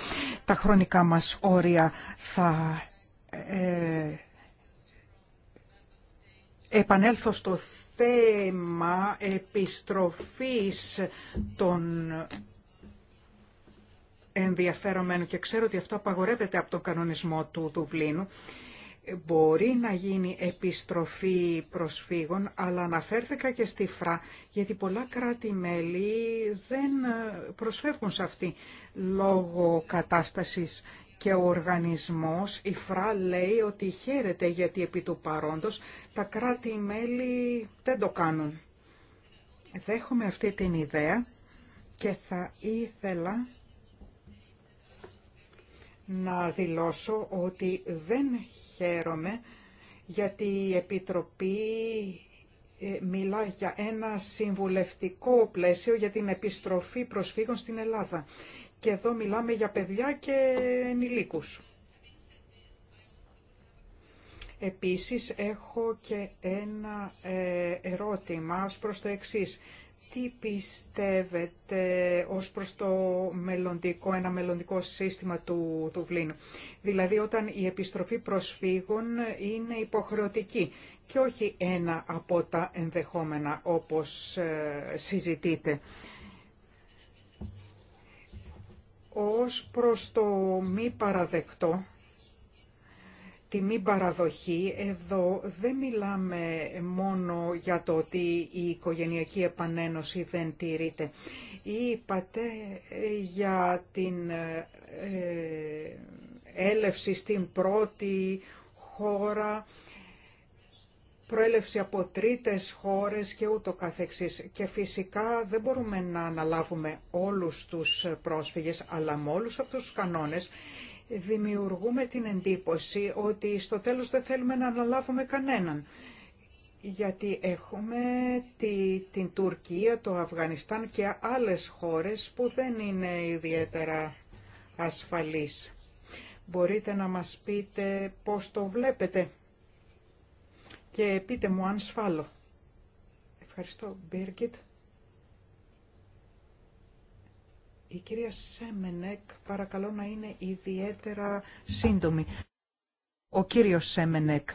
τα χρονικά μας όρια. Θα ε, επανέλθω στο θέμα επιστροφής των ενδιαφέρομενων και ξέρω ότι αυτό απαγορεύεται από τον κανονισμό του Δουβλίνου μπορεί να γίνει επιστροφή προσφύγων, αλλά αναφέρθηκα και στη ΦΡΑ, γιατί πολλά κράτη-μέλη δεν ε, προσφεύγουν σε αυτή λόγω κατάστασης και ο οργανισμός, η ΦΡΑ λέει ότι χαίρεται γιατί επί του παρόντος τα κράτη-μέλη δεν το κάνουν. Δέχομαι αυτή την ιδέα και θα ήθελα να δηλώσω ότι δεν χαίρομαι γιατί η Επιτροπή ε, μιλά για ένα συμβουλευτικό πλαίσιο για την επιστροφή προσφύγων στην Ελλάδα. Και εδώ μιλάμε για παιδιά και ενηλίκους. Επίσης έχω και ένα ε, ερώτημα ως προς το εξής τι πιστεύετε ως προς το μελλοντικό, ένα μελλοντικό σύστημα του Δουβλίνου. Δηλαδή όταν η επιστροφή προσφύγων είναι υποχρεωτική και όχι ένα από τα ενδεχόμενα όπως ε, συζητείτε. Ως προς το μη παραδεκτό, τη μη παραδοχή, εδώ δεν μιλάμε μόνο για το ότι η οικογενειακή επανένωση δεν τηρείται. Είπατε ε, για την ε, ε, έλευση στην πρώτη χώρα, προέλευση από τρίτες χώρες και ούτω καθεξής. Και φυσικά δεν μπορούμε να αναλάβουμε όλους τους πρόσφυγες, αλλά με όλους αυτούς τους κανόνες δημιουργούμε την εντύπωση ότι στο τέλος δεν θέλουμε να αναλάβουμε κανέναν. Γιατί έχουμε τη, την Τουρκία, το Αφγανιστάν και άλλες χώρες που δεν είναι ιδιαίτερα ασφαλείς. Μπορείτε να μας πείτε πώς το βλέπετε και πείτε μου αν σφάλω. Ευχαριστώ, Μπίργκιτ. Η κυρία Σέμενεκ παρακαλώ να είναι ιδιαίτερα σύντομη. Ο κύριος Σέμενεκ.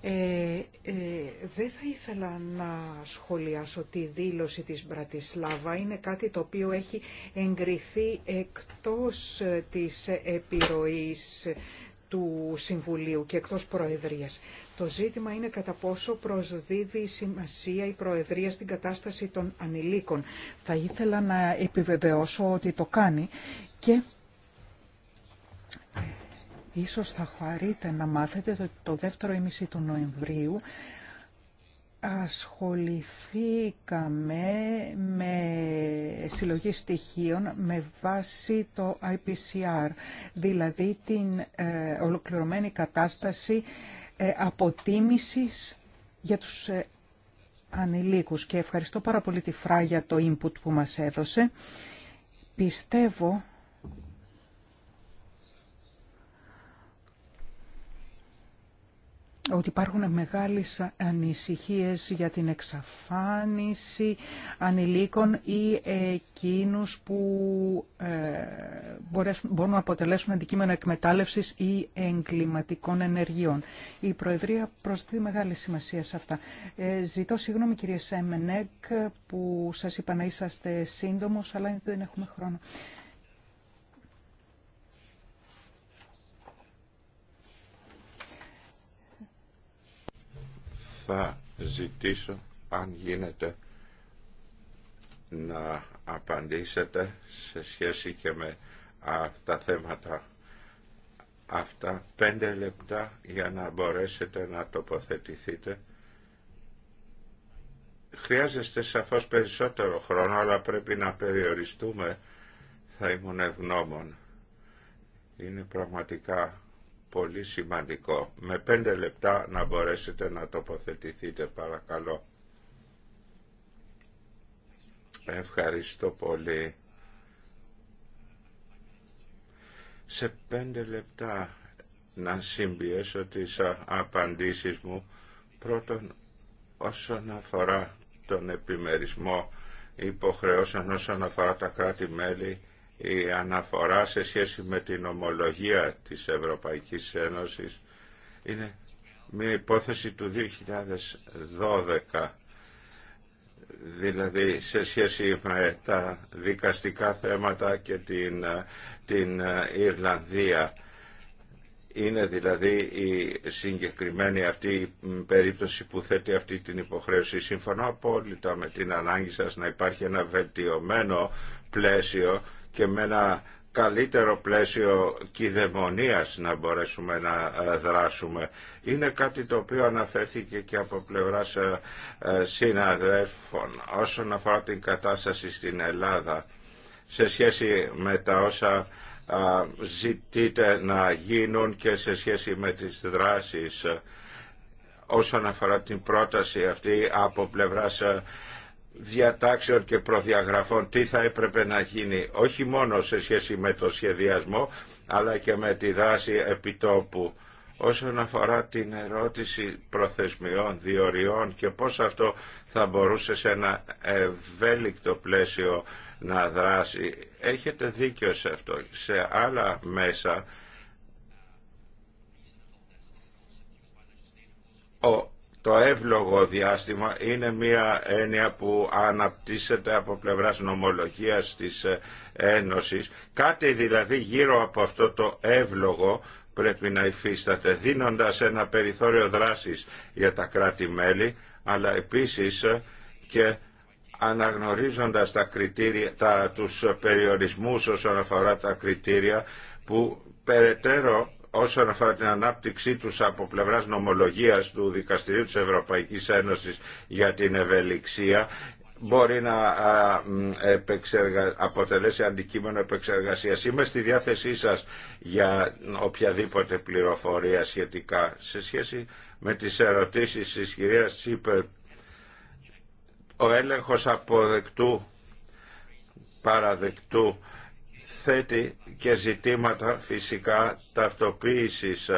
Ε, ε, δεν θα ήθελα να σχολιάσω τη δήλωση της Μπρατισλάβα. Είναι κάτι το οποίο έχει εγκριθεί εκτός ε, της επιρροής του Συμβουλίου και εκτός Προεδρίας. Το ζήτημα είναι κατά πόσο προσδίδει σημασία η Προεδρία στην κατάσταση των ανηλίκων. Θα ήθελα να επιβεβαιώσω ότι το κάνει και ε, ίσως θα χαρείτε να μάθετε ότι το δεύτερο ημισή του Νοεμβρίου ασχοληθήκαμε με συλλογή στοιχείων με βάση το IPCR, δηλαδή την ε, ολοκληρωμένη κατάσταση ε, αποτίμησης για τους ε, ανηλίκους. Και ευχαριστώ πάρα πολύ τη Φρά για το input που μας έδωσε. Πιστεύω ότι υπάρχουν μεγάλες ανησυχίες για την εξαφάνιση ανηλίκων ή εκείνους που ε, μπορούν να αποτελέσουν αντικείμενο εκμετάλλευσης ή εγκληματικών ενεργειών. Η Προεδρία προσδίδει μεγάλη σημασία σε αυτά. Ε, ζητώ συγγνώμη κύριε Σέμενεκ που σας είπα να είσαστε σύντομος, αλλά δεν έχουμε χρόνο. θα ζητήσω αν γίνεται να απαντήσετε σε σχέση και με αυτά τα θέματα αυτά. Πέντε λεπτά για να μπορέσετε να τοποθετηθείτε. Χρειάζεστε σαφώς περισσότερο χρόνο, αλλά πρέπει να περιοριστούμε. Θα ήμουν ευγνώμων. Είναι πραγματικά πολύ σημαντικό. Με πέντε λεπτά να μπορέσετε να τοποθετηθείτε παρακαλώ. Ευχαριστώ πολύ. Σε πέντε λεπτά να συμπιέσω τις απαντήσεις μου. Πρώτον, όσον αφορά τον επιμερισμό υποχρεώσεων, όσον αφορά τα κράτη-μέλη, η αναφορά σε σχέση με την ομολογία της Ευρωπαϊκής Ένωσης είναι μια υπόθεση του 2012 δηλαδή σε σχέση με τα δικαστικά θέματα και την, την Ιρλανδία. Είναι δηλαδή η συγκεκριμένη αυτή η περίπτωση που θέτει αυτή την υποχρέωση. Συμφωνώ απόλυτα με την ανάγκη σας να υπάρχει ένα βελτιωμένο πλαίσιο και με ένα καλύτερο πλαίσιο κυδεμονίας να μπορέσουμε να ε, δράσουμε. Είναι κάτι το οποίο αναφέρθηκε και από πλευράς ε, ε, συναδέλφων όσον αφορά την κατάσταση στην Ελλάδα σε σχέση με τα όσα ζητείτε να γίνουν και σε σχέση με τις δράσεις όσον αφορά την πρόταση αυτή από πλευράς διατάξεων και προδιαγραφών τι θα έπρεπε να γίνει όχι μόνο σε σχέση με το σχεδιασμό αλλά και με τη δράση επιτόπου όσον αφορά την ερώτηση προθεσμιών, διοριών και πώς αυτό θα μπορούσε σε ένα ευέλικτο πλαίσιο να δράσει. Έχετε δίκιο σε αυτό. Σε άλλα μέσα ο το εύλογο διάστημα είναι μια έννοια που αναπτύσσεται από πλευράς νομολογίας της ε, Ένωσης. Κάτι δηλαδή γύρω από αυτό το εύλογο πρέπει να υφίσταται, δίνοντας ένα περιθώριο δράσης για τα κράτη-μέλη, αλλά επίσης ε, και αναγνωρίζοντας τα κριτήρια, τα, τους περιορισμούς όσον αφορά τα κριτήρια που περαιτέρω όσον αφορά την ανάπτυξή τους από πλευράς νομολογίας του Δικαστηρίου της Ευρωπαϊκής Ένωσης για την ευελιξία μπορεί να αποτελέσει αντικείμενο επεξεργασίας. Είμαι στη διάθεσή σας για οποιαδήποτε πληροφορία σχετικά σε σχέση με τις ερωτήσεις της κυρίας Τσίπερ. Ο έλεγχος αποδεκτού, παραδεκτού θέτει και ζητήματα φυσικά ταυτοποίησης.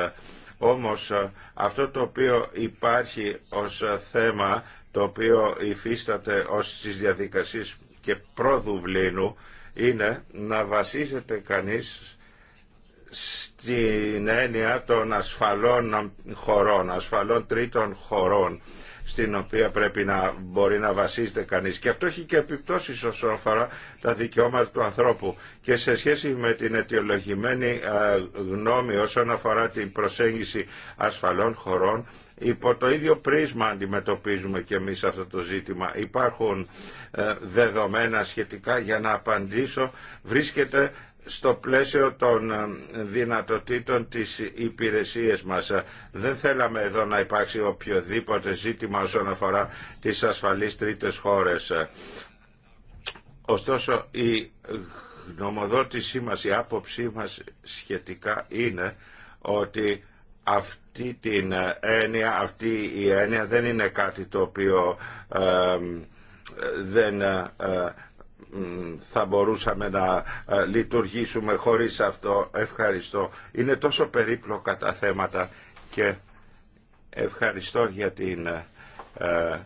Όμως ε, αυτό το οποίο υπάρχει ως ε, θέμα, το οποίο υφίσταται ως στις διαδικασίες και προδουβλίνου, είναι να βασίζεται κανείς στην έννοια των ασφαλών χωρών, ασφαλών τρίτων χωρών στην οποία πρέπει να μπορεί να βασίζεται κανείς. Και αυτό έχει και επιπτώσεις όσον αφορά τα δικαιώματα του ανθρώπου και σε σχέση με την αιτιολογημένη γνώμη όσον αφορά την προσέγγιση ασφαλών χωρών Υπό το ίδιο πρίσμα αντιμετωπίζουμε και εμείς αυτό το ζήτημα. Υπάρχουν ε, δεδομένα σχετικά για να απαντήσω. Βρίσκεται στο πλαίσιο των ε, δυνατοτήτων της υπηρεσίας μας. Δεν θέλαμε εδώ να υπάρξει οποιοδήποτε ζήτημα όσον αφορά τις ασφαλείς τρίτες χώρες. Ωστόσο η γνωμοδότησή μας, η άποψή μας σχετικά είναι ότι αυτή την έννοια, αυτή η έννοια δεν είναι κάτι το οποίο ε, ε, δεν θα μπορούσαμε να ε, λειτουργήσουμε χωρίς αυτό. Ευχαριστώ. Είναι τόσο περίπλοκα τα θέματα και ευχαριστώ για την ε, ε,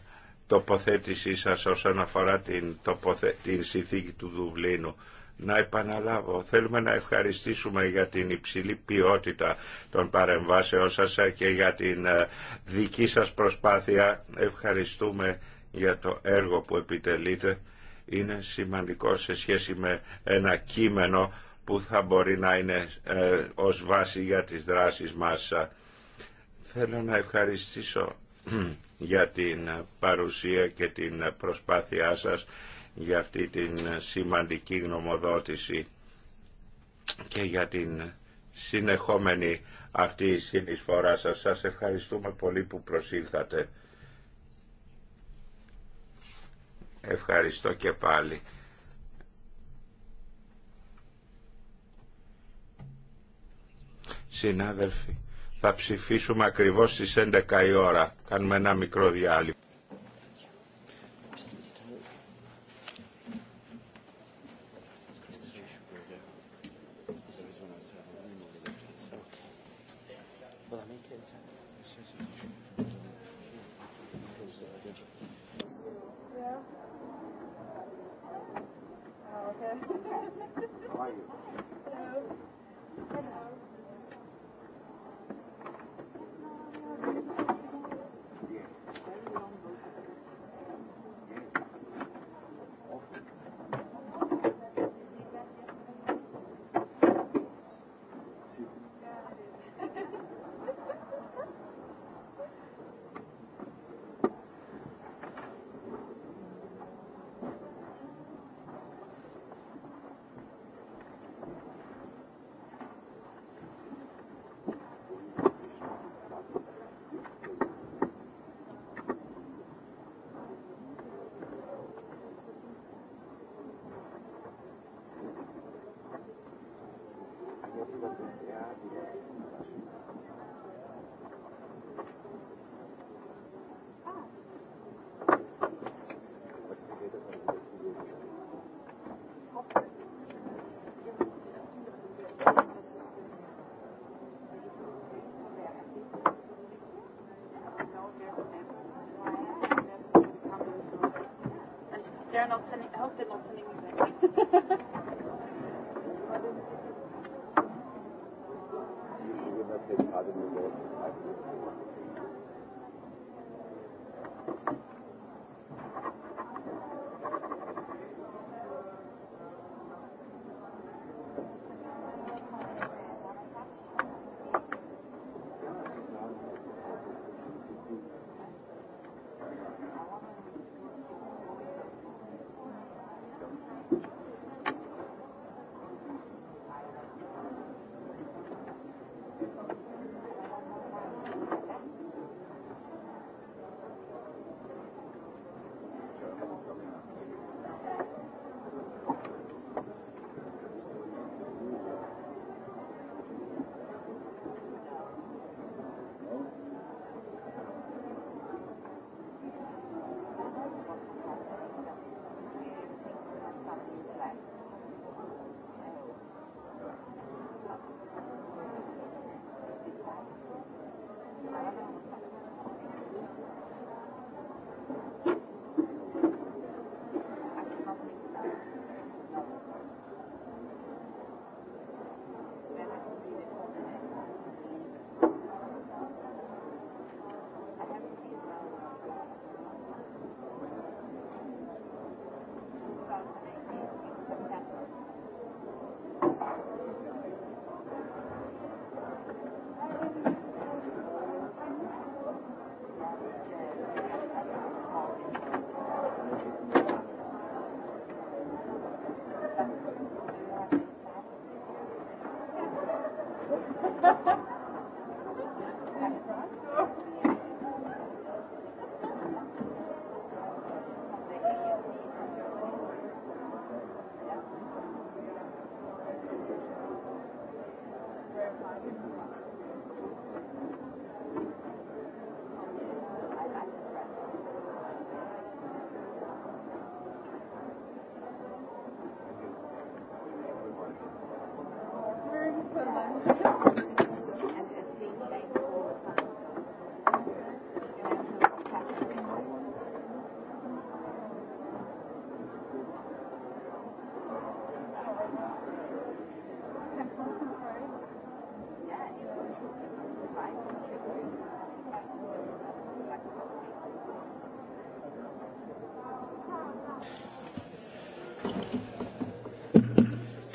τοποθέτησή σας όσον αφορά την, τοποθε... την συνθήκη του Δουβλίνου. Να επαναλάβω, θέλουμε να ευχαριστήσουμε για την υψηλή ποιότητα των παρεμβάσεών σας και για την δική σας προσπάθεια. Ευχαριστούμε για το έργο που επιτελείτε είναι σημαντικό σε σχέση με ένα κείμενο που θα μπορεί να είναι ε, ως βάση για τις δράσεις μας. Θέλω να ευχαριστήσω για την παρουσία και την προσπάθειά σας για αυτή την σημαντική γνωμοδότηση και για την συνεχόμενη αυτή η συνεισφορά σας. Σας ευχαριστούμε πολύ που προσήλθατε. Ευχαριστώ και πάλι. Συνάδελφοι, θα ψηφίσουμε ακριβώς στις 11 η ώρα. Κάνουμε ένα μικρό διάλειμμα.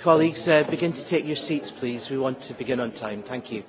Colleagues, begin to take your seats, please. We want to begin on time. Thank you.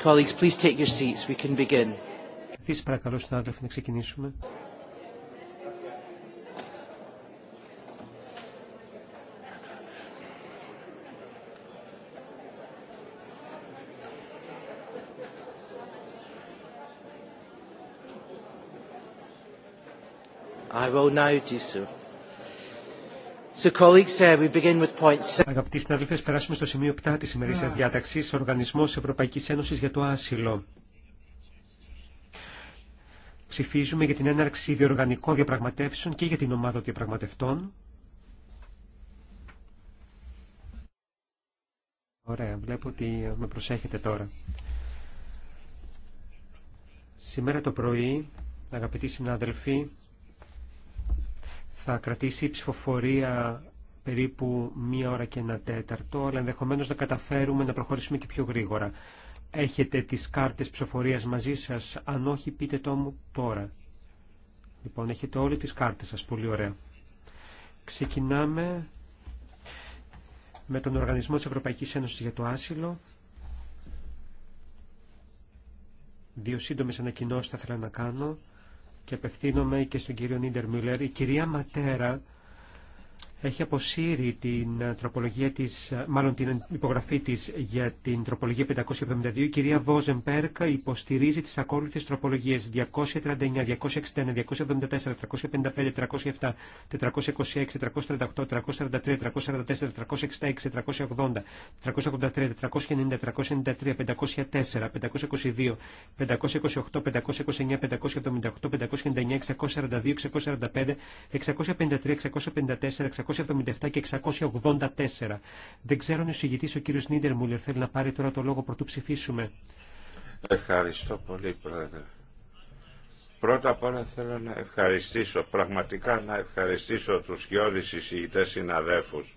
Colleagues, please take your seats. We can begin. Καθίστε παρακαλώ συνάδελφοι να ξεκινήσουμε. I will now do so. Uh, αγαπητοί συναδελφέ, περάσουμε στο σημείο 7 τη σας διάταξη, Οργανισμό Ευρωπαϊκή Ένωση για το Άσυλο. Ψηφίζουμε για την έναρξη διοργανικών διαπραγματεύσεων και για την ομάδα διαπραγματευτών. Ωραία, βλέπω ότι με προσέχετε τώρα. Σήμερα το πρωί, αγαπητοί συνάδελφοι, θα κρατήσει η ψηφοφορία περίπου μία ώρα και ένα τέταρτο, αλλά ενδεχομένως να καταφέρουμε να προχωρήσουμε και πιο γρήγορα. Έχετε τις κάρτες ψηφοφορίας μαζί σας, αν όχι πείτε το μου τώρα. Λοιπόν, έχετε όλες τις κάρτες σας, πολύ ωραία. Ξεκινάμε με τον Οργανισμό της Ευρωπαϊκής Ένωσης για το Άσυλο. Δύο σύντομες ανακοινώσεις θα ήθελα να κάνω και απευθύνομαι και στον κύριο Νίντερ Μιλέρ. Η κυρία Ματέρα έχει αποσύρει την ε, τροπολογία της, ε, μάλλον την υπογραφή της για την τροπολογία 572. Η κυρία Βόζεμπερκ υποστηρίζει τις ακόλουθες τροπολογίες 239, 261, 274, 355, 307, 426, 338, 343, 344, 366, 380, 383, 490, 393, 504, 522, 528, 529, 578, 599, 642, 645, 653, 654, 677 και 684. Δεν ξέρω αν ο συγητής ο κύριος Νίντερ θέλει να πάρει τώρα το λόγο πρωτού ψηφίσουμε. Ευχαριστώ πολύ πρόεδρε. Πρώτα απ' όλα θέλω να ευχαριστήσω, πραγματικά να ευχαριστήσω τους γιώδης εισηγητές συναδέλφους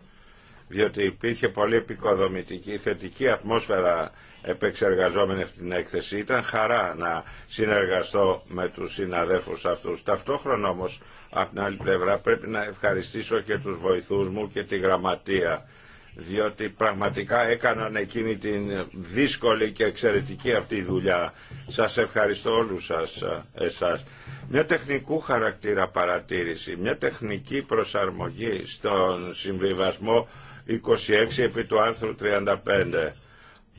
διότι υπήρχε πολύ επικοδομητική θετική ατμόσφαιρα επεξεργαζόμενη στην την έκθεση. Ήταν χαρά να συνεργαστώ με τους συναδέλφους αυτούς. Ταυτόχρονα όμως, από την άλλη πλευρά, πρέπει να ευχαριστήσω και τους βοηθούς μου και τη γραμματεία, διότι πραγματικά έκαναν εκείνη την δύσκολη και εξαιρετική αυτή δουλειά. Σας ευχαριστώ όλους σας, εσάς. Μια τεχνικού χαρακτήρα παρατήρηση, μια τεχνική προσαρμογή στον συμβιβασμό 26 επί του άρθρου 35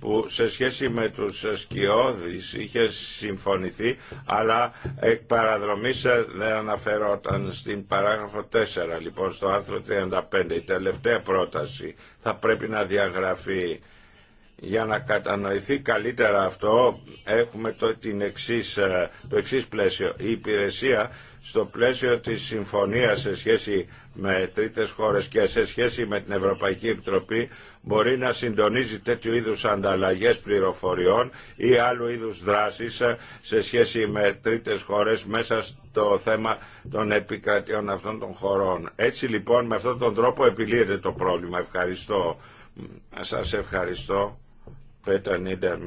που σε σχέση με τους σκιώδεις είχε συμφωνηθεί αλλά εκ παραδρομής ε, δεν αναφερόταν στην παράγραφο 4 λοιπόν στο άρθρο 35 η τελευταία πρόταση θα πρέπει να διαγραφεί για να κατανοηθεί καλύτερα αυτό έχουμε το, την εξής, ε, το εξής πλαίσιο η υπηρεσία στο πλαίσιο της συμφωνίας σε σχέση με τρίτες χώρες και σε σχέση με την Ευρωπαϊκή Επιτροπή μπορεί να συντονίζει τέτοιου είδους ανταλλαγές πληροφοριών ή άλλου είδους δράσεις σε σχέση με τρίτες χώρες μέσα στο θέμα των επικρατιών αυτών των χωρών. Έτσι λοιπόν με αυτόν τον τρόπο επιλύεται το πρόβλημα. Ευχαριστώ. Σας ευχαριστώ. Πέτα Νίντερ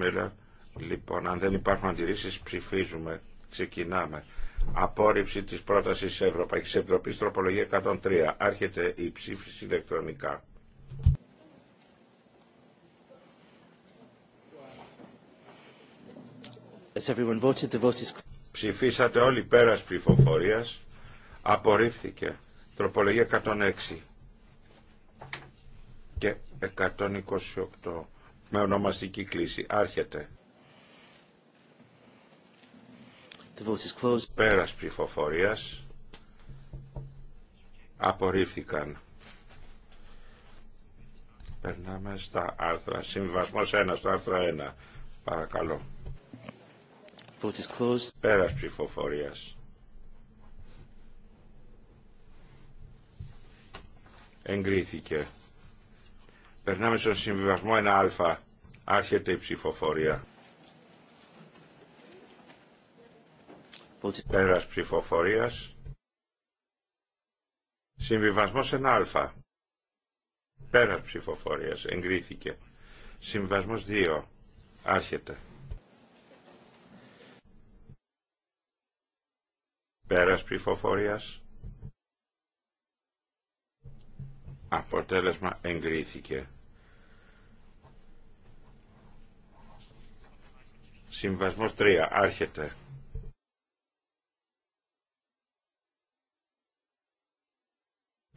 Λοιπόν, αν δεν υπάρχουν αντιρρήσεις ψηφίζουμε. Ξεκινάμε. Απόρριψη της πρότασης της Ευρωπαϊκής Επιτροπής, τροπολογία 103. Άρχεται η ψήφιση ηλεκτρονικά. Ψηφίσατε όλοι πέρας ψηφοφορίας. Απορρίφθηκε. Τροπολογία 106 και 128 με ονομαστική κλίση. Άρχεται. Πέρας ψηφοφορίας. Απορρίφθηκαν. Περνάμε στα άρθρα. Συμβασμός 1 στο άρθρο 1. Παρακαλώ. Πέρας ψηφοφορίας. Εγκρίθηκε. Περνάμε στο συμβιβασμό 1α. Άρχεται η ψηφοφορία. Πέρας ψηφοφορίας. Συμβιβασμός 1α. Πέρας ψηφοφορίας. Εγκρίθηκε. Συμβιβασμός 2. Άρχεται. Πέρας ψηφοφορίας. Αποτέλεσμα εγκρίθηκε. Συμβασμός 3. Άρχεται.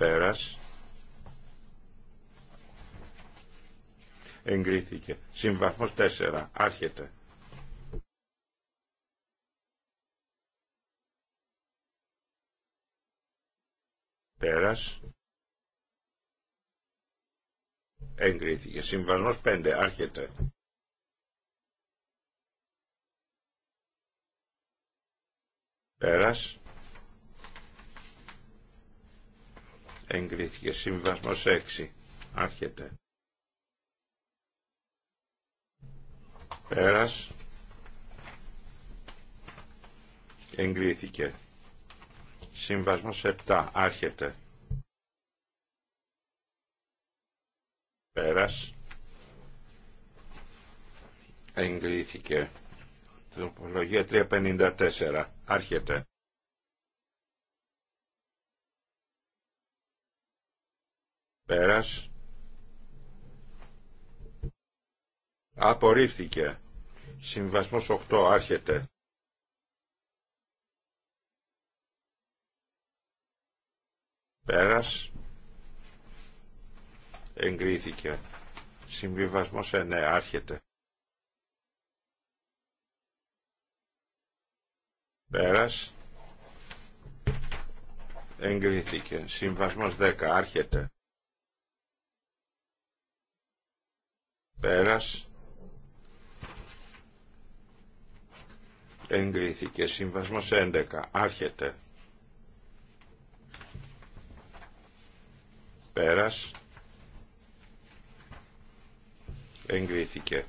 Πέρας. Εγκρίθηκε. Συμβαθμός 4. Άρχεται. Πέρας. Εγκρίθηκε. Συμβασμός 5. Άρχεται. Πέρας. εγκρίθηκε. Συμβασμός 6 άρχεται. Πέρας εγκρίθηκε. Συμβασμός 7 άρχεται. Πέρας εγκρίθηκε. Τροπολογία 354 άρχεται. Πέρας. Απορρίφθηκε. Συμβασμός 8 άρχεται. Πέρας. Εγκρίθηκε. Συμβιβασμός 9 άρχεται. Πέρας εγκρίθηκε. Συμβασμός 10 άρχεται. Πέρας. Εγκρίθηκε. Συμβασμός 11. Άρχεται. Πέρας. Εγκρίθηκε.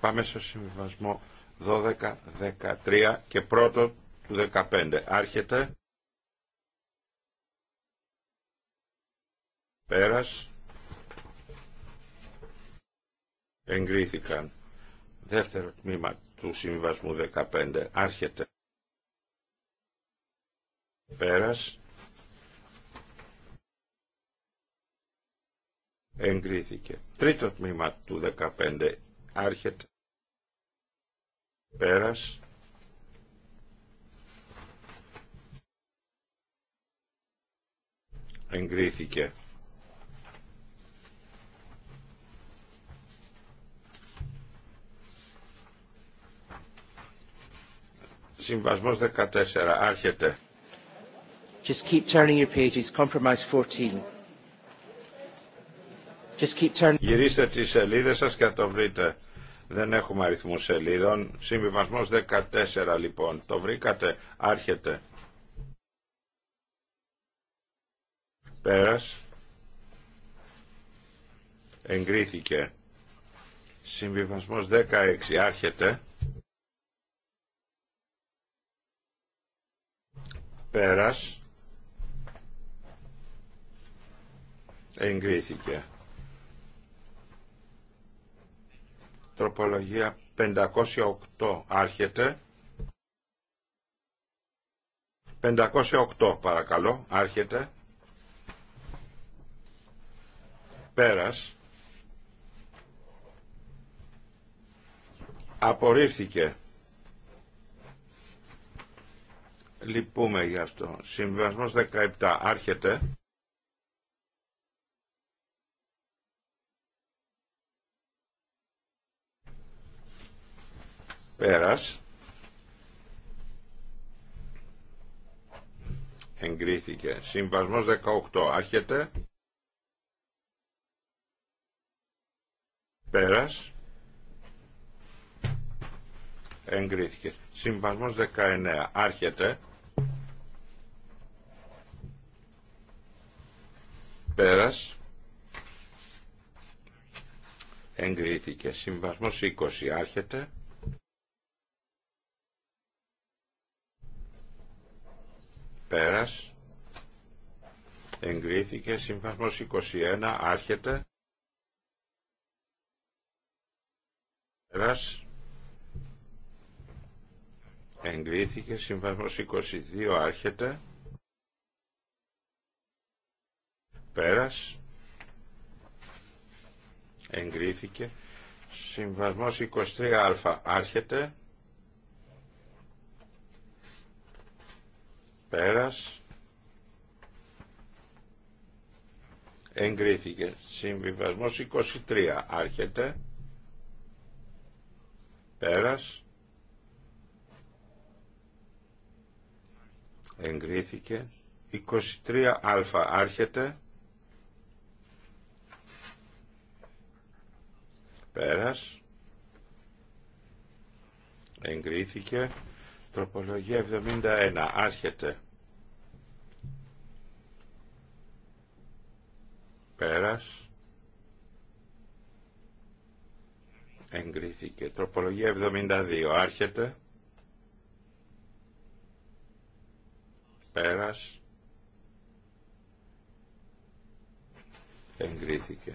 Πάμε στο συμβασμό 12, 13 και πρώτο του 15. Άρχεται. Πέρας. εγκρίθηκαν. Δεύτερο τμήμα του Συμβασμού 15 άρχεται. Πέρας. Εγκρίθηκε. Τρίτο τμήμα του 15 άρχεται. Πέρας. Εγκρίθηκε. Συμβασμός 14. Άρχεται. Just keep turning your pages. Compromise 14. Just Γυρίστε τις σελίδες σας και το βρείτε. Δεν έχουμε αριθμού σελίδων. Συμβιβασμός 14 λοιπόν. Το βρήκατε. Άρχεται. Πέρας. Εγκρίθηκε. Συμβιβασμός 16. Άρχεται. πέρας εγκρίθηκε. Τροπολογία 508 άρχεται. 508 παρακαλώ άρχεται. Πέρας. Απορρίφθηκε. λυπούμε γι' αυτό. Συμβασμό 17 άρχεται. Πέρας. Εγκρίθηκε. Συμβασμός 18 άρχεται. Πέρας. Εγκρίθηκε. Συμβασμός 19 άρχεται. πέρας εγκρίθηκε. Συμβασμός 20 άρχεται. Πέρας. Εγκρίθηκε. Συμβασμός 21 άρχεται. Πέρας. Εγκρίθηκε. Συμβασμός 22 άρχεται. πέρας εγκρίθηκε συμβασμός 23α άρχεται πέρας εγκρίθηκε συμβιβασμός 23 άρχεται πέρας εγκρίθηκε 23α άρχεται Πέρας. Εγκρίθηκε. Τροπολογία 71. Άρχεται. Πέρας. Εγκρίθηκε. Τροπολογία 72. Άρχεται. Πέρας. Εγκρίθηκε.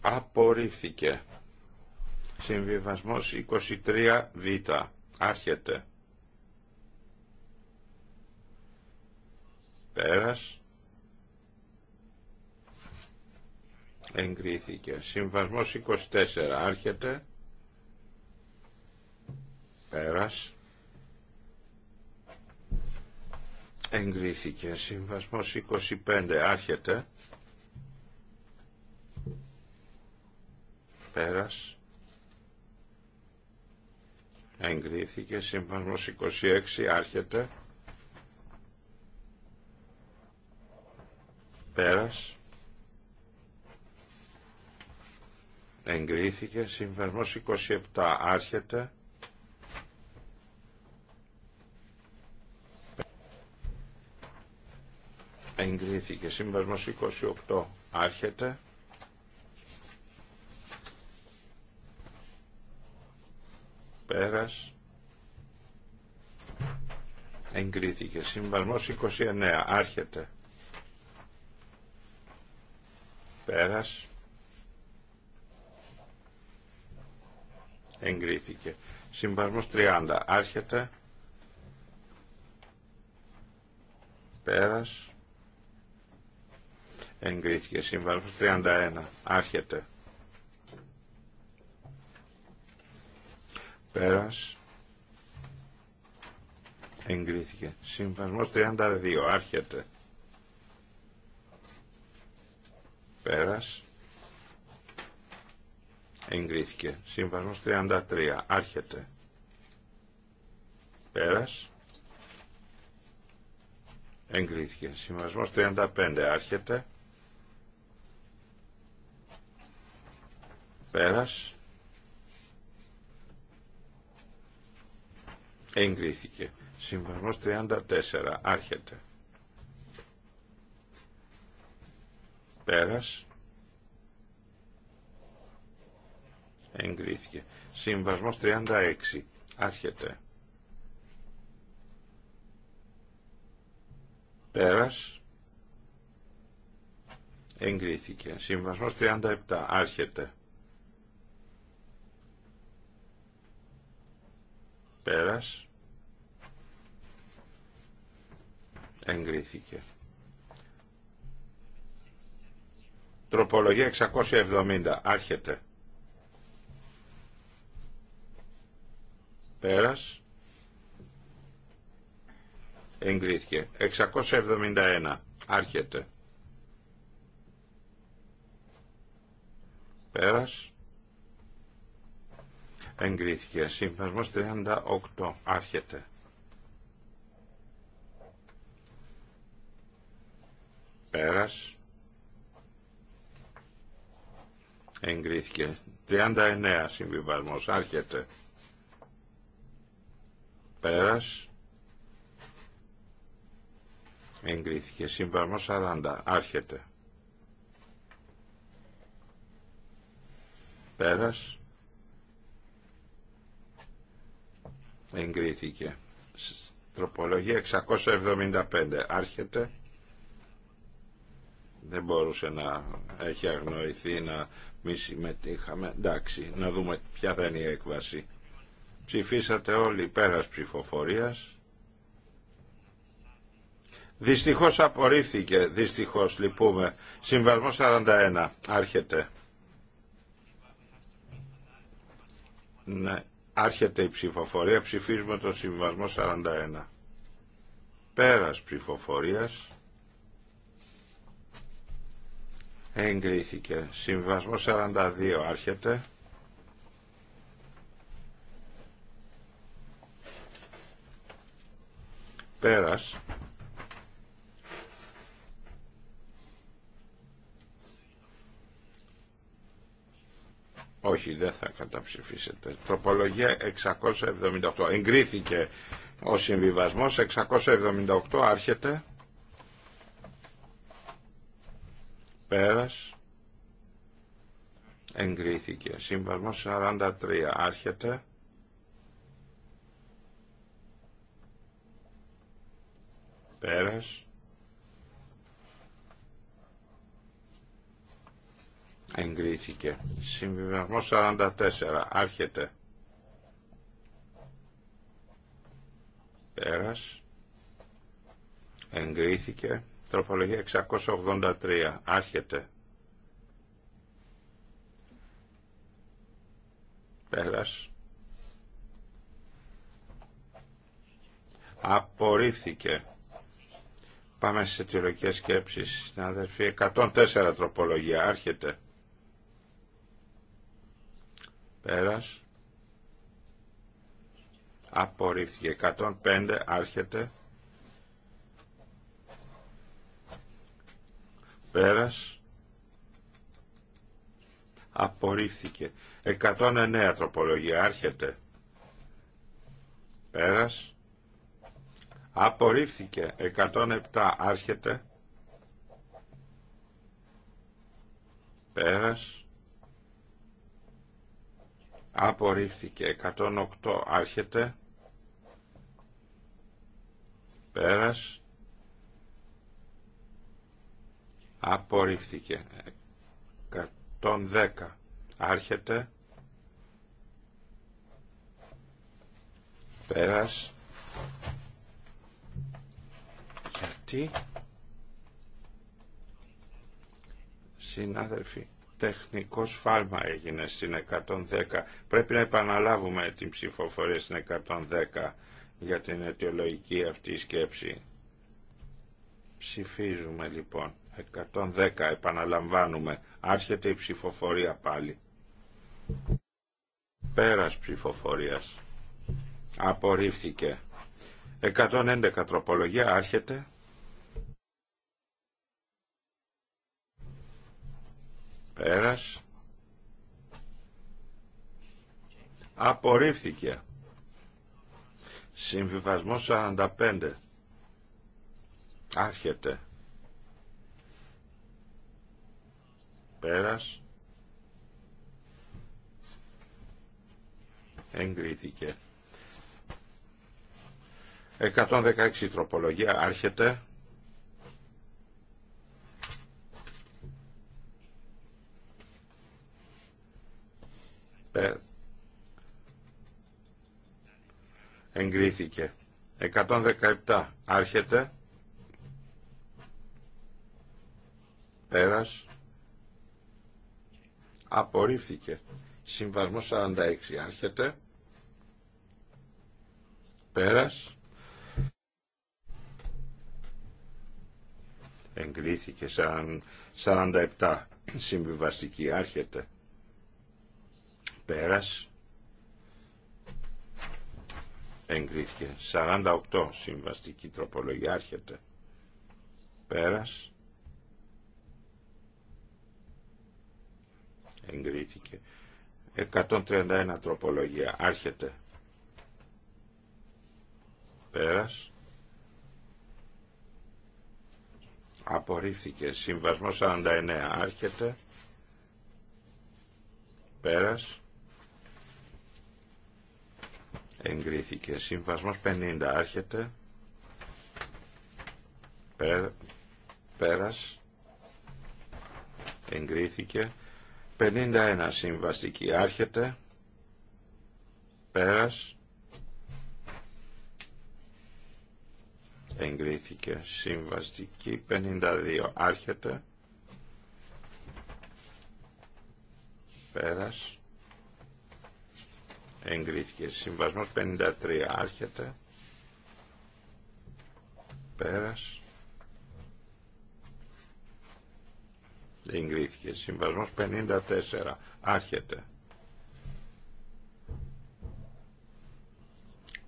απορρίφθηκε. Συμβιβασμός 23 Β. Άρχεται. Πέρας. Εγκρίθηκε. Συμβασμός 24 άρχεται. Πέρας. Εγκρίθηκε. Συμβασμός 25 άρχεται. πέρας εγκρίθηκε σύμφωνος 26 άρχεται πέρας εγκρίθηκε σύμφωνος 27 άρχεται εγκρίθηκε Σύμβασμος 28 άρχεται πέρας εγκρίθηκε συμβασμός 29 άρχεται πέρας εγκρίθηκε συμβασμός 30 άρχεται πέρας εγκρίθηκε συμβασμός 31 άρχεται Πέρας. Εγκρίθηκε. Συμβασμός 32. Άρχεται. Πέρας. Εγκρίθηκε. Συμβασμός 33. Άρχεται. Πέρας. Εγκρίθηκε. Συμβασμός 35. Άρχεται. Πέρας. Εγκρίθηκε. Συμβασμός 34. Άρχεται. Πέρας. Εγκρίθηκε. Συμβασμός 36. Άρχεται. Πέρας. Εγκρίθηκε. Συμβασμός 37. Άρχεται. Πέρας. Εγκρίθηκε. Τροπολογία 670. Άρχεται. Πέρας. Εγκρίθηκε. 671. Άρχεται. Πέρας εγκρίθηκε. Σύμφασμος 38 άρχεται. Πέρας. Εγκρίθηκε. 39 συμβιβασμός άρχεται. Πέρας. Εγκρίθηκε. Συμβασμός 40 άρχεται. Πέρας. εγκρίθηκε. Τροπολογία 675 άρχεται. Δεν μπορούσε να έχει αγνοηθεί να μη συμμετείχαμε. Εντάξει, να δούμε ποια θα είναι η έκβαση. Ψηφίσατε όλοι πέρας ψηφοφορίας. Δυστυχώς απορρίφθηκε, δυστυχώς λυπούμε. Συμβασμός 41, άρχεται. Ναι, Άρχεται η ψηφοφορία. Ψηφίζουμε το συμβασμό 41. Πέρας ψηφοφορίας. Εγκρίθηκε. Συμβασμό 42. Άρχεται. Πέρας. Όχι, δεν θα καταψηφίσετε. Τροπολογία 678. Εγκρίθηκε ο συμβιβασμός. 678 άρχεται. Πέρας. Εγκρίθηκε. Συμβασμός 43 άρχεται. Πέρας. εγκρίθηκε. Συμβιβασμός 44 άρχεται. Πέρας. Εγκρίθηκε. Τροπολογία 683 άρχεται. Πέρας. Απορρίφθηκε. Πάμε στις αιτιολογικές σκέψεις. Συνάδελφοι, 104 τροπολογία άρχεται πέρας απορρίφθηκε 105 άρχεται πέρας απορρίφθηκε 109 τροπολογία άρχεται πέρας απορρίφθηκε 107 άρχεται πέρας απορρίφθηκε 108 άρχεται πέρας απορρίφθηκε 110 άρχεται πέρας γιατί συνάδελφοι τεχνικό σφάλμα έγινε στην 110. Πρέπει να επαναλάβουμε την ψηφοφορία στην 110 για την αιτιολογική αυτή σκέψη. Ψηφίζουμε λοιπόν. 110 επαναλαμβάνουμε. Άρχεται η ψηφοφορία πάλι. Πέρας ψηφοφορίας. Απορρίφθηκε. 111 τροπολογία άρχεται. Πέρας. Απορρίφθηκε. Συμβιβασμό 45. Άρχεται. Πέρας. Εγκρίθηκε. 116 τροπολογία. Άρχεται. εγκρίθηκε 117 άρχεται πέρας απορρίφθηκε συμβασμός 46 άρχεται πέρας εγκρίθηκε 47 συμβιβαστική άρχεται Πέρας. Εγκρίθηκε. 48. Συμβαστική τροπολογία. Άρχεται. Πέρας. Εγκρίθηκε. 131 τροπολογία. Άρχεται. Πέρας. Απορρίφθηκε. Συμβασμό 49. Άρχεται. Πέρας εγκρίθηκε. Συμβασμός 50 άρχεται. πέρας. Εγκρίθηκε. 51 συμβαστική άρχεται. Πέρας. Εγκρίθηκε. Συμβαστική 52 άρχεται. Πέρας εγκρίθηκε. Συμβασμός 53 άρχεται. Πέρας. Εγκρίθηκε. Συμβασμός 54 άρχεται.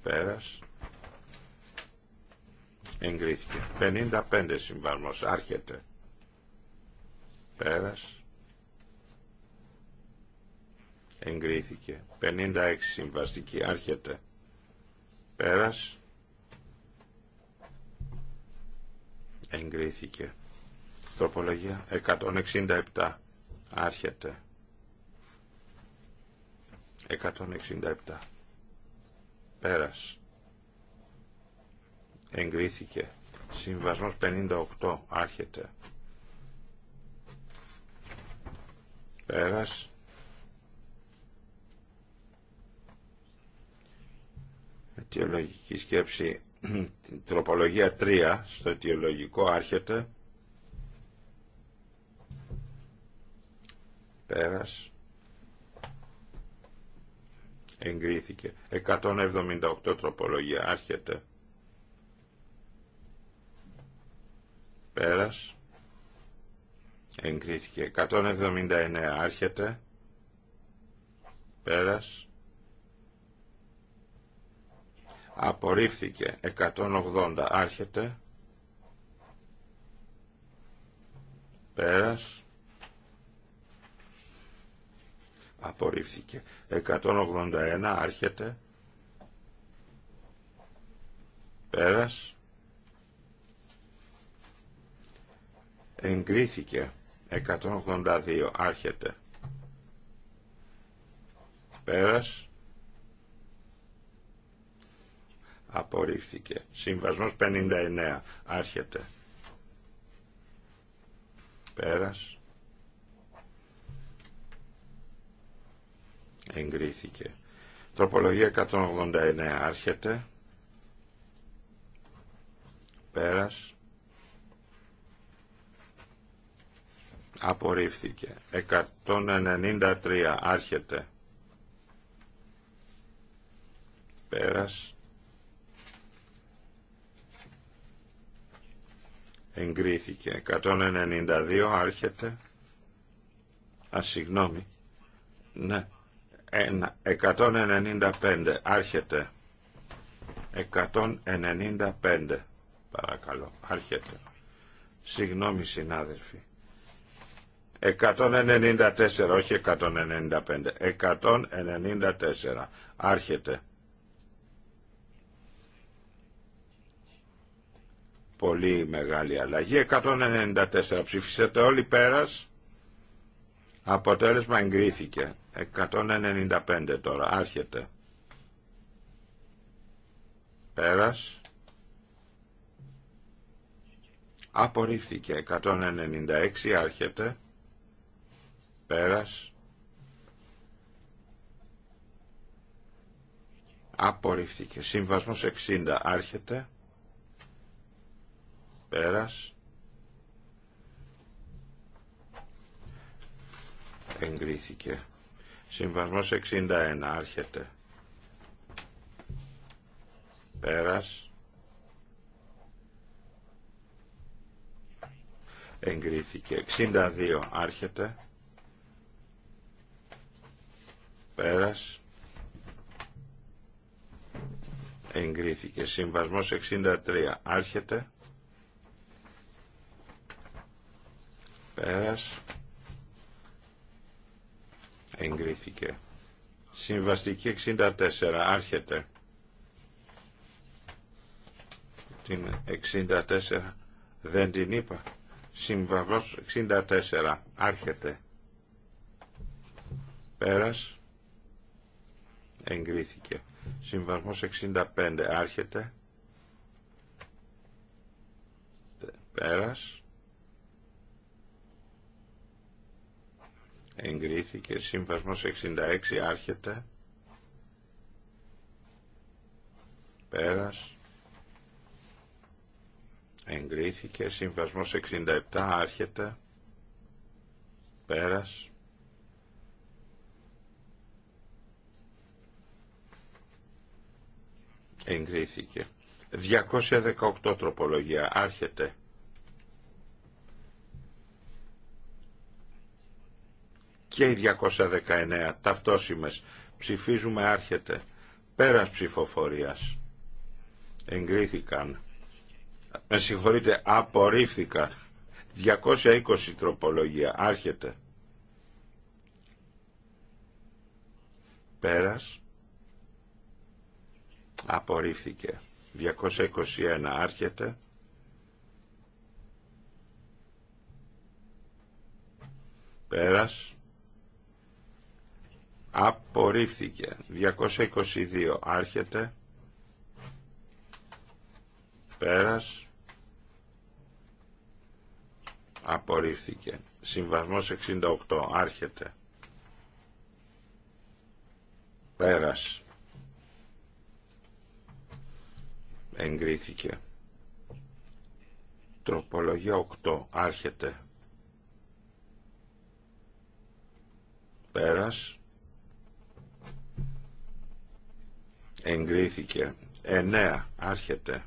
Πέρας. Εγκρίθηκε. 55 συμβασμός άρχεται. Πέρας εγκρίθηκε. 56 συμβαστική άρχεται. Πέρας. Εγκρίθηκε. Τροπολογία 167 άρχεται. 167 πέρας. Εγκρίθηκε. Συμβασμός 58 άρχεται. Πέρας. αιτιολογική σκέψη τροπολογία 3 στο αιτιολογικό άρχεται πέρας εγκρίθηκε 178 τροπολογία άρχεται πέρας εγκρίθηκε 179 άρχεται πέρας απορρίφθηκε 180 άρχεται πέρας απορρίφθηκε 181 άρχεται πέρας εγκρίθηκε 182 άρχεται πέρας απορρίφθηκε. Συμβασμός 59 άρχεται. Πέρας. Εγκρίθηκε. Τροπολογία 189 άρχεται. Πέρας. Απορρίφθηκε. 193 άρχεται. Πέρας. εγκρίθηκε 192 άρχεται α συγγνώμη 195 ναι. άρχεται 195 παρακαλώ άρχεται συγγνώμη συνάδελφοι 194 όχι 195 194 άρχεται πολύ μεγάλη αλλαγή. 194 Ψήφισετε όλοι πέρας. Αποτέλεσμα εγκρίθηκε. 195 τώρα. Άρχεται. Πέρας. Απορρίφθηκε. 196 άρχεται. Πέρας. Απορρίφθηκε. Σύμβασμος 60 άρχεται πέρας εγκρίθηκε συμβασμός 61 άρχεται πέρας εγκρίθηκε 62 άρχεται πέρας εγκρίθηκε συμβασμός 63 άρχεται Πέρας. Εγκρίθηκε. Συμβαστική 64. Άρχεται. Την 64. Δεν την είπα. Συμβαβός 64. Άρχεται. Πέρας. Εγκρίθηκε. Συμβασμός 65. Άρχεται. Πέρας. εγκρίθηκε σύμφασμος 66 άρχεται πέρας εγκρίθηκε σύμφασμος 67 άρχεται πέρας εγκρίθηκε 218 τροπολογία άρχεται και οι 219 ταυτόσιμες. Ψηφίζουμε άρχεται. Πέρας ψηφοφορίας. Εγκρίθηκαν. Με συγχωρείτε, απορρίφθηκα 220 τροπολογία. Άρχεται. Πέρας. Απορρίφθηκε. 221 άρχεται. Πέρας απορρίφθηκε 222 άρχεται πέρας απορρίφθηκε συμβασμός 68 άρχεται πέρας εγκρίθηκε τροπολογία 8 άρχεται πέρας εγκρίθηκε 9 άρχεται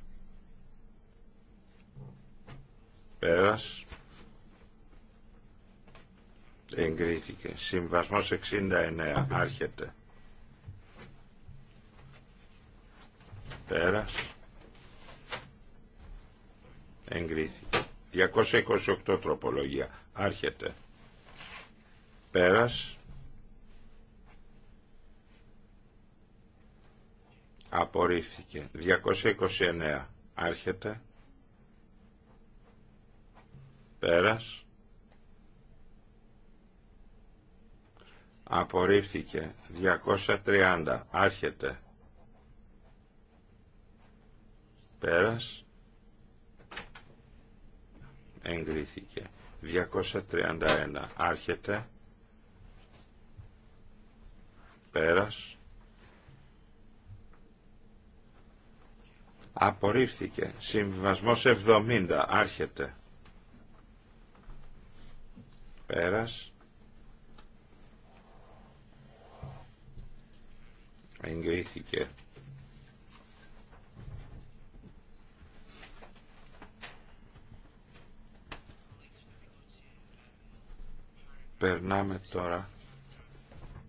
πέρας εγκρίθηκε συμβασμός 69 άρχεται πέρας εγκρίθηκε 228 τροπολογία άρχεται πέρας απορρίφθηκε 229 άρχεται πέρας απορρίφθηκε 230 άρχεται πέρας εγκρίθηκε 231 άρχεται πέρας Απορρίφθηκε. Συμβιβασμός 70. Άρχεται. Πέρας. Εγκρίθηκε. Περνάμε τώρα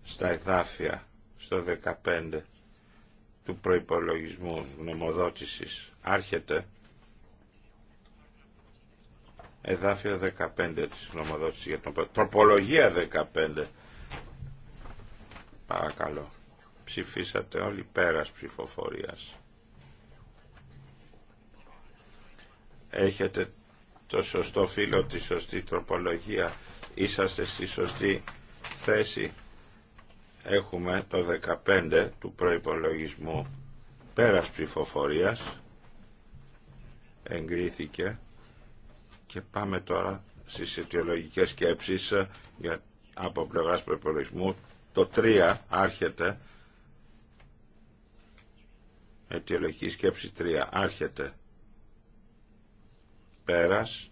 στα εδάφια, στο 15 του προϋπολογισμού νομοδότησης άρχεται εδάφιο 15 της νομοδότησης για τον τροπολογία 15 παρακαλώ ψηφίσατε όλοι πέρας ψηφοφορίας έχετε το σωστό φύλλο τη σωστή τροπολογία είσαστε στη σωστή θέση έχουμε το 15 του προϋπολογισμού πέρας ψηφοφορίας εγκρίθηκε και πάμε τώρα στις αιτιολογικές σκέψεις ε, για, από πλευράς προϋπολογισμού το 3 άρχεται αιτιολογική σκέψη 3 άρχεται πέρας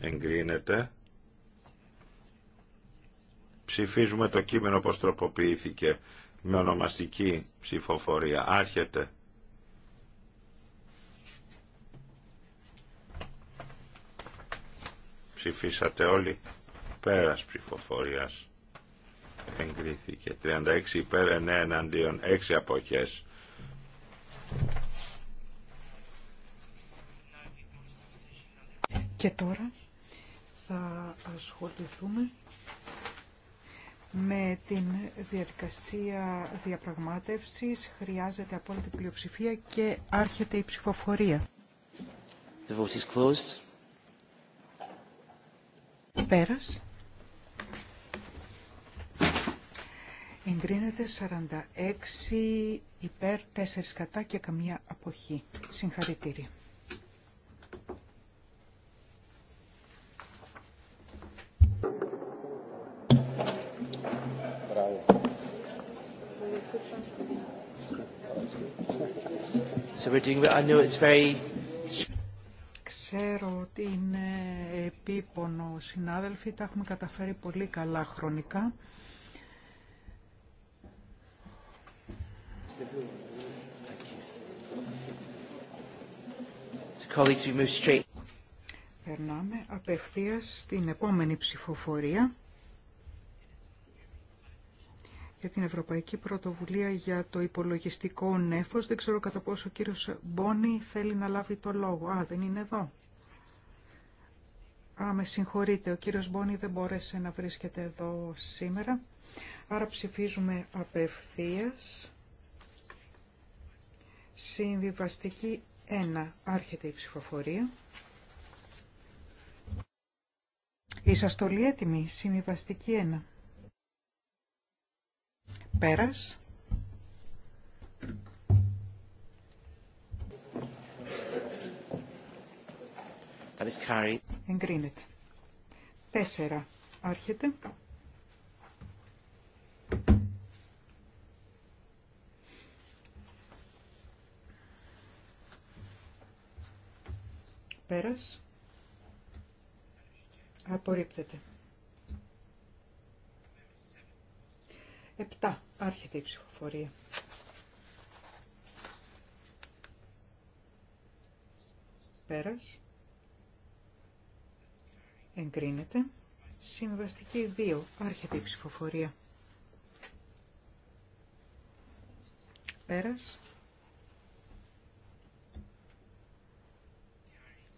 εγκρίνεται Ψηφίζουμε το κείμενο όπως τροποποιήθηκε με ονομαστική ψηφοφορία. Άρχεται. Ψηφίσατε όλοι. Πέρας ψηφοφορίας. Εγκρίθηκε. 36 υπέρ 9 εναντίον 6 αποχές. Και τώρα θα ασχοληθούμε με την διαδικασία διαπραγμάτευσης χρειάζεται απόλυτη πλειοψηφία και άρχεται η ψηφοφορία. The vote Πέρας. Εγκρίνεται 46 υπέρ 4 κατά και καμία αποχή. Συγχαρητήρια. Ξέρω ότι είναι επίπονο, συνάδελφοι, τα έχουμε καταφέρει πολύ καλά χρονικά. Περνάμε απευθείας στην επόμενη ψηφοφορία για την Ευρωπαϊκή Πρωτοβουλία για το υπολογιστικό νέφος. Δεν ξέρω κατά πόσο ο κύριος Μπόνι θέλει να λάβει το λόγο. Α, δεν είναι εδώ. Α, με συγχωρείτε, ο κύριος Μπόνι δεν μπόρεσε να βρίσκεται εδώ σήμερα. Άρα ψηφίζουμε απευθείας. Συμβιβαστική 1. Άρχεται η ψηφοφορία. Είσαστε όλοι έτοιμοι. Συμβιβαστική 1. Πέρας. That is Εγκρίνεται. Τέσσερα. Άρχεται. Πέρας. Απορρίπτεται. 7. Άρχεται η ψηφοφορία. Πέρας. Εγκρίνεται. Συμβαστική 2. Άρχεται η ψηφοφορία. Πέρας.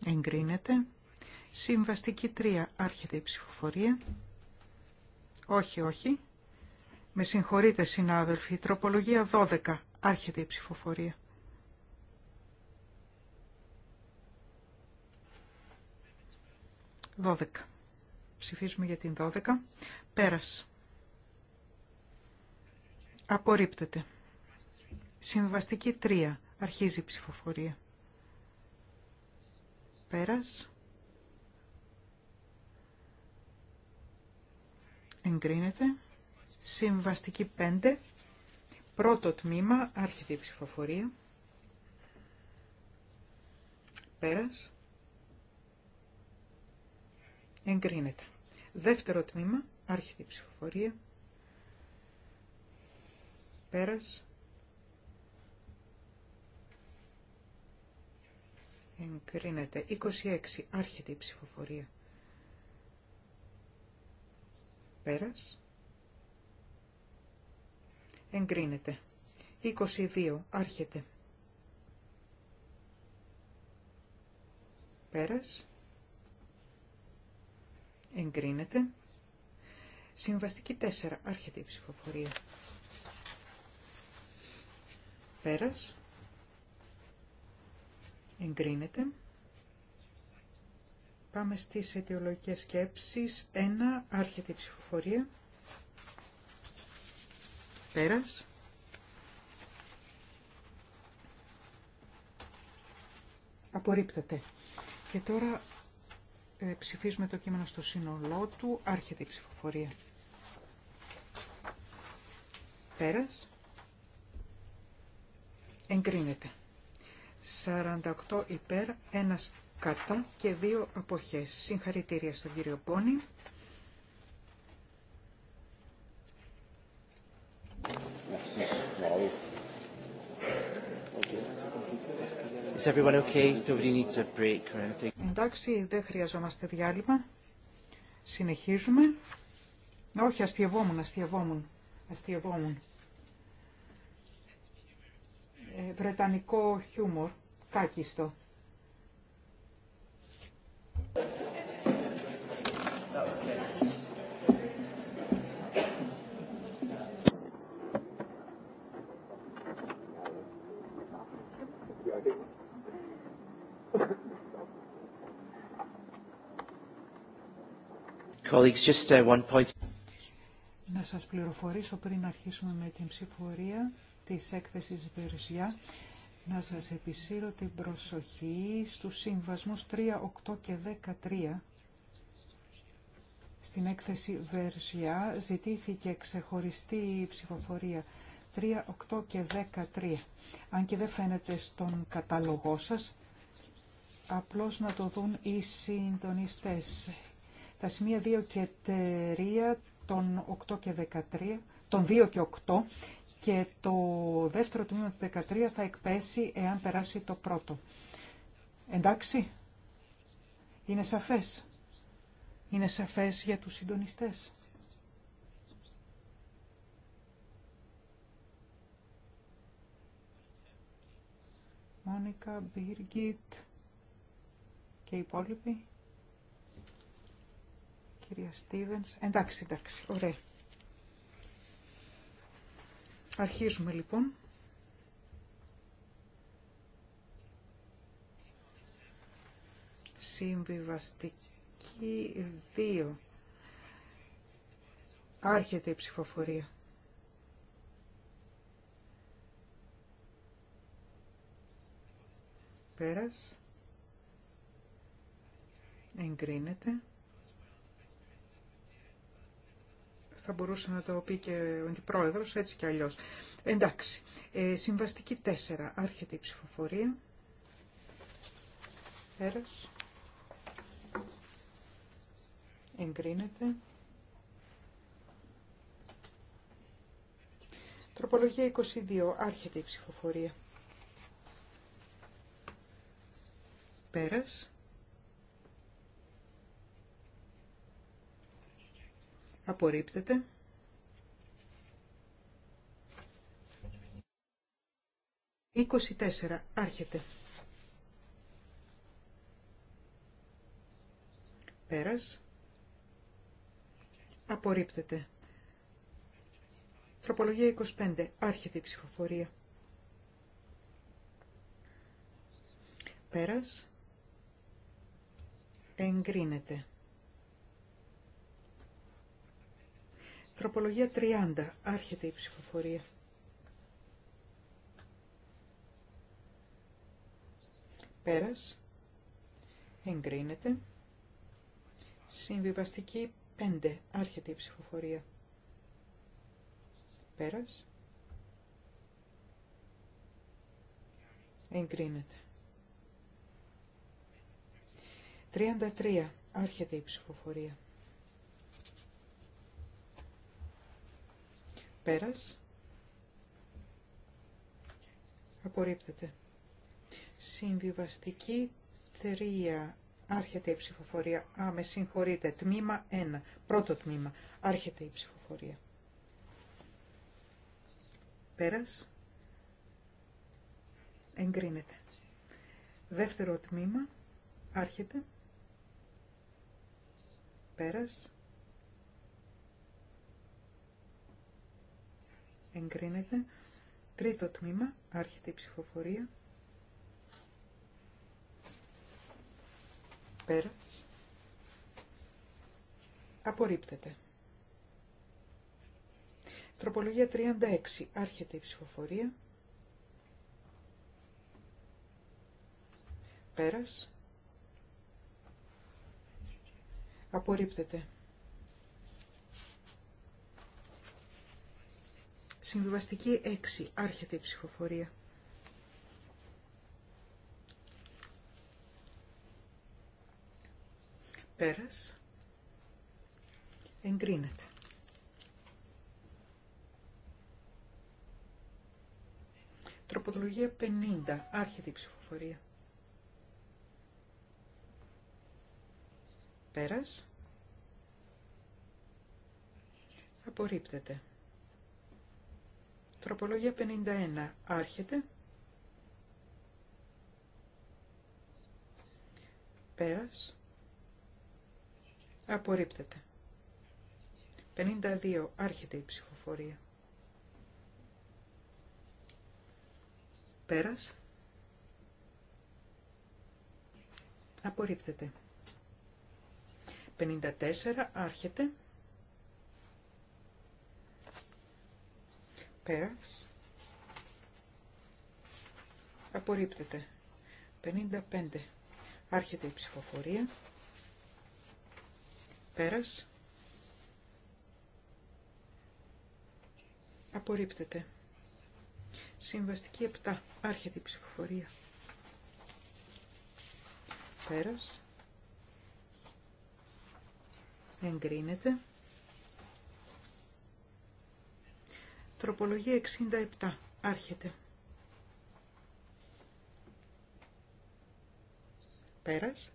Εγκρίνεται. Συμβαστική 3. Άρχεται η ψηφοφορία. Όχι, όχι. Με συγχωρείτε συνάδελφοι, τροπολογία 12. Άρχεται η ψηφοφορία. Δώδεκα. Ψηφίζουμε για την 12. Πέρας. Απορρίπτεται. Συμβαστική 3. Αρχίζει η ψηφοφορία. Πέρας. Εγκρίνεται. Συμβαστική 5. Πρώτο τμήμα, άρχιτη ψηφοφορία. Πέρας. Εγκρίνεται. Δεύτερο τμήμα, άρχιτη ψηφοφορία. Πέρας. Εγκρίνεται. 26, Αρχιτή ψηφοφορία. Πέρας εγκρίνεται. 22. Άρχεται. Πέρας. Εγκρίνεται. Συμβαστική 4. Άρχεται η ψηφοφορία. Πέρας. Εγκρίνεται. Πάμε στις αιτιολογικές σκέψεις. 1. Άρχεται η ψηφοφορία. Πέρας. Απορρίπτεται. Και τώρα ε, ψηφίζουμε το κείμενο στο σύνολό του. Άρχεται η ψηφοφορία. Πέρας. Εγκρίνεται. 48 υπέρ, 1 κατά και 2 αποχές. Συγχαρητήρια στον κύριο Πόνη. Εντάξει, δεν χρειαζόμαστε διάλειμμα. Συνεχίζουμε. Όχι, αστειευόμουν, αστειευόμουν. αστειευόμουν. Ε, βρετανικό χιούμορ. Κάκιστο. Uh, να σας πληροφορήσω πριν αρχίσουμε με την ψηφορία της έκθεσης Βερσιά, να σας επισύρω την προσοχή στους συμβασμούς 3, 8 και 13. Στην έκθεση Βερσιά ζητήθηκε ξεχωριστή ψηφοφορία 3, 8 και 13. Αν και δεν φαίνεται στον καταλογό σας, απλώς να το δουν οι συντονιστές τα σημεία 2 και 3, των 8 και 13, των 2 και 8 και το δεύτερο τμήμα του 13 θα εκπέσει εάν περάσει το πρώτο. Εντάξει, είναι σαφές. Είναι σαφές για τους συντονιστές. Μόνικα, Μπίργκιτ και οι υπόλοιποι κυρία Στίβενς. Εντάξει, εντάξει, ωραία. Αρχίζουμε λοιπόν. Συμβιβαστική 2. Άρχεται η ψηφοφορία. Πέρας. Εγκρίνεται. θα μπορούσε να το πει και ο αντιπρόεδρος, έτσι και αλλιώς. Εντάξει, ε, συμβαστική 4, άρχεται η ψηφοφορία. Πέρας. Εγκρίνεται. Τροπολογία 22, άρχεται η ψηφοφορία. Πέρας. απορρίπτεται. 24. τέσσερα, άρχεται. Πέρας. Απορρίπτεται. Τροπολογία 25. Άρχεται η ψηφοφορία. Πέρας. Εγκρίνεται. Τροπολογία 30. Άρχεται η ψηφοφορία. Πέρας. Εγκρίνεται. Συμβιβαστική 5. Άρχεται η ψηφοφορία. Πέρας. Εγκρίνεται. 33. Άρχεται η ψηφοφορία. Πέρας. Απορρίπτεται. Συμβιβαστική θερία, Άρχεται η ψηφοφορία. Α, με συγχωρείτε. Τμήμα 1. Πρώτο τμήμα. Άρχεται η ψηφοφορία. Πέρας. Εγκρίνεται. Δεύτερο τμήμα. Άρχεται. Πέρας. εγκρίνεται. Τρίτο τμήμα, άρχεται η ψηφοφορία. Πέρας. Απορρίπτεται. Τροπολογία 36, άρχεται η ψηφοφορία. Πέρας. Απορρίπτεται. Συμβιβαστική 6. Άρχεται η ψηφοφορία. Πέρας. Εγκρίνεται. Τροποδολογία 50. Άρχεται η ψηφοφορία. Πέρας. Απορρίπτεται. Τροπολογία 51. Άρχεται. Πέρας. Απορρίπτεται. 52. Άρχεται η ψηφοφορία. Πέρας. Απορρίπτεται. 54. Άρχεται. Πέρας. Απορρίπτεται. 55. Άρχεται η ψηφοφορία. Πέρας. Απορρίπτεται. Συμβαστική 7. Άρχεται η ψηφοφορία. Πέρας. Εγκρίνεται. Τροπολογία 67. Άρχεται. Πέρας.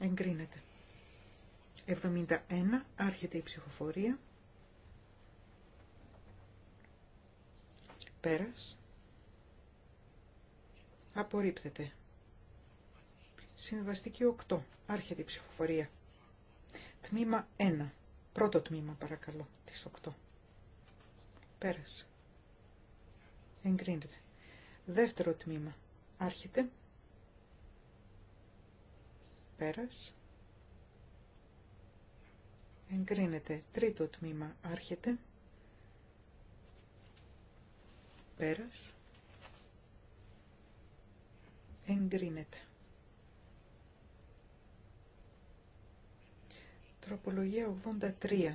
Εγκρίνεται. 71. Άρχεται η ψηφοφορία. Πέρας. Απορρίπτεται. Συμβαστική 8. Άρχεται η ψηφοφορία. Τμήμα 1. Πρώτο τμήμα παρακαλώ, τις 8. Πέρασε. Εγκρίνεται. Δεύτερο τμήμα. Άρχεται. Πέρασε. Εγκρίνεται. Τρίτο τμήμα. Άρχεται. Πέρασε. Εγκρίνεται. Τροπολογία 83.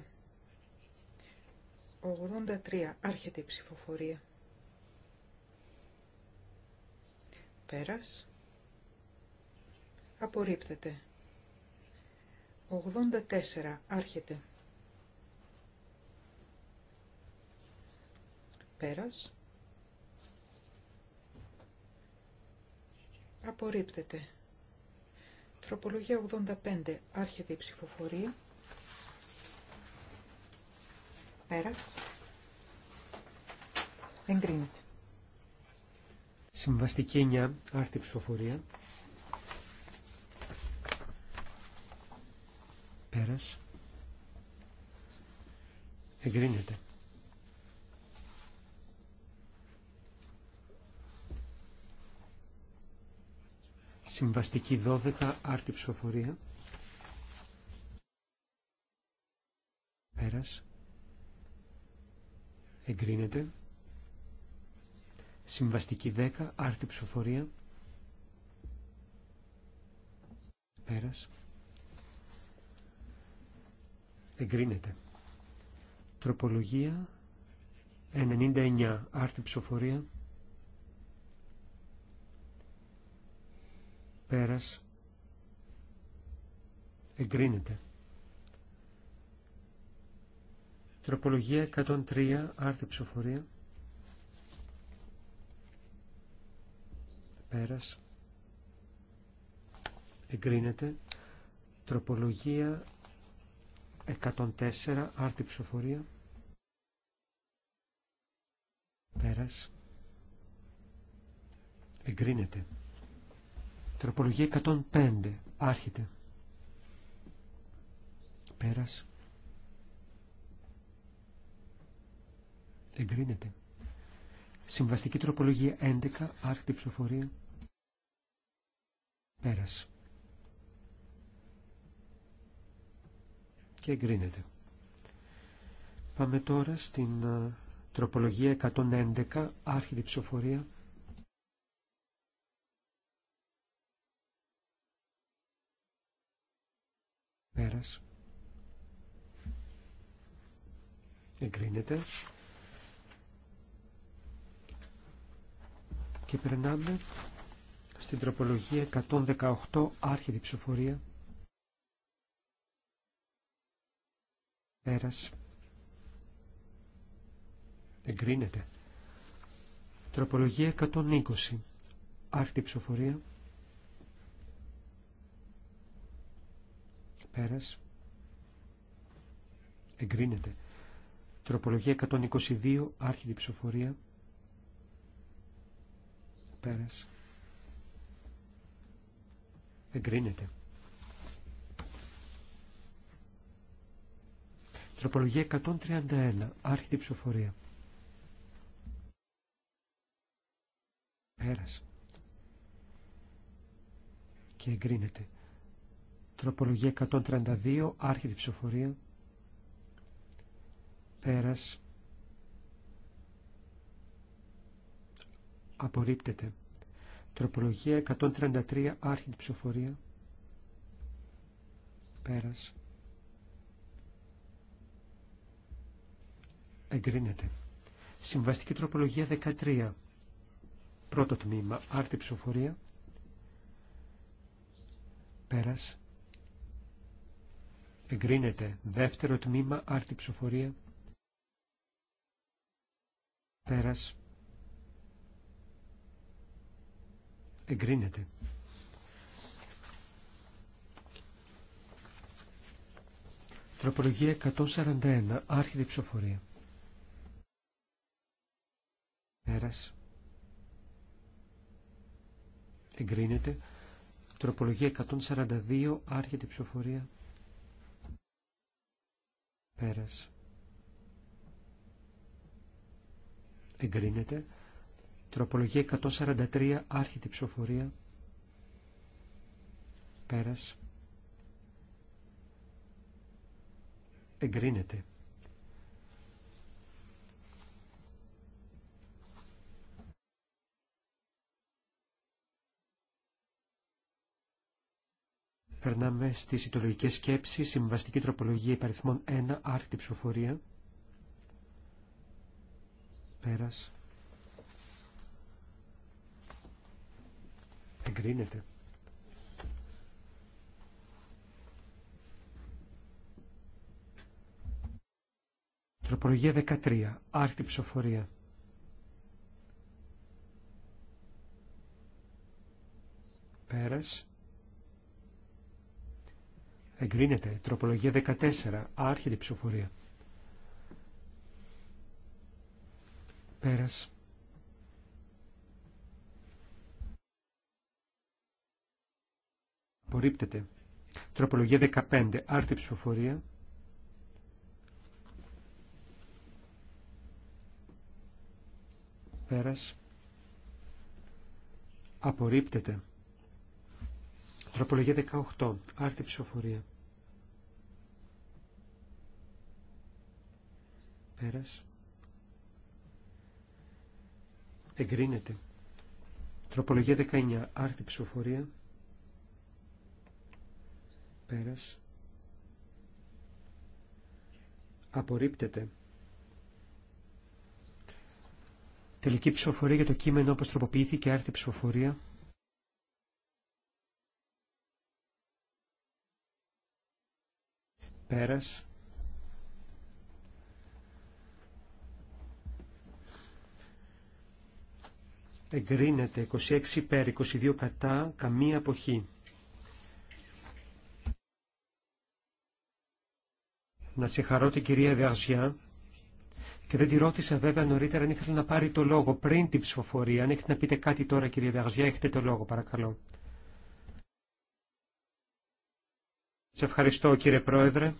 83. Άρχεται η ψηφοφορία. Πέρας. Απορρίπτεται. 84. Άρχεται. Πέρας. Απορρίπτεται. Τροπολογία 85. Άρχεται η ψηφοφορία. Πέρας. Εγκρίνεται. Συμβαστική 9. Άρχεται η ψηφοφορία. Πέρας. Εγκρίνεται. Συμβαστική 12, άρτη ψηφοφορία. Πέρας. Εγκρίνεται. Συμβαστική 10, άρτη ψηφοφορία. Πέρας. Εγκρίνεται. Τροπολογία 99, άρτη ψηφοφορία. Πέρας. Εγκρίνεται. Τροπολογία 103, άρθρη ψηφοφορία. Πέρας. Εγκρίνεται. Τροπολογία 104, άρτη ψηφοφορία. Πέρας. Εγκρίνεται. Τροπολογία 105. Άρχεται. Πέρας. Εγκρίνεται. Συμβαστική τροπολογία 11. Άρχεται η ψηφοφορία. Πέρας. Και εγκρίνεται. Πάμε τώρα στην τροπολογία 111. Άρχεται η ψηφοφορία. Πέρας. Εγκρίνεται. Και περνάμε στην τροπολογία 118 άρχιδη ψηφοφορία. Πέρας. Εγκρίνεται. Τροπολογία 120 άρχιδη ψηφοφορία. Πέρας. Εγκρίνεται. Τροπολογία 122. Άρχιδη ψηφοφορία. Πέρας. Εγκρίνεται. Τροπολογία 131. Άρχιδη ψηφοφορία. Πέρας. Και εγκρίνεται. Τροπολογία 132, άρχιτη ψηφοφορία. Πέρας. Απορρίπτεται. Τροπολογία 133, άρχιτη ψηφοφορία. Πέρας. Εγκρίνεται. Συμβαστική τροπολογία 13. Πρώτο τμήμα, άρτη ψηφοφορία. Πέρας. Εγκρίνεται. Δεύτερο τμήμα, άρτη ψηφοφορία. Πέρας. Εγκρίνεται. Τροπολογία 141, άρχιδη ψηφοφορία. Πέρας. Εγκρίνεται. Τροπολογία 142, άρχιδη ψηφοφορία. Πέρας. Εγκρίνεται. Τροπολογία 143, άρχιτη ψηφοφορία. Πέρας. Εγκρίνεται. Περνάμε στις ιτολογικές σκέψεις. Συμβαστική τροπολογία υπαριθμών 1. Άρχιτη ψηφοφορία. Πέρας. Εγκρίνεται. Τροπολογία 13. Άρχιτη ψηφοφορία. Πέρας. Εγκρίνεται. Τροπολογία 14. Άρχεται η ψηφοφορία. Πέρας. Απορρίπτεται. Τροπολογία 15. Άρχεται η ψηφοφορία. Πέρας. Απορρίπτεται. Τροπολογία 18. Άρτη ψηφοφορία. Πέρας. Εγκρίνεται. Τροπολογία 19. Άρτη ψηφοφορία. Πέρας. Απορρίπτεται. Τελική ψηφοφορία για το κείμενο όπως τροποποιήθηκε. Άρτη ψηφοφορία. Πέρας. Εγκρίνεται 26 υπέρ, 22 κατά, καμία αποχή. Να χαρώ την κυρία Βεργιά και δεν τη ρώτησα βέβαια νωρίτερα αν ήθελε να πάρει το λόγο πριν την ψηφοφορία. Αν έχετε να πείτε κάτι τώρα κυρία Βαζιά. έχετε το λόγο παρακαλώ. Σε ευχαριστώ κύριε Πρόεδρε.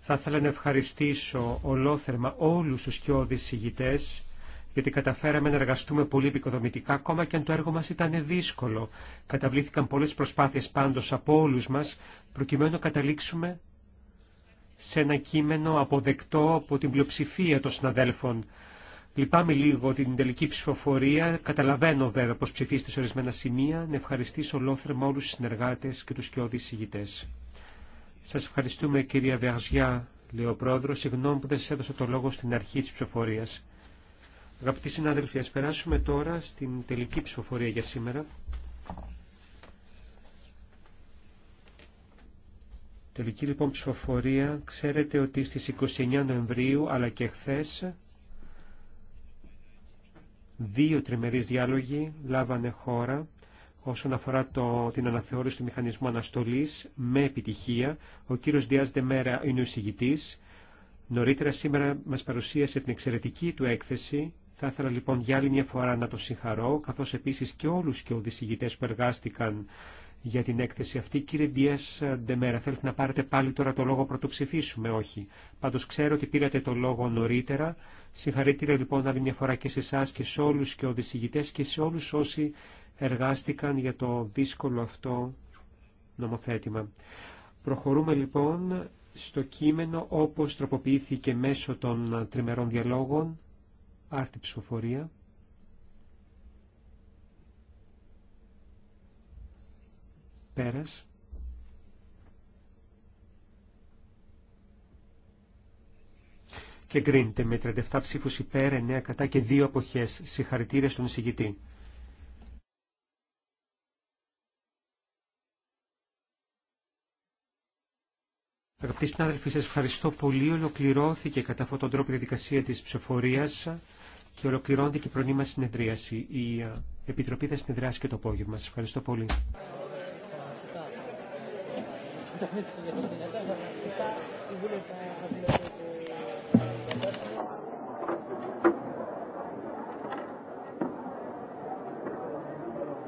Θα ήθελα να ευχαριστήσω ολόθερμα όλους τους σκιώδεις συγητές, γιατί καταφέραμε να εργαστούμε πολύ επικοδομητικά, ακόμα και αν το έργο μας ήταν δύσκολο. Καταβλήθηκαν πολλές προσπάθειες πάντως από όλους μας, προκειμένου να καταλήξουμε σε ένα κείμενο αποδεκτό από την πλειοψηφία των συναδέλφων. Λυπάμαι λίγο την τελική ψηφοφορία. Καταλαβαίνω βέβαια πώ ψηφίστε σε ορισμένα σημεία. Να ευχαριστήσω ολόθερμα όλου του συνεργάτε και του κοιόδη ηγητέ. Σα ευχαριστούμε κυρία Βεαζιά, λέει ο πρόεδρο. Συγγνώμη που δεν σα έδωσα το λόγο στην αρχή τη ψηφοφορία. Αγαπητοί συνάδελφοι, α περάσουμε τώρα στην τελική ψηφοφορία για σήμερα. Τελική λοιπόν ψηφοφορία. Ξέρετε ότι στις 29 Νοεμβρίου αλλά και χθες Δύο τριμερείς διάλογοι λάβανε χώρα όσον αφορά το, την αναθεώρηση του μηχανισμού αναστολής με επιτυχία. Ο κύριος Διάς Δεμέρα είναι ο εισηγητής. Νωρίτερα σήμερα μας παρουσίασε την εξαιρετική του έκθεση. Θα ήθελα λοιπόν για άλλη μια φορά να το συγχαρώ, καθώς επίσης και όλους και οδησηγητές που εργάστηκαν για την έκθεση αυτή. Κύριε Ντιές Ντεμέρα, θέλετε να πάρετε πάλι τώρα το λόγο ψηφίσουμε όχι. Πάντως ξέρω ότι πήρατε το λόγο νωρίτερα. Συγχαρητήρια λοιπόν άλλη μια φορά και σε εσά και σε όλους και οδησηγητές και σε όλους όσοι εργάστηκαν για το δύσκολο αυτό νομοθέτημα. Προχωρούμε λοιπόν στο κείμενο όπως τροποποιήθηκε μέσω των τριμερών διαλόγων, άρτη ψηφοφορία. Πέρας. Και γκρίνεται με 37 ψήφους υπέρ, 9 κατά και 2 αποχές. Συγχαρητήρια στον εισηγητή. Αγαπητοί συνάδελφοι, σας ευχαριστώ πολύ. Ολοκληρώθηκε κατά αυτόν τον τρόπο η διαδικασία της ψηφορίας και ολοκληρώνεται και η πρωνή μας συνεδρίαση. Η ε, Επιτροπή θα συνεδριάσει και το απόγευμα. Σας ευχαριστώ πολύ. Está, y